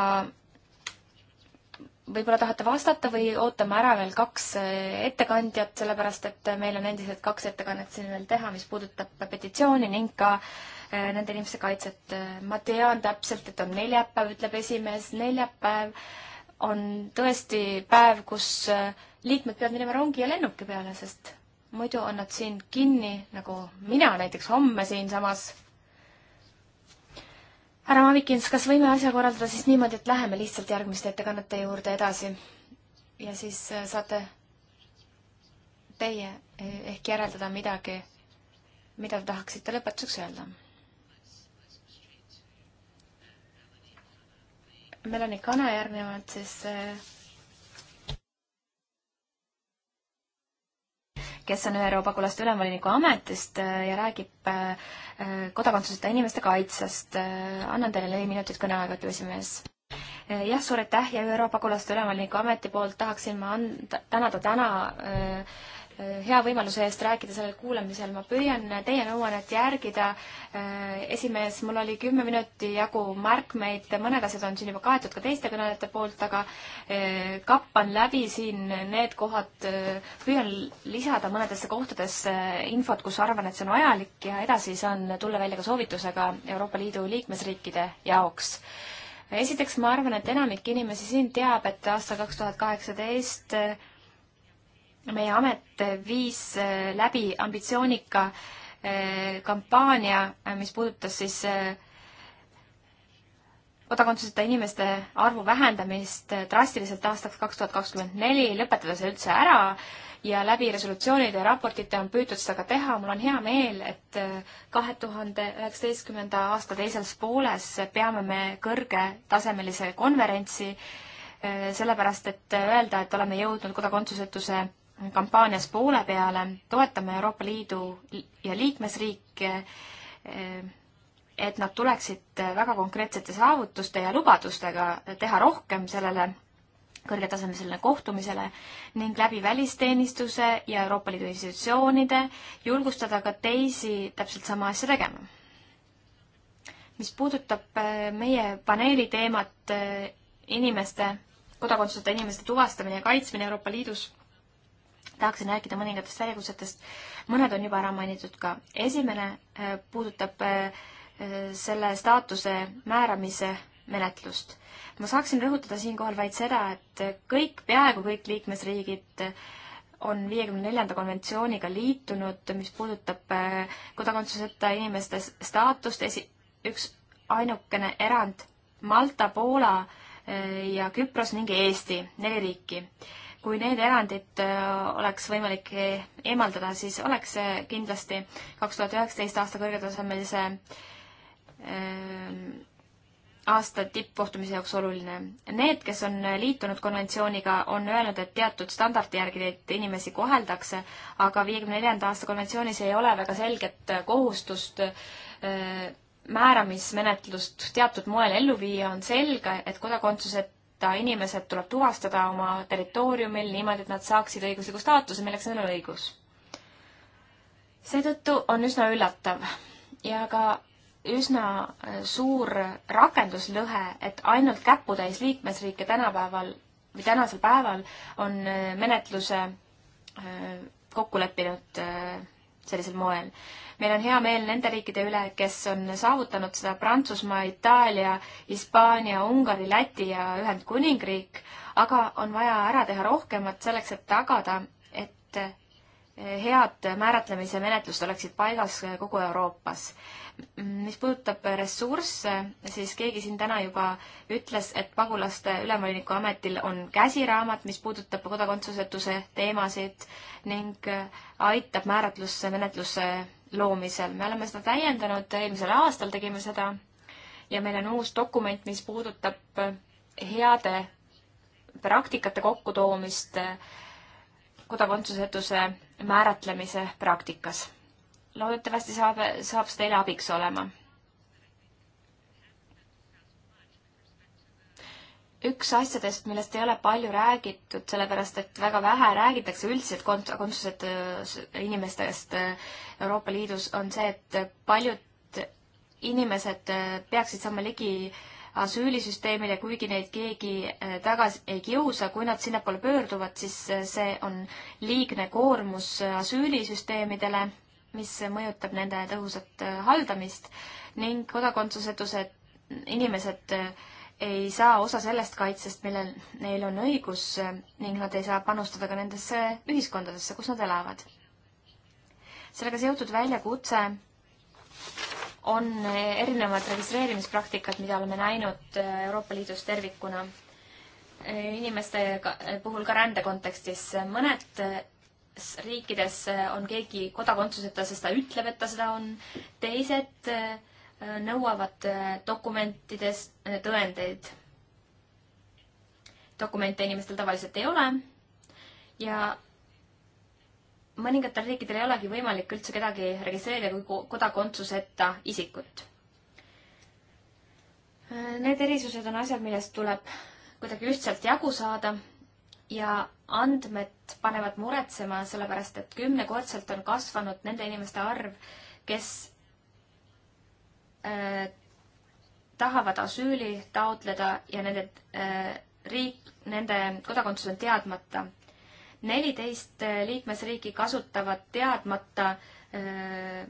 võib-olla tahate vastata või ootame ära veel kaks ettekandjat, sellepärast et meil on endiselt kaks ettekannet siin veel teha, mis puudutab petitsiooni ning ka äh, nende inimeste kaitset. ma tean täpselt, et on neljapäev, ütleb esimees, neljapäev on tõesti päev, kus äh, liikmed peavad minema rongi ja lennuki peale, sest muidu on nad siin kinni, nagu mina näiteks homme siinsamas. härra Mavikins, kas võime asja korraldada siis niimoodi, et läheme lihtsalt järgmiste ettekannete juurde edasi ja siis äh, saate teie äh, ehk järeldada midagi, mida te tahaksite lõpetuseks öelda? Melanie Kana järgnevalt siis äh, kes on ÜRO pagulaste ülemvoliniku ametist äh, ja räägib äh, äh, kodakondsuseta inimeste kaitsest. annan teile neli minutit kõneaega, ütleb esimees. jah, suur aitäh ja ÜRO pagulaste ülemvoliniku ameti poolt tahaksin ma anda, tänada täna, täna hea võimaluse eest rääkida sellel kuulamisel. ma püüan teie nõuannet järgida. Äh, esimees, mul oli kümme minuti jagu märkmeid, mõned asjad on siin juba kaetud ka teiste kõnelejate poolt, aga äh, kappan läbi siin need kohad, äh, püüan lisada mõnedesse kohtadesse infot, kus arvan, et see on vajalik ja edasi saan tulla välja ka soovitusega Euroopa Liidu liikmesriikide jaoks esiteks ma arvan, et enamik inimesi siin teab, et aastal kaks tuhat kaheksateist meie amet viis äh, läbi ambitsioonika äh, kampaania, äh, mis puudutas siis kodakondsuseta inimeste arvu vähendamist drastiliselt aastaks kaks tuhat kakskümmend neli, lõpetada see üldse ära ja läbi resolutsioonide ja raportite on püütud seda ka teha. mul on hea meel, et kahe tuhande üheksateistkümnenda aasta teises pooles peame me kõrgetasemelise konverentsi, sellepärast et öelda, et oleme jõudnud kodakondsusetuse kampaanias poole peale, toetame Euroopa Liidu ja liikmesriike, et nad tuleksid väga konkreetsete saavutuste ja lubadustega teha rohkem sellele kõrgetasemelisele kohtumisele ning läbi välisteenistuse ja Euroopa Liidu institutsioonide julgustada ka teisi täpselt sama asja tegema. mis puudutab äh, meie paneeli teemat äh, inimeste, kodakondsuseta inimeste tuvastamine ja kaitsmine Euroopa Liidus tahaksin rääkida mõningatest väljakutsetest, mõned on juba ära mainitud ka. esimene äh, puudutab äh, selle staatuse määramise menetlust. ma saaksin rõhutada siinkohal vaid seda, et kõik, peaaegu kõik liikmesriigid äh, on viiekümne neljanda konventsiooniga liitunud, mis puudutab kodakondsuseta inimeste staatust, esi-, üks ainukene erand Malta, Poola ja Küpros ning Eesti, neli riiki kui need erandid äh, oleks võimalik eemaldada, siis oleks see kindlasti kaks tuhat üheksateist aasta kõrgetasemelise ähm, aasta tippkohtumise jaoks oluline. Need, kes on liitunud konventsiooniga, on öelnud, et teatud standardi järgi neid inimesi koheldakse, aga viiekümne neljanda aasta konventsioonis ei ole väga selget kohustust äh, määramismenetlust teatud moel ellu viia, on selge, et kodakondsuset võtta, inimesed tuleb tuvastada oma territooriumil niimoodi, et nad saaksid õigusliku staatuse, milleks neil on õigus. seetõttu on üsna üllatav ja ka üsna äh, suur rakenduslõhe, et ainult käputäis liikmesriike tänapäeval või tänasel päeval on äh, menetluse äh, kokku leppinud sellisel moel. meil on hea meel nende riikide üle, kes on saavutanud seda Prantsusmaa, Itaalia, Hispaania, Ungari, Läti ja Ühendkuningriik, aga on vaja ära teha rohkemat selleks, et tagada, et head määratlemise menetlust oleksid paigas kogu Euroopas. mis puudutab ressursse, siis keegi siin täna juba ütles, et pagulaste ülemvoliniku ametil on käsiraamat, mis puudutab kodakondsusetuse teemasid ning aitab määratlusse menetluse loomisel. me oleme seda täiendanud, eelmisel aastal tegime seda ja meil on uus dokument, mis puudutab heade praktikate kokkutoomist kodakondsusetuse määratlemise praktikas. loodetavasti saab, saab see teile abiks olema. üks asjadest, millest ei ole palju räägitud, sellepärast et väga vähe räägitakse üldiselt kodakondsuseta äh, inimestest äh, Euroopa Liidus, on see, et paljud inimesed äh, peaksid saama ligi äh, asüülisüsteemile, kuigi neid keegi äh, tagasi ei kiusa, kui nad sinnapoole pöörduvad, siis äh, see on liigne koormus äh, asüülisüsteemidele, mis mõjutab nende tõhusat haldamist ning kodakondsusetuse inimesed ei saa osa sellest kaitsest, millel neil on õigus ning nad ei saa panustada ka nendesse ühiskondadesse, kus nad elavad. sellega seotud väljakutse on erinevad registreerimispraktikad, mida oleme näinud äh, Euroopa Liidus tervikuna äh, inimeste äh, puhul ka rände kontekstis. mõned riikides on keegi kodakondsuseta, sest ta ütleb, et ta seda on, teised nõuavad dokumentides tõendeid. dokumente inimestel tavaliselt ei ole ja mõningatel riikidel ei olegi võimalik üldse kedagi registreerida kui kodakondsuseta isikut. Need erisused on asjad, millest tuleb kuidagi ühtselt jagu saada ja andmed panevad muretsema, sellepärast et kümnekordselt on kasvanud nende inimeste arv, kes äh, tahavad asüüli taotleda ja nende äh, riik, nende kodakondsus on teadmata neliteist äh, liikmesriiki kasutavad teadmata äh,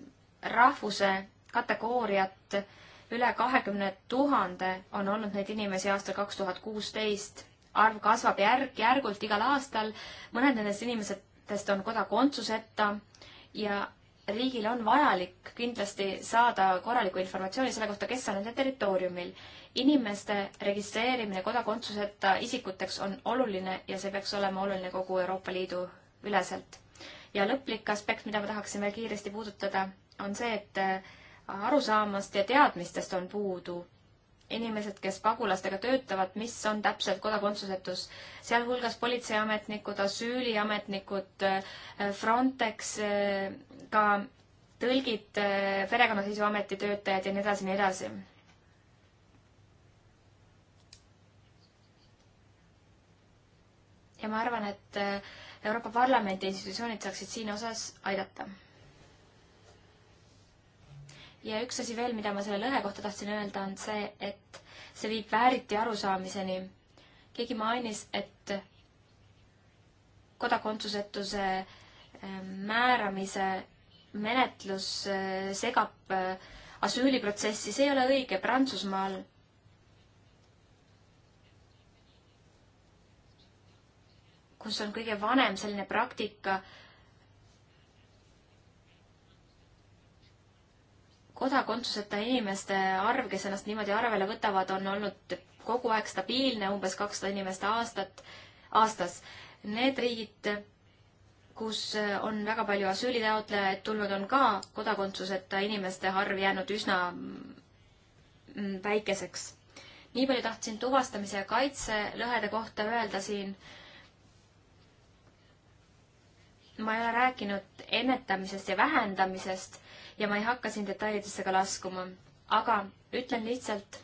rahvuse kategooriat, üle kahekümne tuhande on olnud neid inimesi aastal kaks tuhat kuusteist. arv kasvab järk-järgult igal aastal, mõned nendest inimesetest on kodakondsuseta ja riigil on vajalik kindlasti saada korralikku informatsiooni selle kohta, kes on nende territooriumil. inimeste registreerimine kodakondsuseta isikuteks on oluline ja see peaks olema oluline kogu Euroopa Liidu üleselt. ja lõplik aspekt, mida ma tahaksin veel kiiresti puudutada, on see, et äh, arusaamadest ja teadmistest on puudu inimesed, kes pagulastega töötavad, mis on täpselt kodakondsusetus, sealhulgas politseiametnikud, asüüliametnikud, äh, Frontex, äh, ka tõlgid, äh, Perekonnasisuameti töötajad ja nii edasi, nii edasi. ja ma arvan, et Euroopa Parlamendi institutsioonid saaksid siin osas aidata ja üks asi veel, mida ma selle lõhe kohta tahtsin öelda, on see, et see viib vääriti arusaamiseni. keegi mainis, et kodakondsusetuse äh, määramise menetlus äh, segab äh, asüüliprotsessi, see ei ole õige Prantsusmaal. kus on kõige vanem selline praktika kodakondsuseta inimeste arv, kes ennast niimoodi arvele võtavad, on olnud kogu aeg stabiilne, umbes kakssada inimest aastat, aastas. Need riigid, kus on väga palju asüülitaotlejaid tulnud, on ka kodakondsuseta inimeste arv jäänud üsna mm, väikeseks. nii palju tahtsin tuvastamise ja kaitse lõhede kohta öelda siin. ma ei ole rääkinud ennetamisest ja vähendamisest ja ma ei hakka siin detailidesse ka laskuma, aga ütlen lihtsalt,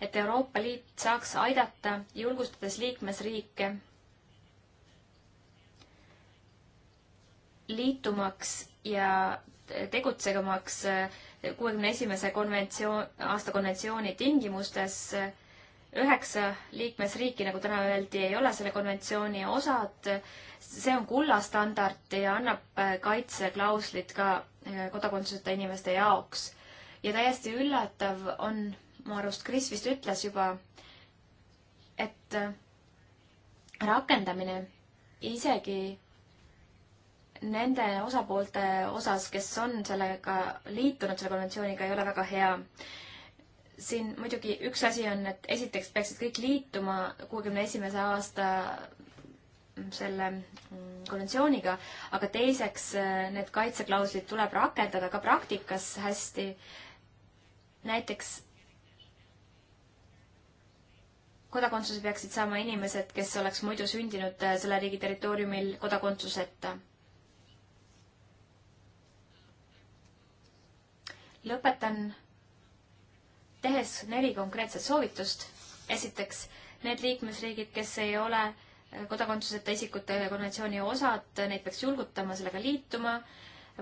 et Euroopa Liit saaks aidata, julgustades liikmesriike liitumaks ja tegutsemaks kuuekümne esimese konventsioon, aasta konventsiooni tingimustes üheksa liikmesriiki, nagu täna öeldi, ei ole selle konventsiooni osad. see on kullastandard ja annab kaitseklauslit ka Äh, kodakondsuseta inimeste jaoks. ja täiesti üllatav on, mu arust Kris vist ütles juba, et äh, rakendamine isegi nende osapoolte osas, kes on sellega liitunud, selle konventsiooniga, ei ole väga hea. siin muidugi üks asi on, et esiteks peaksid kõik liituma kuuekümne esimese aasta selle konventsiooniga, aga teiseks äh, need kaitseklauslid tuleb rakendada ka praktikas hästi. näiteks kodakondsuse peaksid saama inimesed, kes oleks muidu sündinud äh, selle riigi territooriumil kodakondsuseta. lõpetan tehes neli konkreetset soovitust. esiteks, need liikmesriigid, kes ei ole kodakondsuseta isikute konventsiooni osad, neid peaks julgutama sellega liituma.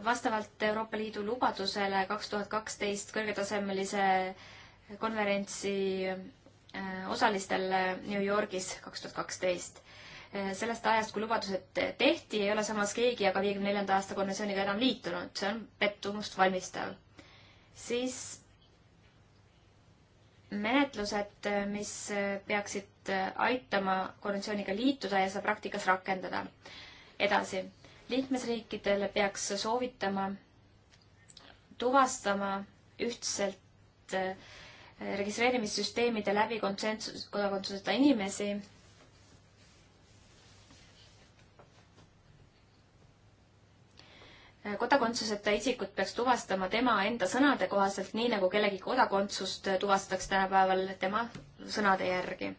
vastavalt Euroopa Liidu lubadusele kaks tuhat kaksteist kõrgetasemelise konverentsi äh, osalistel New Yorgis kaks tuhat kaksteist. Äh, sellest ajast, kui lubadused tehti, ei ole samas keegi aga viiekümne neljanda aasta konventsiooniga enam liitunud, see on pettumust valmistav. siis menetlused, mis peaksid meid äh, aitama konventsiooniga liituda ja seda praktikas rakendada. edasi, liikmesriikidele peaks soovitama tuvastama ühtselt äh, registreerimissüsteemide läbi konsensus, kodakondsuseta inimesi äh, kodakondsuseta isikut peaks tuvastama tema enda sõnade kohaselt, nii nagu kellegi kodakondsust tuvastatakse tänapäeval tema sõnade järgi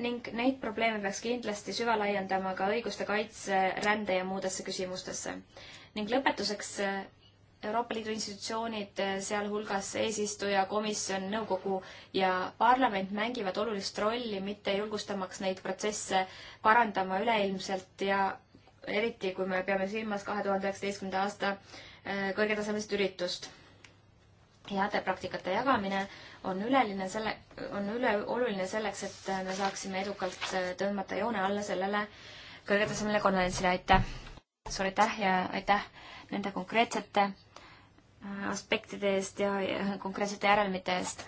ning neid probleeme peaks kindlasti süvalaiendama ka õiguste kaitse, rände ja muudesse küsimustesse. ning lõpetuseks eh, Euroopa Liidu institutsioonid, eh, sealhulgas eesistuja, komisjon, nõukogu ja parlament mängivad olulist rolli, mitte julgustamaks neid protsesse parandama üleilmselt ja eriti, kui me peame silmas kahe tuhande üheksateistkümnenda aasta eh, kõrgetasemelist üritust heade praktikate jagamine on üleline selle, on üleoluline selleks, et me saaksime edukalt äh, tõmmata joone alla sellele kõrgetasemele konverentsile, aitäh! suur aitäh ja aitäh nende konkreetsete äh, aspektide eest ja, ja konkreetsete järelmite eest.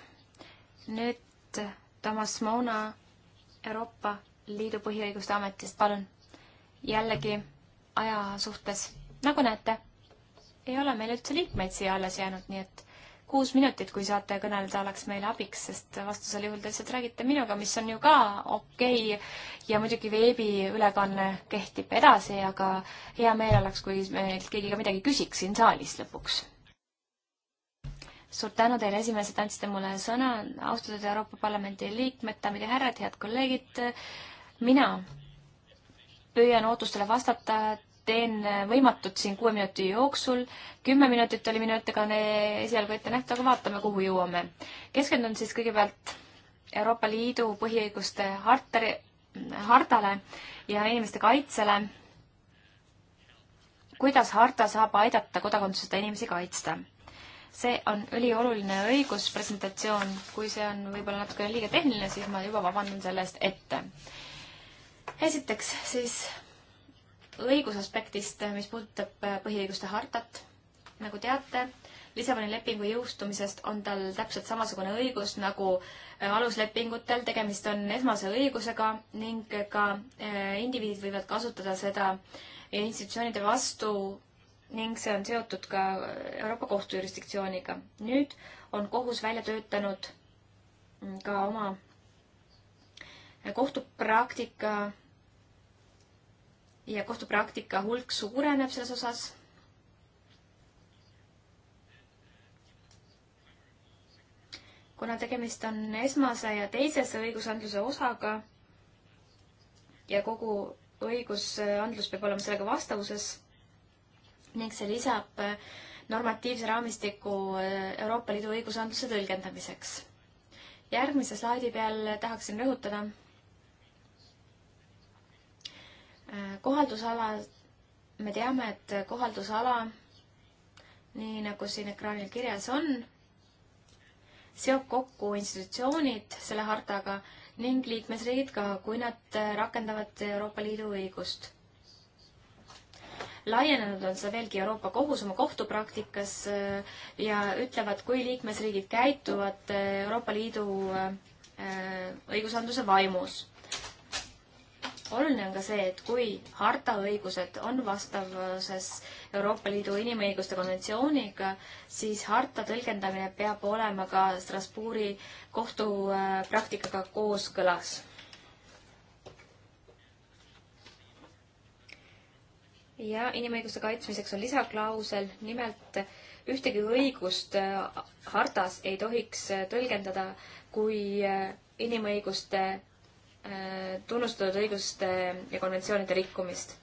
nüüd äh, Toomas Moona Euroopa Liidu Põhiõiguste Ametist, palun! jällegi aja suhtes, nagu näete, ei ole meil üldse liikmeid siia alles jäänud, nii et kuus minutit, kui saate kõneleda, oleks meile abiks, sest vastasel juhul te lihtsalt räägite minuga, mis on ju ka okei okay.. ja muidugi veebiülekanne kehtib edasi, aga hea meel oleks, kui meilt keegi ka midagi küsiks siin saalis lõpuks. suur tänu teile, esimees, et andsite mulle sõna, austatud Euroopa Parlamendi liikmed, daamid ja härrad, head kolleegid, mina püüan ootustele vastata, teen võimatut siin kuue minuti jooksul. kümme minutit oli minu ettekanne esialgu ette nähtud, aga vaatame, kuhu jõuame. keskendun siis kõigepealt Euroopa Liidu põhiõiguste hartari, hardale ja inimeste kaitsele. kuidas harta saab aidata kodakondsuseta inimesi kaitsta? see on ülioluline õiguspresentatsioon, kui see on võib-olla natukene liiga tehniline, siis ma juba vabandan selle eest ette. esiteks siis õigusaspektist, mis puudutab äh, põhiõiguste hartat, nagu teate, Lissaboni lepingu jõustumisest on tal täpselt samasugune õigus nagu äh, aluslepingutel, tegemist on esmase õigusega ning ka äh, indiviidid võivad kasutada seda institutsioonide vastu ning see on seotud ka Euroopa Kohtu jurisdiktsiooniga. nüüd on kohus välja töötanud mm, ka oma kohtupraktika ja kohtupraktika hulk suureneb selles osas. kuna tegemist on esmase ja teisese õigusandluse osaga ja kogu õigusandlus peab olema sellega vastavuses ning see lisab normatiivse raamistiku Euroopa Liidu õigusandluse tõlgendamiseks. järgmise slaidi peal tahaksin rõhutada kohaldusala, me teame, et kohaldusala, nii nagu siin ekraanil kirjas on, seob kokku institutsioonid selle hartaga ning liikmesriigid ka, kui nad rakendavad Euroopa Liidu õigust. laienenud on see veelgi Euroopa Kohus oma kohtupraktikas äh, ja ütlevad, kui liikmesriigid käituvad äh, Euroopa Liidu äh, õigusandluse vaimus oluline on ka see, et kui harta õigused on vastavuses Euroopa Liidu inimõiguste konventsiooniga, siis harta tõlgendamine peab olema ka Strasbourgi kohtupraktikaga äh, kooskõlas. ja inimõiguste kaitsmiseks on lisaklausel, nimelt ühtegi õigust äh, hartas ei tohiks äh, tõlgendada kui inimõiguste Äh, tunnustatud õiguste ja konventsioonide rikkumist.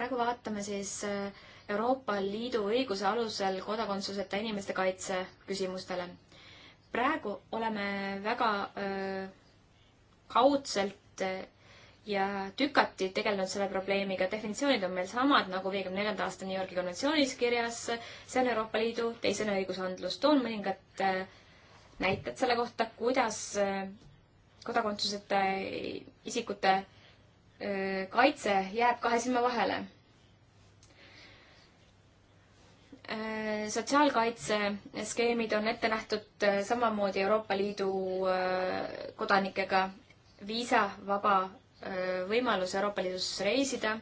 praegu vaatame siis äh, Euroopa Liidu õiguse alusel kodakondsuseta inimeste kaitse küsimustele. praegu oleme väga öö, äh, kaudselt ja tükati tegelenud selle probleemiga. definitsioonid on meil samad nagu viiekümne neljanda aasta New Yorgi konventsioonis kirjas. see on Euroopa Liidu teisene õigusandlus. toon mõningad äh, näited selle kohta, kuidas äh, kodakondsuseta äh, isikute kaitse jääb kahe silma vahele. sotsiaalkaitseskeemid on ette nähtud samamoodi Euroopa Liidu kodanikega viisavaba Äh, võimalus Euroopa Liidus reisida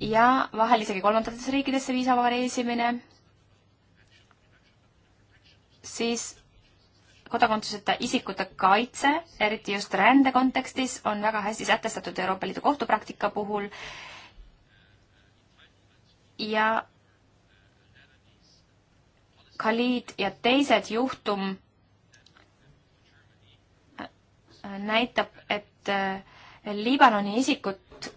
ja vahel isegi kolmandatesse riikidesse viisavaba reisimine, siis kodakondsuseta isikute kaitse, eriti just rände kontekstis, on väga hästi sätestatud Euroopa Liidu kohtupraktika puhul ja Khalid ja teised juhtum näitab, et äh, Liibanoni isikut,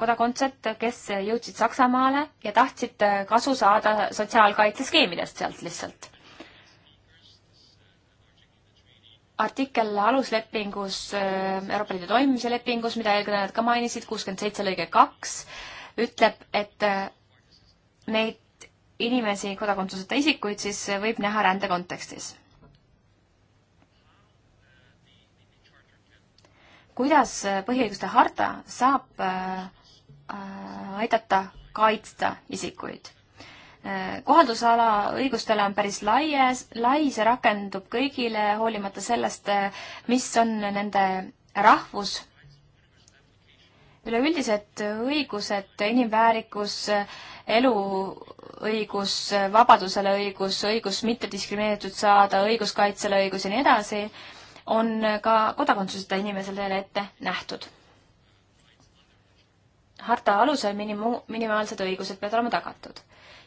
kodakondset, kes jõudsid Saksamaale ja tahtsid äh, kasu saada sotsiaalkaitseskeemidest sealt lihtsalt. artikkel aluslepingus, äh, Euroopa Liidu toimimise lepingus, mida eelkõnelejad ka mainisid, kuuskümmend seitse lõige kaks, ütleb, et neid inimesi, kodakondsuseta isikuid, siis võib näha rände kontekstis. kuidas äh, põhiõiguste harta saab äh, äh, aidata kaitsta isikuid? kohaldusala õigustele on päris laies, lai, see rakendub kõigile, hoolimata sellest, mis on nende rahvus üleüldised õigused, inimväärikus, eluõigus, vabadusele õigus, õigus mitte diskrimineeritud saada, õiguskaitsele õigus ja nii edasi, on ka kodakondsuseta inimesele ette nähtud. harta alusel minimu-, minimaalsed õigused peavad olema tagatud.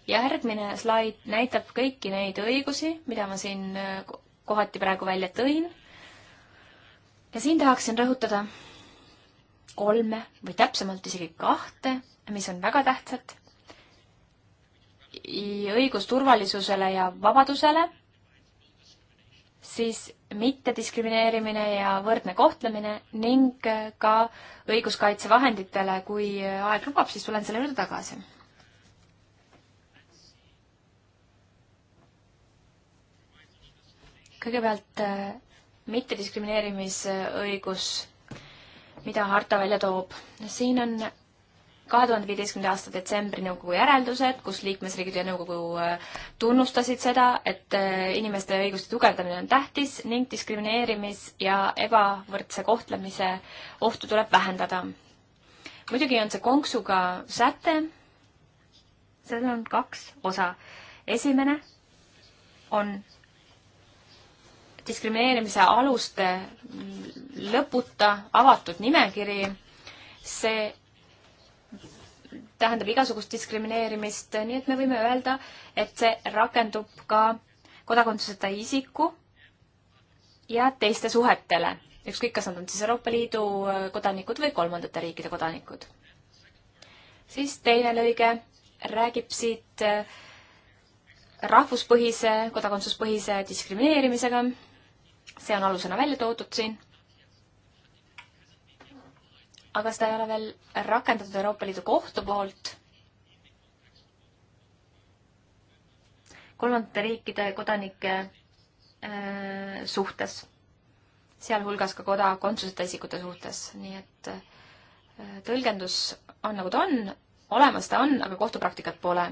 järgmine slaid näitab kõiki neid õigusi, mida ma siin äh, kohati praegu välja tõin. ja siin tahaksin rõhutada kolme või täpsemalt isegi kahte, mis on väga tähtsad. õigus turvalisusele ja vabadusele, siis mittediskrimineerimine ja võrdne kohtlemine ning äh, ka õiguskaitsevahenditele, kui äh, aeg lubab, siis tulen selle juurde tagasi. kõigepealt äh, mittediskrimineerimisõigus, mida harta välja toob. siin on kahe tuhande viieteistkümnenda aasta detsembri nõukogu järeldused, kus liikmesriigid ja nõukogu äh, tunnustasid seda, et äh, inimeste õiguste tugevdamine on tähtis ning diskrimineerimis- ja ebavõrdse kohtlemise ohtu tuleb vähendada. muidugi on see konksuga säte, sellel on kaks osa. esimene on diskrimineerimise aluste lõputa avatud nimekiri, see tähendab igasugust diskrimineerimist, nii et me võime öelda, et see rakendub ka kodakondsuseta isiku ja teiste suhetele, ükskõik, kas nad on siis Euroopa Liidu äh, kodanikud või kolmandate riikide kodanikud. siis teine lõige räägib siit äh, rahvuspõhise, kodakondsuspõhise diskrimineerimisega. see on alusena välja toodud siin aga seda ei ole veel rakendatud Euroopa Liidu kohtu poolt. kolmandate riikide kodanike äh, suhtes, sealhulgas ka kodakondsuseta isikute suhtes, nii et äh, tõlgendus on nagu ta on, olemas ta on, aga kohtupraktikat pole.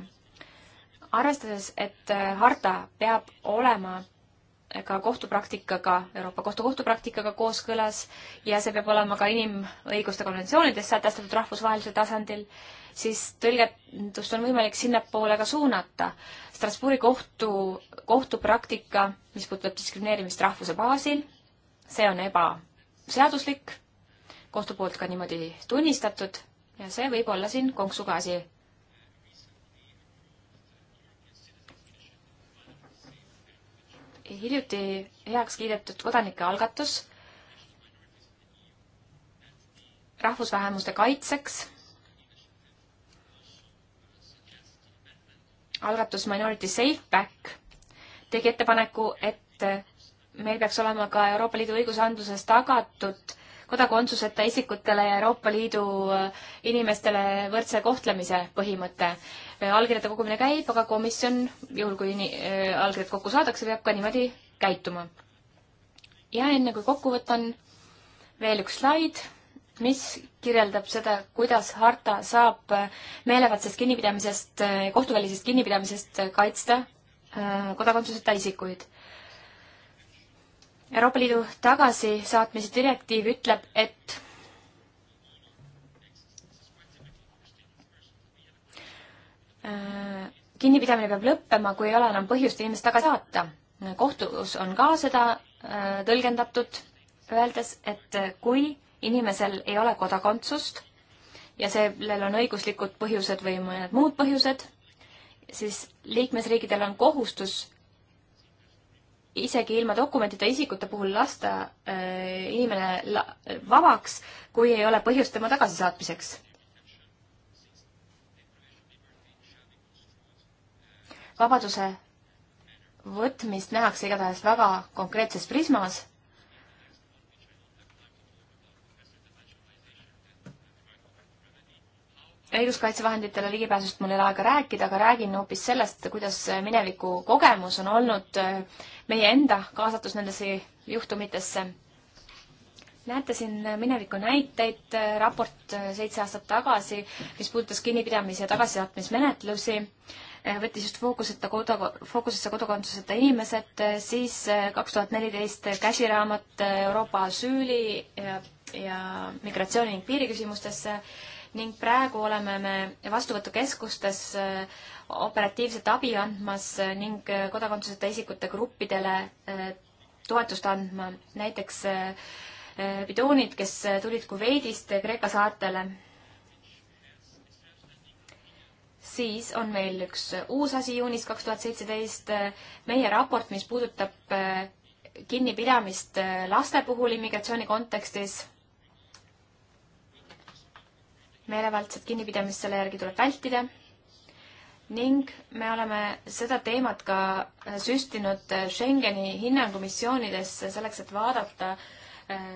arvestades, et äh, harta peab olema ka kohtupraktikaga, Euroopa Kohtu kohtupraktikaga kooskõlas ja see peab olema ka inimõiguste konventsioonides sätestatud rahvusvahelisel tasandil, siis tõlgendust on võimalik sinnapoole ka suunata. Strasbourgi kohtu, kohtupraktika, mis puudutab diskrimineerimist rahvuse baasil, see on ebaseaduslik, kohtu poolt ka niimoodi tunnistatud ja see võib olla siin konksuga asi hiljuti heaks kiidetud kodanike algatus rahvusvähemuste kaitseks. algatus Minority Safe Back tegi ettepaneku, et meil peaks olema ka Euroopa Liidu õigusandluses tagatud kodakondsuseta isikutele ja Euroopa Liidu äh, inimestele võrdse kohtlemise põhimõte. Äh, allkirjade kogumine käib, aga komisjon, juhul kui nii, äh, allkirjad kokku saadakse, peab ka niimoodi käituma. ja enne kui kokku võtan, veel üks slaid mis kirjeldab seda, kuidas harta saab meelevatsest kinnipidamisest, kohtuvälisest kinnipidamisest kaitsta kodakondsuseta isikuid. Euroopa Liidu tagasisaatmise direktiiv ütleb, et äh, kinnipidamine peab lõppema, kui ei ole enam põhjust inimest tagasi saata. kohtus on ka seda äh, tõlgendatud, öeldes, et kui inimesel ei ole kodakondsust ja sellel on õiguslikud põhjused või mõned muud põhjused, siis liikmesriikidel on kohustus isegi ilma dokumentide isikute puhul lasta äh, inimene la vabaks, kui ei ole põhjust tema tagasisaatmiseks. vabaduse võtmist nähakse igatahes väga konkreetses prismas õiguskaitsevahenditele ligipääsust mul ei ole aega rääkida, aga räägin hoopis sellest, kuidas mineviku kogemus on olnud äh, meie enda kaasatus nendesse juhtumitesse. näete siin mineviku näiteid, äh, raport äh, seitse aastat tagasi, mis puudutas kinnipidamise ja tagasisaatmismenetlusi, võttis just fookuseta kodu, fookusesse kodakondsuseta inimesed, siis kaks tuhat neliteist käsiraamat Euroopa asüüli ja, ja migratsiooni ning piiriküsimustesse ning praegu oleme me vastuvõtukeskustes äh, operatiivset abi andmas äh, ning äh, kodakondsuseta isikute gruppidele toetust andma, näiteks bidoonid, kes tulid Kuveidist Kreeka saartele. siis on meil üks uus asi juunis kaks tuhat seitseteist, meie raport, mis puudutab kinnipidamist laste puhul immigratsiooni kontekstis meelevaldset kinnipidamist selle järgi tuleb vältida ning me oleme seda teemat ka äh, süstinud äh, Schengeni hinnangumissioonidesse selleks, et vaadata, äh,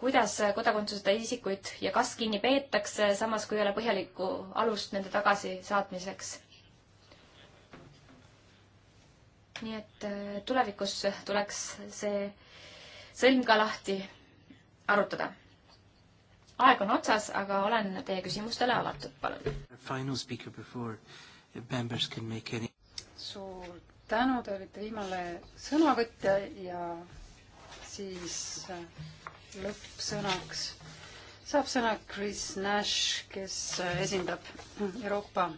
kuidas kodakondsuseta isikuid ja kas kinni peetakse, samas kui ei ole põhjalikku alust nende tagasisaatmiseks. nii et tulevikus tuleks see sõlm ka lahti arutada aeg on otsas, aga olen teie küsimustele avatud, palun. Any... suur tänu, te olite viimane sõnavõtja ja siis äh, lõppsõnaks saab sõna Chris Nash, kes äh, esindab Euroopa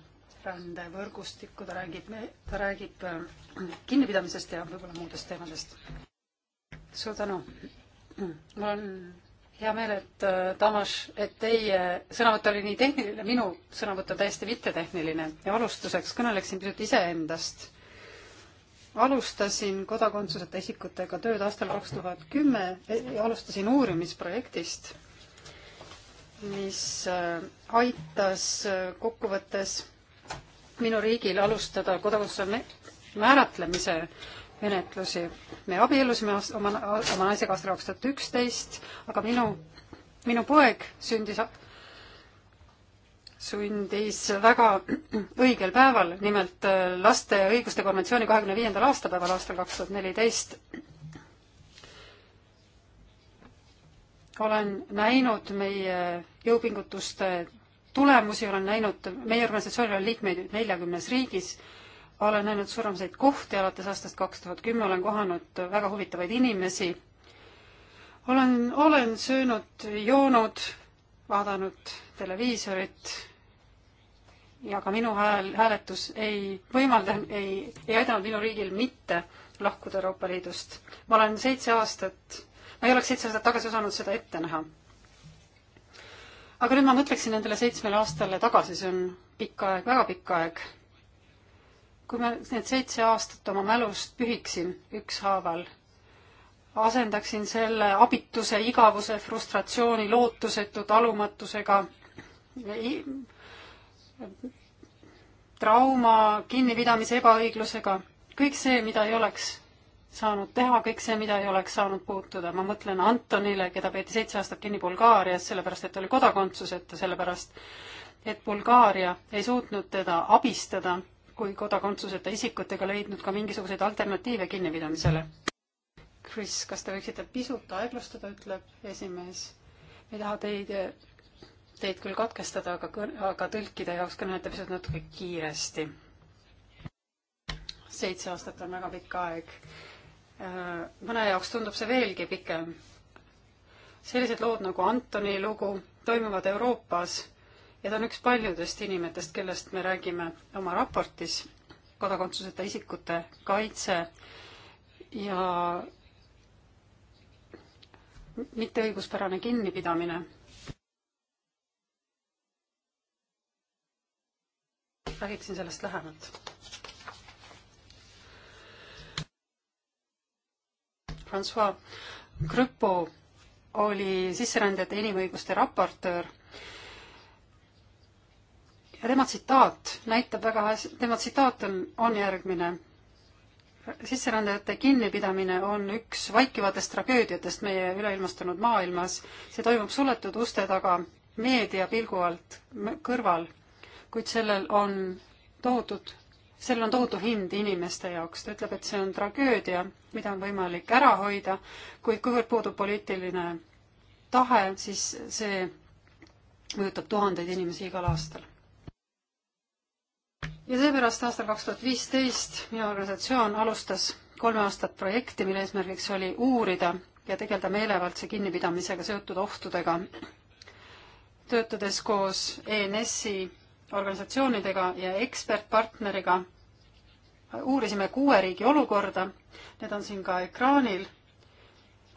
rändevõrgustikku, ta räägib, ta räägib äh, kinnipidamisest ja võib-olla muudest teemadest. suur tänu. mul on hea meel, et äh, Tamas, et teie sõnavõtt oli nii tehniline, minu sõnavõtt on täiesti mittetehniline ja alustuseks kõneleksin pisut iseendast. alustasin kodakondsuseta isikutega tööd aastal kaks tuhat kümme ja e, alustasin uurimisprojektist, mis äh, aitas äh, kokkuvõttes minu riigil alustada kodakondsuse määratlemise menetlusi. me abiellusime oma, oma naisega aastal kaks tuhat üksteist, aga minu, minu poeg sündis, sündis väga *clears throat* õigel päeval, nimelt äh, laste õiguste konventsiooni kahekümne viiendal aastapäeval aastal kaks tuhat neliteist. olen näinud meie jõupingutuste tulemusi, olen näinud, meie organisatsioonil on liikmeid neljakümnes riigis olen näinud suuremaid kohti alates aastast kaks tuhat kümme, olen kohanud väga huvitavaid inimesi. olen, olen söönud, joonud, vaadanud televiisorit ja ka minu hääl, hääletus ei võimalda, ei, ei aidanud minu riigil mitte lahkuda Euroopa Liidust. ma olen seitse aastat, ma ei oleks seitse aastat tagasi osanud seda ette näha. aga nüüd ma mõtleksin nendele seitsmele aastale tagasi, see on pikk aeg, väga pikk aeg kui ma need seitse aastat oma mälust pühiksin ükshaaval, asendaksin selle abituse, igavuse, frustratsiooni, lootusetu talumatusega, trauma, kinnipidamise ebaõiglusega, kõik see, mida ei oleks saanud teha, kõik see, mida ei oleks saanud puutuda. ma mõtlen Antonile, keda peeti seitse aastat kinni Bulgaarias, sellepärast et ta oli kodakondsuseta, sellepärast et Bulgaaria ei suutnud teda abistada kui kodakondsuseta isikutega leidnud ka mingisuguseid alternatiive kinnipidamisele. Kris, kas te võiksite pisut aeglustada, ütleb esimees. ei taha teid, teid küll katkestada, aga, aga tõlkide jaoks kõnelete pisut natuke kiiresti. seitse aastat on väga pikk aeg. Äh, mõne jaoks tundub see veelgi pikem. sellised lood nagu Antoni lugu toimuvad Euroopas ja ta on üks paljudest inimetest, kellest me räägime oma raportis, kodakondsuseta isikute kaitse ja mitteõiguspärane kinnipidamine. räägiksin sellest lähemalt. Francois Krõpu oli sisserändajate inimõiguste raportöör ja tema tsitaat näitab väga hästi, tema tsitaat on, on järgmine. sisserändajate kinnipidamine on üks vaikivatest tragöödiatest meie üleilmastunud maailmas. see toimub suletud uste taga, meedia pilgu alt, kõrval, kuid sellel on tohutud, sellel on tohutu hind inimeste jaoks. ta ütleb, et see on tragöödia, mida on võimalik ära hoida, kuid kuivõrd puudub poliitiline tahe, siis see mõjutab tuhandeid inimesi igal aastal ja seepärast aastal kaks tuhat viisteist minu organisatsioon alustas kolme aastat projekti, mille eesmärgiks oli uurida ja tegeleda meelevaldse kinnipidamisega seotud ohtudega, töötades koos ENS-i organisatsioonidega ja ekspertpartneriga. uurisime kuue riigi olukorda, need on siin ka ekraanil.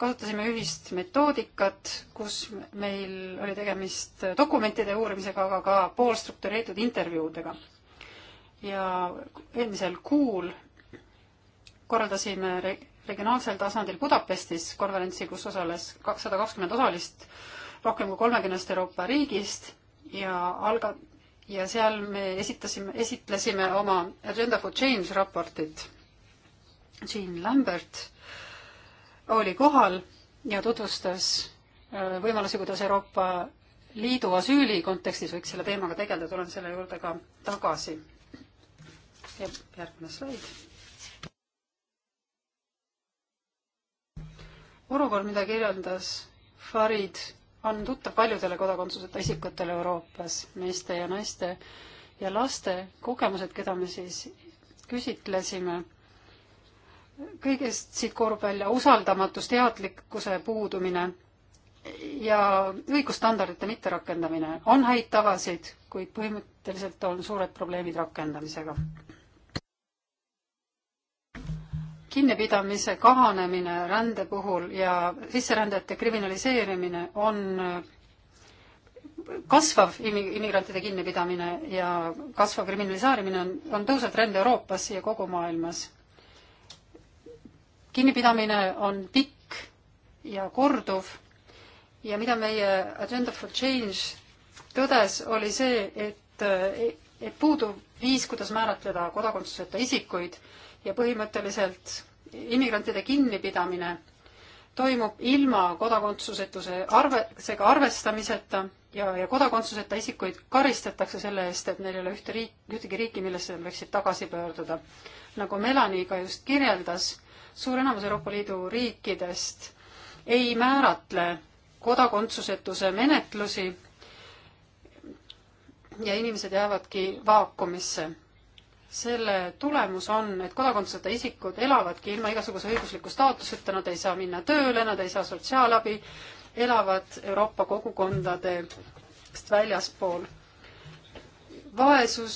kasutasime ühist metoodikat, kus meil oli tegemist dokumentide uurimisega, aga ka poolstruktureeritud intervjuudega ja eelmisel kuul korraldasime regionaalsel tasandil Budapestis konverentsi, kus osales kakssada kakskümmend osalist rohkem kui kolmekümnest Euroopa riigist ja alga- ja seal me esitasime, esitlesime oma Agenda for Change raportit. Jean Lambert oli kohal ja tutvustas äh, võimalusi, kuidas Euroopa Liidu asüüli kontekstis võiks selle teemaga tegeleda, tulen selle juurde ka tagasi ja järgmine slaid. olukord, mida kirjeldas Farid, on tuttav paljudele kodakondsuseta isikutele Euroopas, meeste ja naiste ja laste kogemused, keda me siis küsitlesime. kõigest siit koorub välja usaldamatus, teadlikkuse puudumine ja õigusstandardite mitterakendamine. on häid tavasid, kuid põhimõtteliselt on suured probleemid rakendamisega kinnipidamise kahanemine rände puhul ja sisserändajate kriminaliseerimine on äh, kasvav immigrantide kinnipidamine ja kasvav kriminaliseerimine on, on tõusnud rände Euroopas ja kogu maailmas. kinnipidamine on pikk ja korduv ja mida meie Agenda for Change tõdes, oli see, et, et puuduv viis, kuidas määratleda kodakondsuseta isikuid ja põhimõtteliselt immigrantide kinnipidamine toimub ilma kodakondsusetuse arvesega arvestamiseta ja, ja kodakondsuseta isikuid karistatakse selle eest, et neil ei ole ühte riik, ühtegi riiki, millesse nad võiksid tagasi pöörduda. nagu Melanie ka just kirjeldas, suur enamus Euroopa Liidu riikidest ei määratle kodakondsusetuse menetlusi ja inimesed jäävadki vaakumisse selle tulemus on, et kodakondsuseta isikud elavadki ilma igasuguse õigusliku staatuseta, nad ei saa minna tööle, nad ei saa sotsiaalabi, elavad Euroopa kogukondadest väljaspool. vaesus,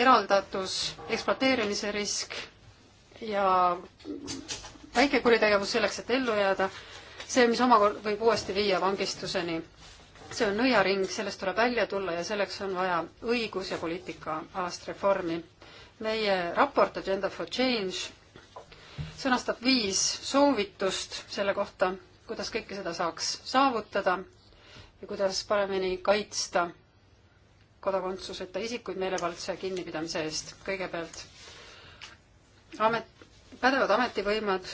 eraldatus, ekspluateerimise risk ja väike kuritegevus selleks, et ellu jääda, see, mis omakorda võib uuesti viia vangistuseni. see on nõiaring, sellest tuleb välja tulla ja selleks on vaja õigus- ja poliitika alast reformi meie raport Agenda for Change sõnastab viis soovitust selle kohta, kuidas kõike seda saaks saavutada ja kuidas paremini kaitsta kodakondsuseta isikuid meelevaldse kinnipidamise eest. kõigepealt amet, pädevad ametivõimud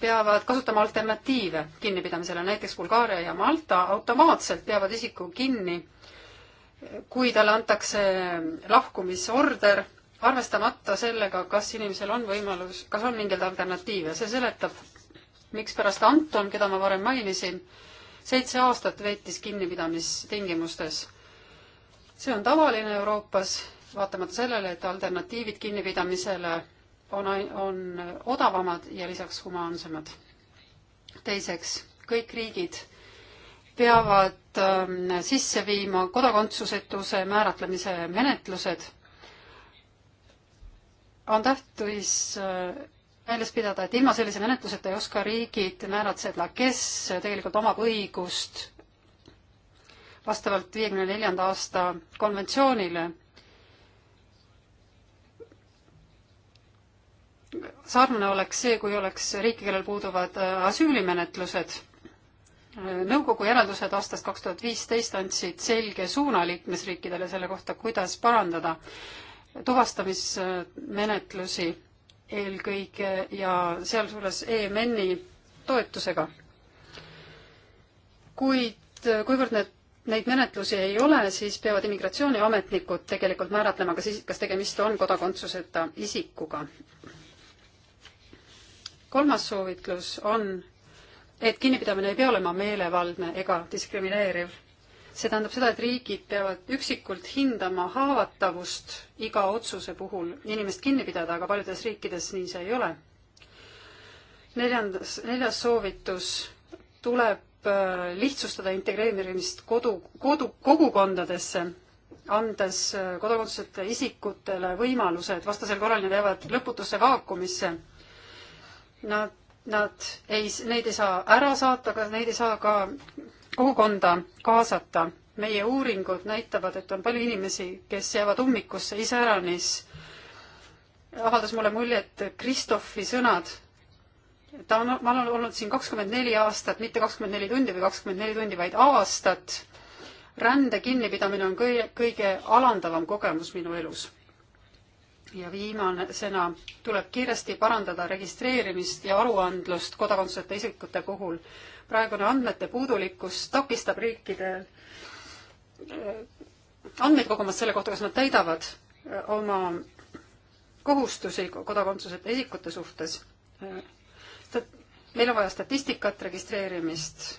peavad kasutama alternatiive kinnipidamisele, näiteks Bulgaaria ja Malta automaatselt peavad isiku kinni, kui talle antakse lahkumisorder arvestamata sellega, kas inimesel on võimalus, kas on mingeid alternatiive, see seletab, mikspärast Anton, keda ma varem mainisin, seitse aastat veetis kinnipidamistingimustes. see on tavaline Euroopas, vaatamata sellele, et alternatiivid kinnipidamisele on, on odavamad ja lisaks humaansemad. teiseks, kõik riigid peavad ähm, sisse viima kodakondsusetuse määratlemise menetlused on tähtis äh, meeles pidada, et ilma sellise menetluseta ei oska riigid määratseda, kes tegelikult omab õigust vastavalt viiekümne neljanda aasta konventsioonile. sarnane oleks see, kui oleks riike, kellel puuduvad äh, asüülimenetlused. nõukogu järeldused aastast kaks tuhat viisteist andsid selge suuna liikmesriikidele selle kohta, kuidas parandada tuvastamismenetlusi eelkõige ja sealjuures EMN-i toetusega. kuid kuivõrd need, neid menetlusi ei ole, siis peavad immigratsiooniametnikud tegelikult määratlema, kas, kas tegemist on kodakondsuseta isikuga. kolmas soovitlus on, et kinnipidamine ei pea olema meelevaldne ega diskrimineeriv see tähendab seda, et riigid peavad üksikult hindama haavatavust iga otsuse puhul inimest kinni pidada, aga paljudes riikides nii see ei ole. neljandas, neljas soovitus tuleb äh, lihtsustada integreerimist kodu, kodu, kogukondadesse, andes äh, kodakondsuseta isikutele võimalused, vastasel korral nad jäävad lõputusse vaakumisse. Nad, nad ei, neid ei saa ära saata, aga neid ei saa ka kogukonda kaasata. meie uuringud näitavad, et on palju inimesi, kes jäävad ummikusse iseäranis. avaldas mulle mulje, et Kristofi sõnad, ta on, ma olen olnud siin kakskümmend neli aastat, mitte kakskümmend neli tundi või kakskümmend neli tundi, vaid aastat. rände kinnipidamine on kõige, kõige alandavam kogemus minu elus ja viimasena tuleb kiiresti parandada registreerimist ja aruandlust kodakondsuseta isikute puhul praegune andmete puudulikkus takistab riikidel äh, andmeid kogumas selle kohta, kas nad täidavad äh, oma kohustusi kodakondsuseta isikute suhtes. Äh, meil on vaja statistikat, registreerimist.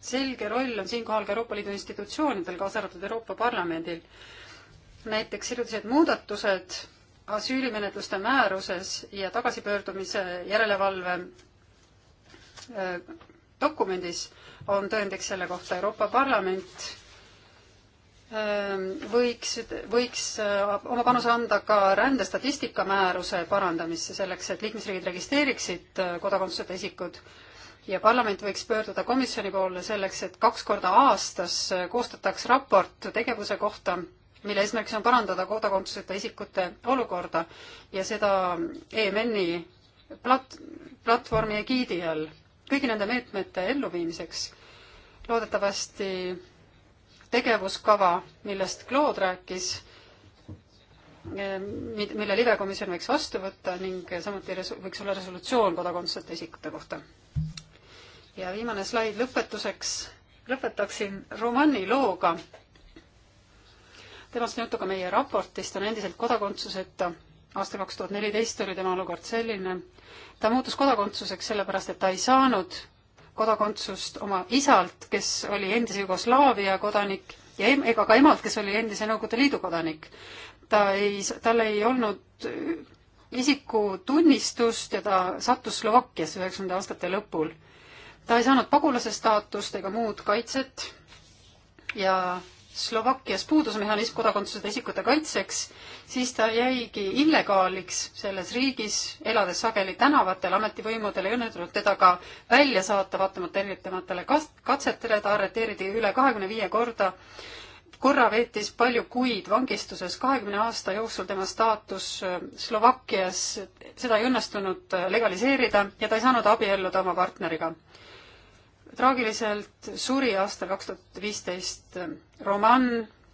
selge roll on siinkohal ka Euroopa Liidu institutsioonidel, kaasa arvatud Euroopa Parlamendil. näiteks hiljutised muudatused asüülimenetluste määruses ja tagasipöördumise järelevalve dokumendis on tõendiks selle kohta Euroopa Parlament ähm, võiks, võiks äh, oma panuse anda ka rändestatistika määruse parandamisse selleks, et liikmesriigid registreeriksid äh, kodakondsuseta isikud ja parlament võiks pöörduda komisjoni poole selleks, et kaks korda aastas äh, koostataks raport tegevuse kohta, mille eesmärgiks on parandada kodakondsuseta isikute olukorda ja seda EMN-i plat-, platvormi egiidi all kõigi nende meetmete elluviimiseks loodetavasti tegevuskava, millest Claude rääkis, eh, mille libekomisjon võiks vastu võtta ning samuti võiks olla resolutsioon kodakondsete isikute kohta. ja viimane slaid lõpetuseks, lõpetaksin romanni looga. temast on juttu ka meie raportist, on endiselt kodakondsuseta aastal kaks tuhat neliteist oli tema olukord selline, ta muutus kodakondsuseks sellepärast, et ta ei saanud kodakondsust oma isalt, kes oli endise Jugoslaavia kodanik ja em-, ega ka emalt, kes oli endise Nõukogude Liidu kodanik. ta ei, tal ei olnud isikutunnistust ja ta sattus Slovakkiasse üheksakümnenda aastate lõpul. ta ei saanud pagulase staatust ega muud kaitset ja Slovakkias puudus mehhanism kodakondsuseta isikute kaitseks, siis ta jäigi illegaaliks selles riigis, elades sageli tänavatel, ametivõimudel ei õnnestunud teda ka välja saata, vaatamata erinevatele katsetele, ta arreteeriti üle kahekümne viie korda korra veetis palju kuid vangistuses, kahekümne aasta jooksul tema staatus äh, Slovakkias, seda ei õnnestunud äh, legaliseerida ja ta ei saanud abielluda oma partneriga traagiliselt suri aastal kaks tuhat viisteist Roman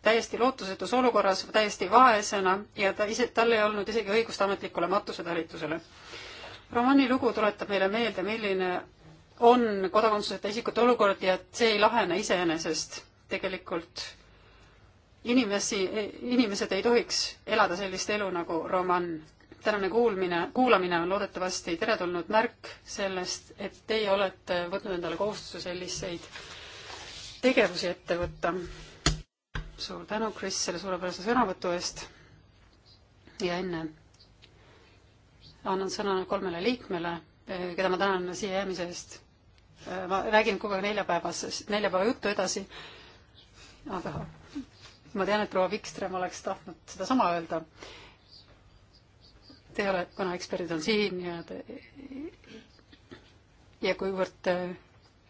täiesti lootusetus olukorras, täiesti vaesena ja ta ise, tal ei olnud isegi õigust ametlikule matusetalitusele. Romani lugu tuletab meile meelde, milline on kodakondsuseta isikute olukord ja et see ei lahene iseenesest tegelikult. inimesi, inimesed ei tohiks elada sellist elu, nagu Roman tänane kuulmine, kuulamine on loodetavasti teretulnud märk sellest, et teie olete võtnud endale kohustuse selliseid tegevusi ette võtta. suur tänu, Kris, selle suurepärase sõnavõtu eest. ja enne annan sõna kolmele liikmele, keda ma tänan siia jäämise eest. ma räägin kogu aeg neljapäevasest, neljapäeva juttu edasi. aga ma tean, et proua Vikström oleks tahtnud sedasama öelda te olete, kuna eksperdid on siin ja te, ja kuivõrd te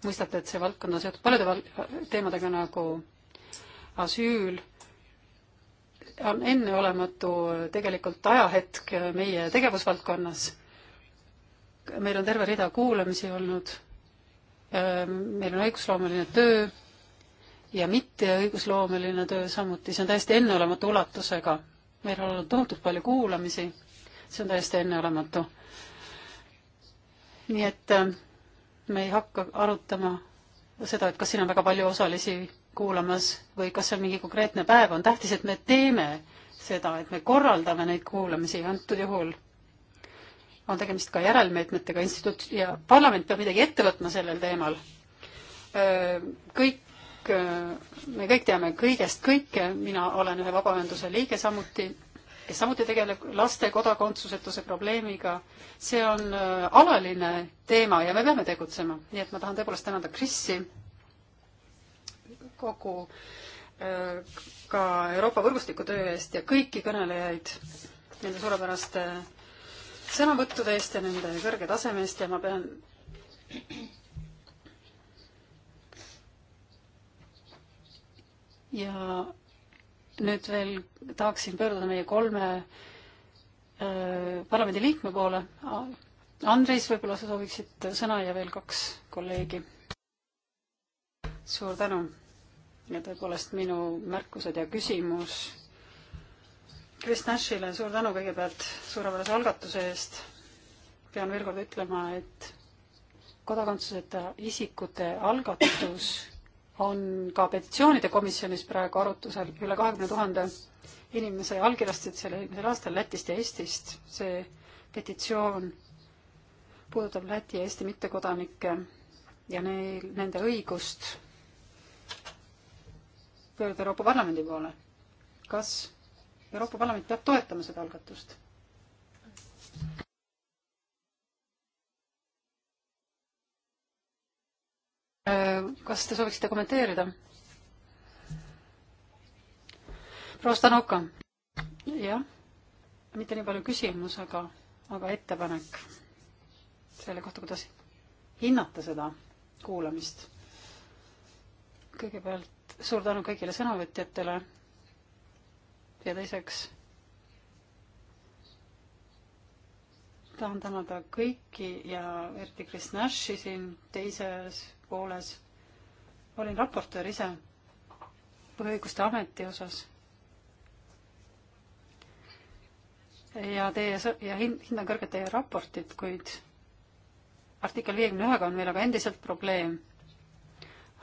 mõistate, et see valdkond on seotud paljude val-, teemadega nagu asüül, on enneolematu tegelikult ajahetk meie tegevusvaldkonnas. meil on terve rida kuulamisi olnud, äh, meil on õigusloomeline töö ja mitteõigusloomeline töö samuti, see on täiesti enneolematu ulatusega. meil on olnud tohutult palju kuulamisi see on täiesti enneolematu. nii et äh, me ei hakka arutama seda, et kas siin on väga palju osalisi kuulamas või kas see on mingi konkreetne päev, on tähtis, et me teeme seda, et me korraldame neid kuulamisi, antud juhul on tegemist ka järelmeetmetega, instituut ja parlament peab midagi ette võtma sellel teemal. Äh, kõik, äh, me kõik teame kõigest kõike, mina olen ühe vabaühenduse liige samuti kes samuti tegeleb laste kodakondsusetuse probleemiga. see on äh, alaline teema ja me peame tegutsema, nii et ma tahan tõepoolest tänada Krissi, kogu äh, ka Euroopa võrgustiku töö eest ja kõiki kõnelejaid nende suurepäraste sõnavõttude eest ja nende kõrge taseme eest ja ma pean *clears throat* ja nüüd veel tahaksin pöörduda meie kolme äh, parlamendiliikme poole. Andres, võib-olla sa sooviksid sõna ja veel kaks kolleegi. suur tänu. ja tõepoolest minu märkused ja küsimus Kris Nashile suur tänu kõigepealt suurepärase algatuse eest. pean veel kord ütlema, et kodakondsuseta isikute algatus on ka petitsioonide komisjonis praegu arutusel üle kahekümne tuhande inimese allkirjastasid selle eelmisel aastal Lätist ja Eestist. see petitsioon puudutab Läti ja Eesti mittekodanikke ja neil, nende õigust pöörduda Euroopa Parlamendi poole. kas Euroopa Parlament peab toetama seda algatust? Äh, kas te sooviksite kommenteerida? proua Stanoka. jah, mitte nii palju küsimus, aga, aga ettepanek selle kohta, kuidas hinnata seda kuulamist. kõigepealt suur tänu kõigile sõnavõtjatele ja teiseks tahan tänada kõiki ja eriti Chris Nashi siin teises pooles. olin raportöör ise põhiõiguste ameti osas. ja teie ja hindan kõrgelt teie raportit, kuid artikkel viiekümne ühega on meil aga endiselt probleem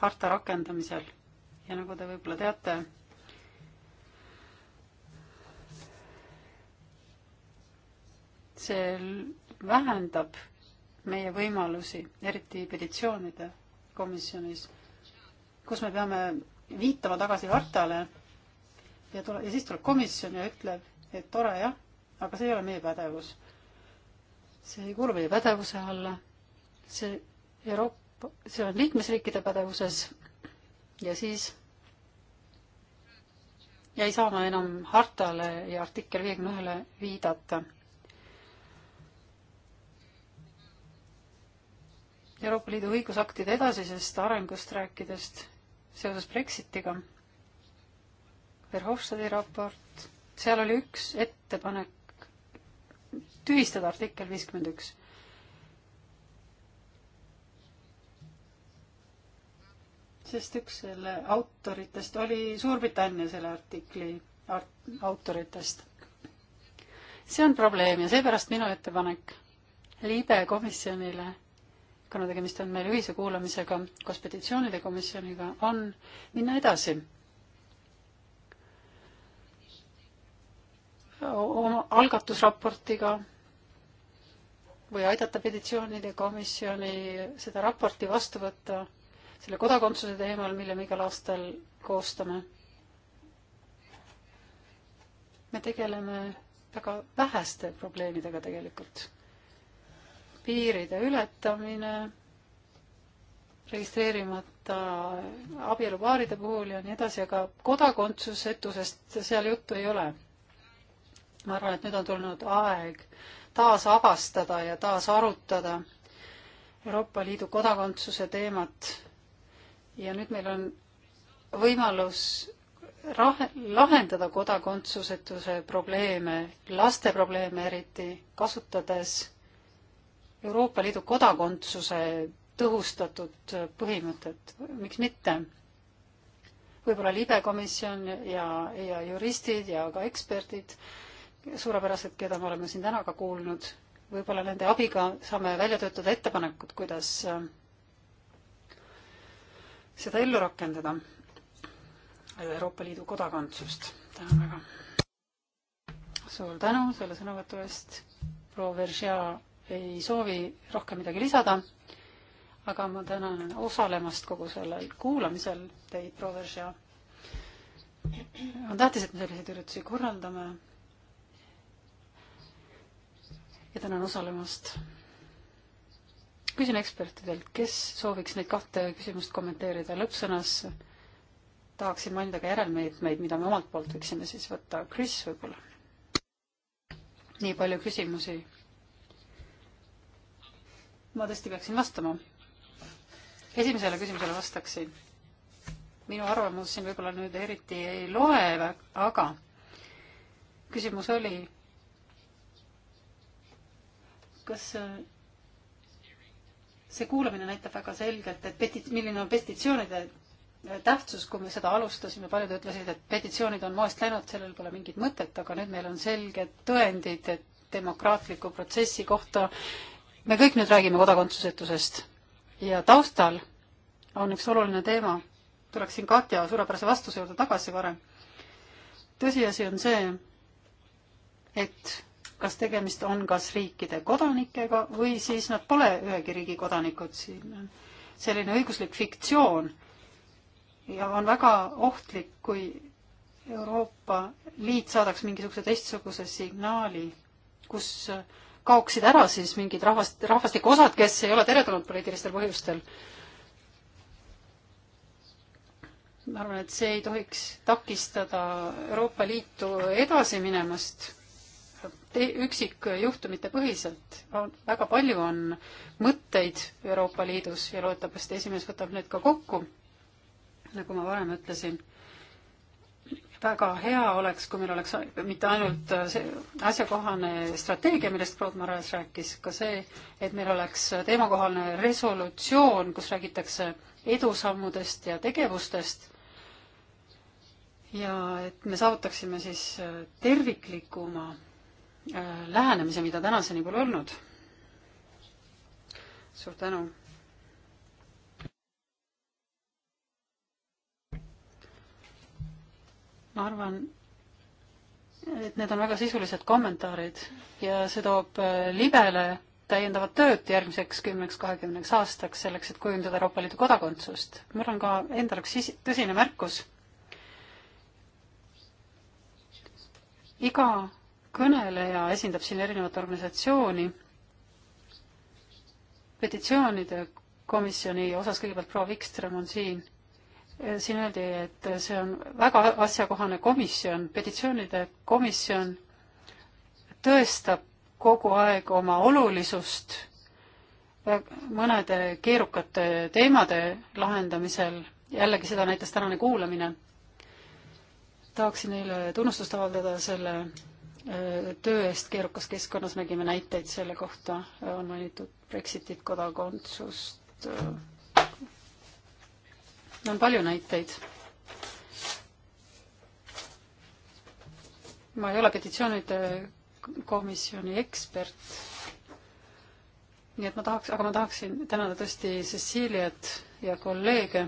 harta rakendamisel ja nagu te võib-olla teate, see vähendab meie võimalusi, eriti petitsioonide komisjonis, kus me peame viitama tagasi hartale ja tule, ja siis tuleb komisjon ja ütleb, et tore jah, aga see ei ole meie pädevus. see ei kuulu meie pädevuse alla. see Euroopa, see on liikmesriikide pädevuses ja siis ja ei saa ma enam hartale ja artikkel viiekümne ühele viidata Euroopa Liidu õigusaktide edasisest arengust rääkidest seoses Brexitiga. Verhofstadi raport, seal oli üks ettepanek tühistada artikkel viiskümmend üks. sest üks selle autoritest oli Suurbritannia selle artikli art, autoritest. see on probleem ja seepärast minu ettepanek libe komisjonile kuna tegemist on meil ühise kuulamisega koos petitsioonide komisjoniga, on minna edasi. oma algatusraportiga või aidata petitsioonide komisjoni seda raporti vastu võtta selle kodakondsuse teemal, mille me igal aastal koostame. me tegeleme väga väheste probleemidega tegelikult piiride ületamine, registreerimata abielupaaride puhul ja nii edasi, aga kodakondsusetusest seal juttu ei ole. ma arvan, et nüüd on tulnud aeg taasavastada ja taasarutada Euroopa Liidu kodakondsuse teemat. ja nüüd meil on võimalus rah-, lahendada kodakondsusetuse probleeme, laste probleeme eriti, kasutades Euroopa Liidu kodakondsuse tõhustatud põhimõtet, miks mitte? võib-olla libekomisjon ja, ja juristid ja ka eksperdid, suurepärased, keda me oleme siin täna ka kuulnud, võib-olla nende abiga saame välja töötada ettepanekud, kuidas äh, seda ellu rakendada, Euroopa Liidu kodakondsust. tänan väga. suur tänu selle sõnavõtu eest, proua Veržia ei soovi rohkem midagi lisada, aga ma tänan osalemast kogu sellel kuulamisel teid, proua Veržia. on tähtis, et me selliseid üritusi korraldame. ja tänan osalemast. küsin ekspertidelt, kes sooviks neid kahte küsimust kommenteerida lõppsõnas tahaksin mainida ka järelmeetmeid, mida me omalt poolt võiksime siis võtta. Kris võib-olla? nii palju küsimusi ma tõesti peaksin vastama. esimesele küsimusele vastaksin. minu arvamus siin võib-olla nüüd eriti ei loe, aga küsimus oli, kas see kuulamine näitab väga selgelt, et peti-, milline on petitsioonide tähtsus, kui me seda alustasime, paljud ütlesid, et petitsioonid on moest läinud, sellel pole mingit mõtet, aga nüüd meil on selged tõendid, et demokraatliku protsessi kohta me kõik nüüd räägime kodakondsusetusest ja taustal on üks oluline teema, tuleksin Katja suurepärase vastuse juurde tagasi varem. tõsiasi on see, et kas tegemist on kas riikide kodanikega või siis nad pole ühegi riigi kodanikud, siin on selline õiguslik fiktsioon ja on väga ohtlik, kui Euroopa Liit saadaks mingisuguse teistsuguse signaali, kus kaoksid ära siis mingid rahvast, rahvastiku osad, kes ei ole teretulnud poliitilistel põhjustel. ma arvan, et see ei tohiks takistada Euroopa Liitu edasi minemast üksikjuhtumite põhiselt. väga palju on mõtteid Euroopa Liidus ja loodetavasti esimees võtab need ka kokku, nagu ma varem ütlesin väga hea oleks, kui meil oleks mitte ainult äh, see asjakohane strateegia, millest Claude Marais rääkis, ka see, et meil oleks teemakohane resolutsioon, kus räägitakse edusammudest ja tegevustest ja et me saavutaksime siis äh, terviklikuma äh, lähenemise, mida tänaseni pole olnud. suur tänu ma arvan, et need on väga sisulised kommentaarid ja see toob äh, libele täiendavat tööd järgmiseks kümneks-kahekümneks aastaks selleks, et kujundada Euroopa Liidu kodakondsust. mul on ka endal üks tõsine märkus. iga kõneleja esindab siin erinevat organisatsiooni. petitsioonide komisjoni osas kõigepealt proua Vikström on siin Äh, siin öeldi, et äh, see on väga asjakohane komisjon, petitsioonide komisjon tõestab kogu aeg oma olulisust äh, mõnede keerukate teemade lahendamisel, jällegi seda näitas tänane kuulamine. tahaksin neile tunnustust avaldada selle töö eest keerukas keskkonnas, nägime näiteid selle kohta, on mainitud Brexitit, kodakondsust, on palju näiteid. ma ei ole petitsioonide komisjoni ekspert, nii et ma tahaks, aga ma tahaksin tänada tõesti Ceciliat ja kolleege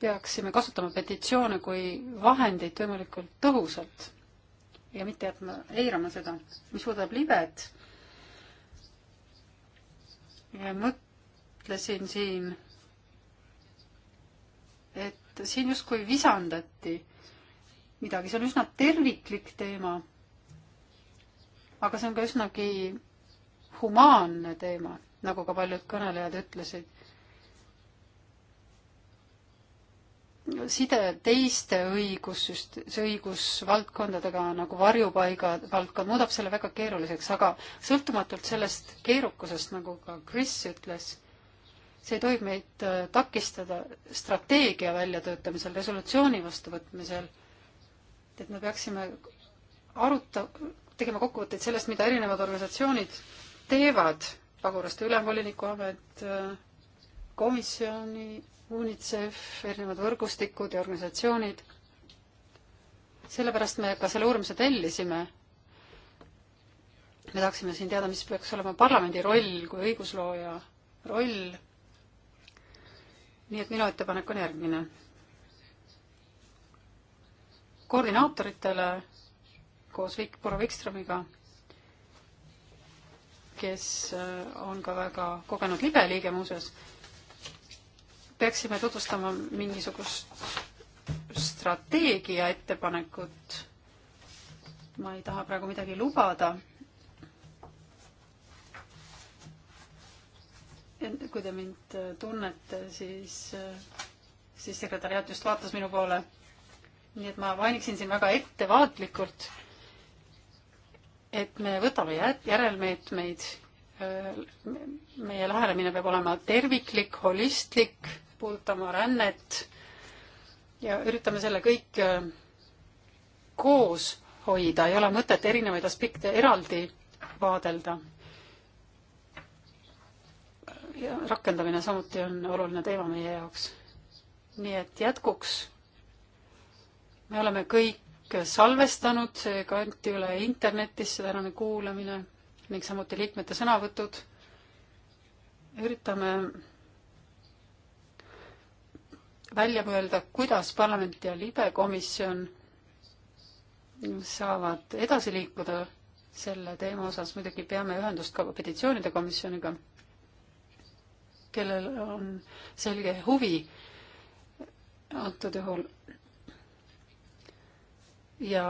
peaksime kasutama petitsioone kui vahendeid võimalikult tõhusalt ja mitte jätma, eirama seda. mis puudutab libet, mõtlesin siin, et siin justkui visandati midagi, see on üsna terviklik teema. aga see on ka üsnagi humaanne teema, nagu ka paljud kõnelejad ütlesid side teiste õigussüst-, õigusvaldkondadega nagu varjupaiga valdkond muudab selle väga keeruliseks, aga sõltumatult sellest keerukusest, nagu ka Chris ütles, see ei tohi meid äh, takistada strateegia väljatöötamisel, resolutsiooni vastuvõtmisel. et me peaksime aruta-, tegema kokkuvõtteid sellest, mida erinevad organisatsioonid teevad, pagulaste ülemvoliniku amet, äh, komisjoni UNICEF, erinevad võrgustikud ja organisatsioonid. sellepärast me ka selle uurimuse tellisime. me tahaksime siin teada, mis peaks olema parlamendi roll kui õiguslooja roll. nii et minu ettepanek on järgmine. koordinaatoritele koos Vik-, proua Vikströmiga kes äh, on ka väga kogenud libeliige muuseas, peaksime tutvustama mingisugust strateegia ettepanekut. ma ei taha praegu midagi lubada. kui te mind tunnete, siis, siis sekretäriat just vaatas minu poole. nii et ma mainiksin siin väga ettevaatlikult, et me võtame järelmeetmeid meie lähenemine peab olema terviklik, holistlik puudutama rännet ja üritame selle kõik äh, koos hoida, ei ole mõtet erinevaid aspekte eraldi vaadelda. ja rakendamine samuti on oluline teema meie jaoks. nii et jätkuks me oleme kõik salvestanud, see kanti üle internetis, see tänane kuulamine ning samuti liikmete sõnavõtud. üritame välja mõelda, kuidas parlament ja libekomisjon saavad edasi liikuda selle teema osas, muidugi peame ühendust ka petitsioonide komisjoniga, kellel on selge huvi antud juhul. ja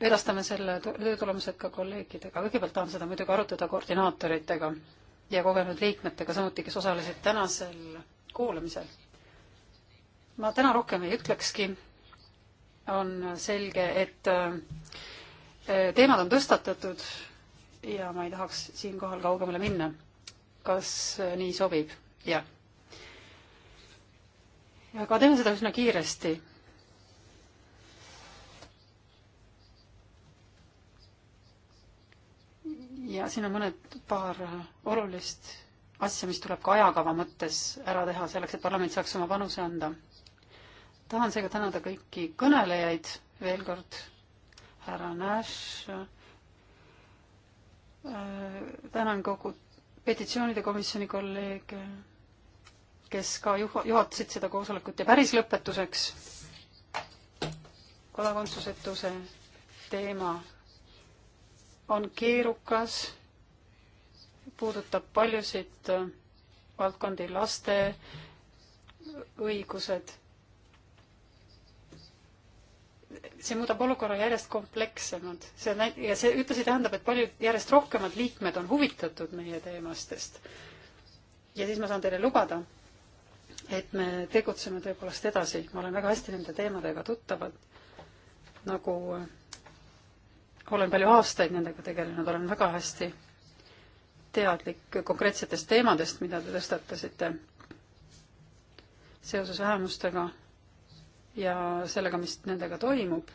edastame selle töö tulemused ka kolleegidega, kõigepealt tahan seda muidugi arutada koordinaatoritega ja kogenud liikmetega samuti, kes osalesid tänasel kuulamisel ma täna rohkem ei ütlekski. on selge, et äh, teemad on tõstatatud ja ma ei tahaks siinkohal kaugemale minna. kas äh, nii sobib? jah. aga teeme seda üsna kiiresti. ja siin on mõned paar olulist asja, mis tuleb ka ajakava mõttes ära teha selleks, et parlament saaks oma panuse anda tahan seega tänada kõiki kõnelejaid veel kord, härra Nash, äh, tänan kogu petitsioonide komisjoni kolleege, kes ka juh-, juhatasid seda koosolekut ja päris lõpetuseks kodakondsusetuse teema on keerukas, puudutab paljusid äh, valdkondi, laste õigused see muudab olukorra järjest komplekssemad. see ja see ühtlasi tähendab, et paljud järjest rohkemad liikmed on huvitatud meie teemastest. ja siis ma saan teile lubada, et me tegutseme tõepoolest edasi, ma olen väga hästi nende teemadega tuttavad, nagu äh, olen palju aastaid nendega tegelenud, olen väga hästi teadlik konkreetsetest teemadest, mida te tõstatasite seoses vähemustega ja sellega, mis nendega toimub.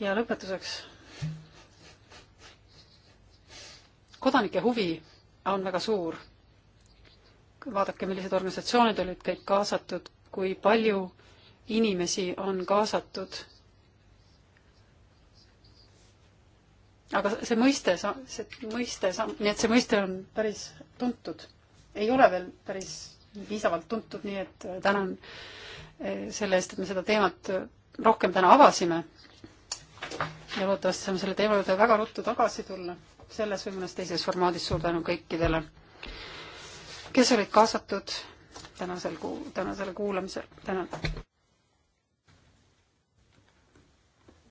ja lõpetuseks. kodanike huvi on väga suur. vaadake, millised organisatsioonid olid kõik kaasatud, kui palju inimesi on kaasatud. aga see mõiste, see mõiste, nii et see mõiste on päris tuntud. ei ole veel päris piisavalt tuntud, nii et tänan selle eest, et me seda teemat rohkem täna avasime. ja loodetavasti saame selle teema juurde väga ruttu tagasi tulla, selles või mõnes teises formaadis. suur tänu kõikidele, kes olid kaasatud tänasel kuu, tänasele kuulamisele. tänan.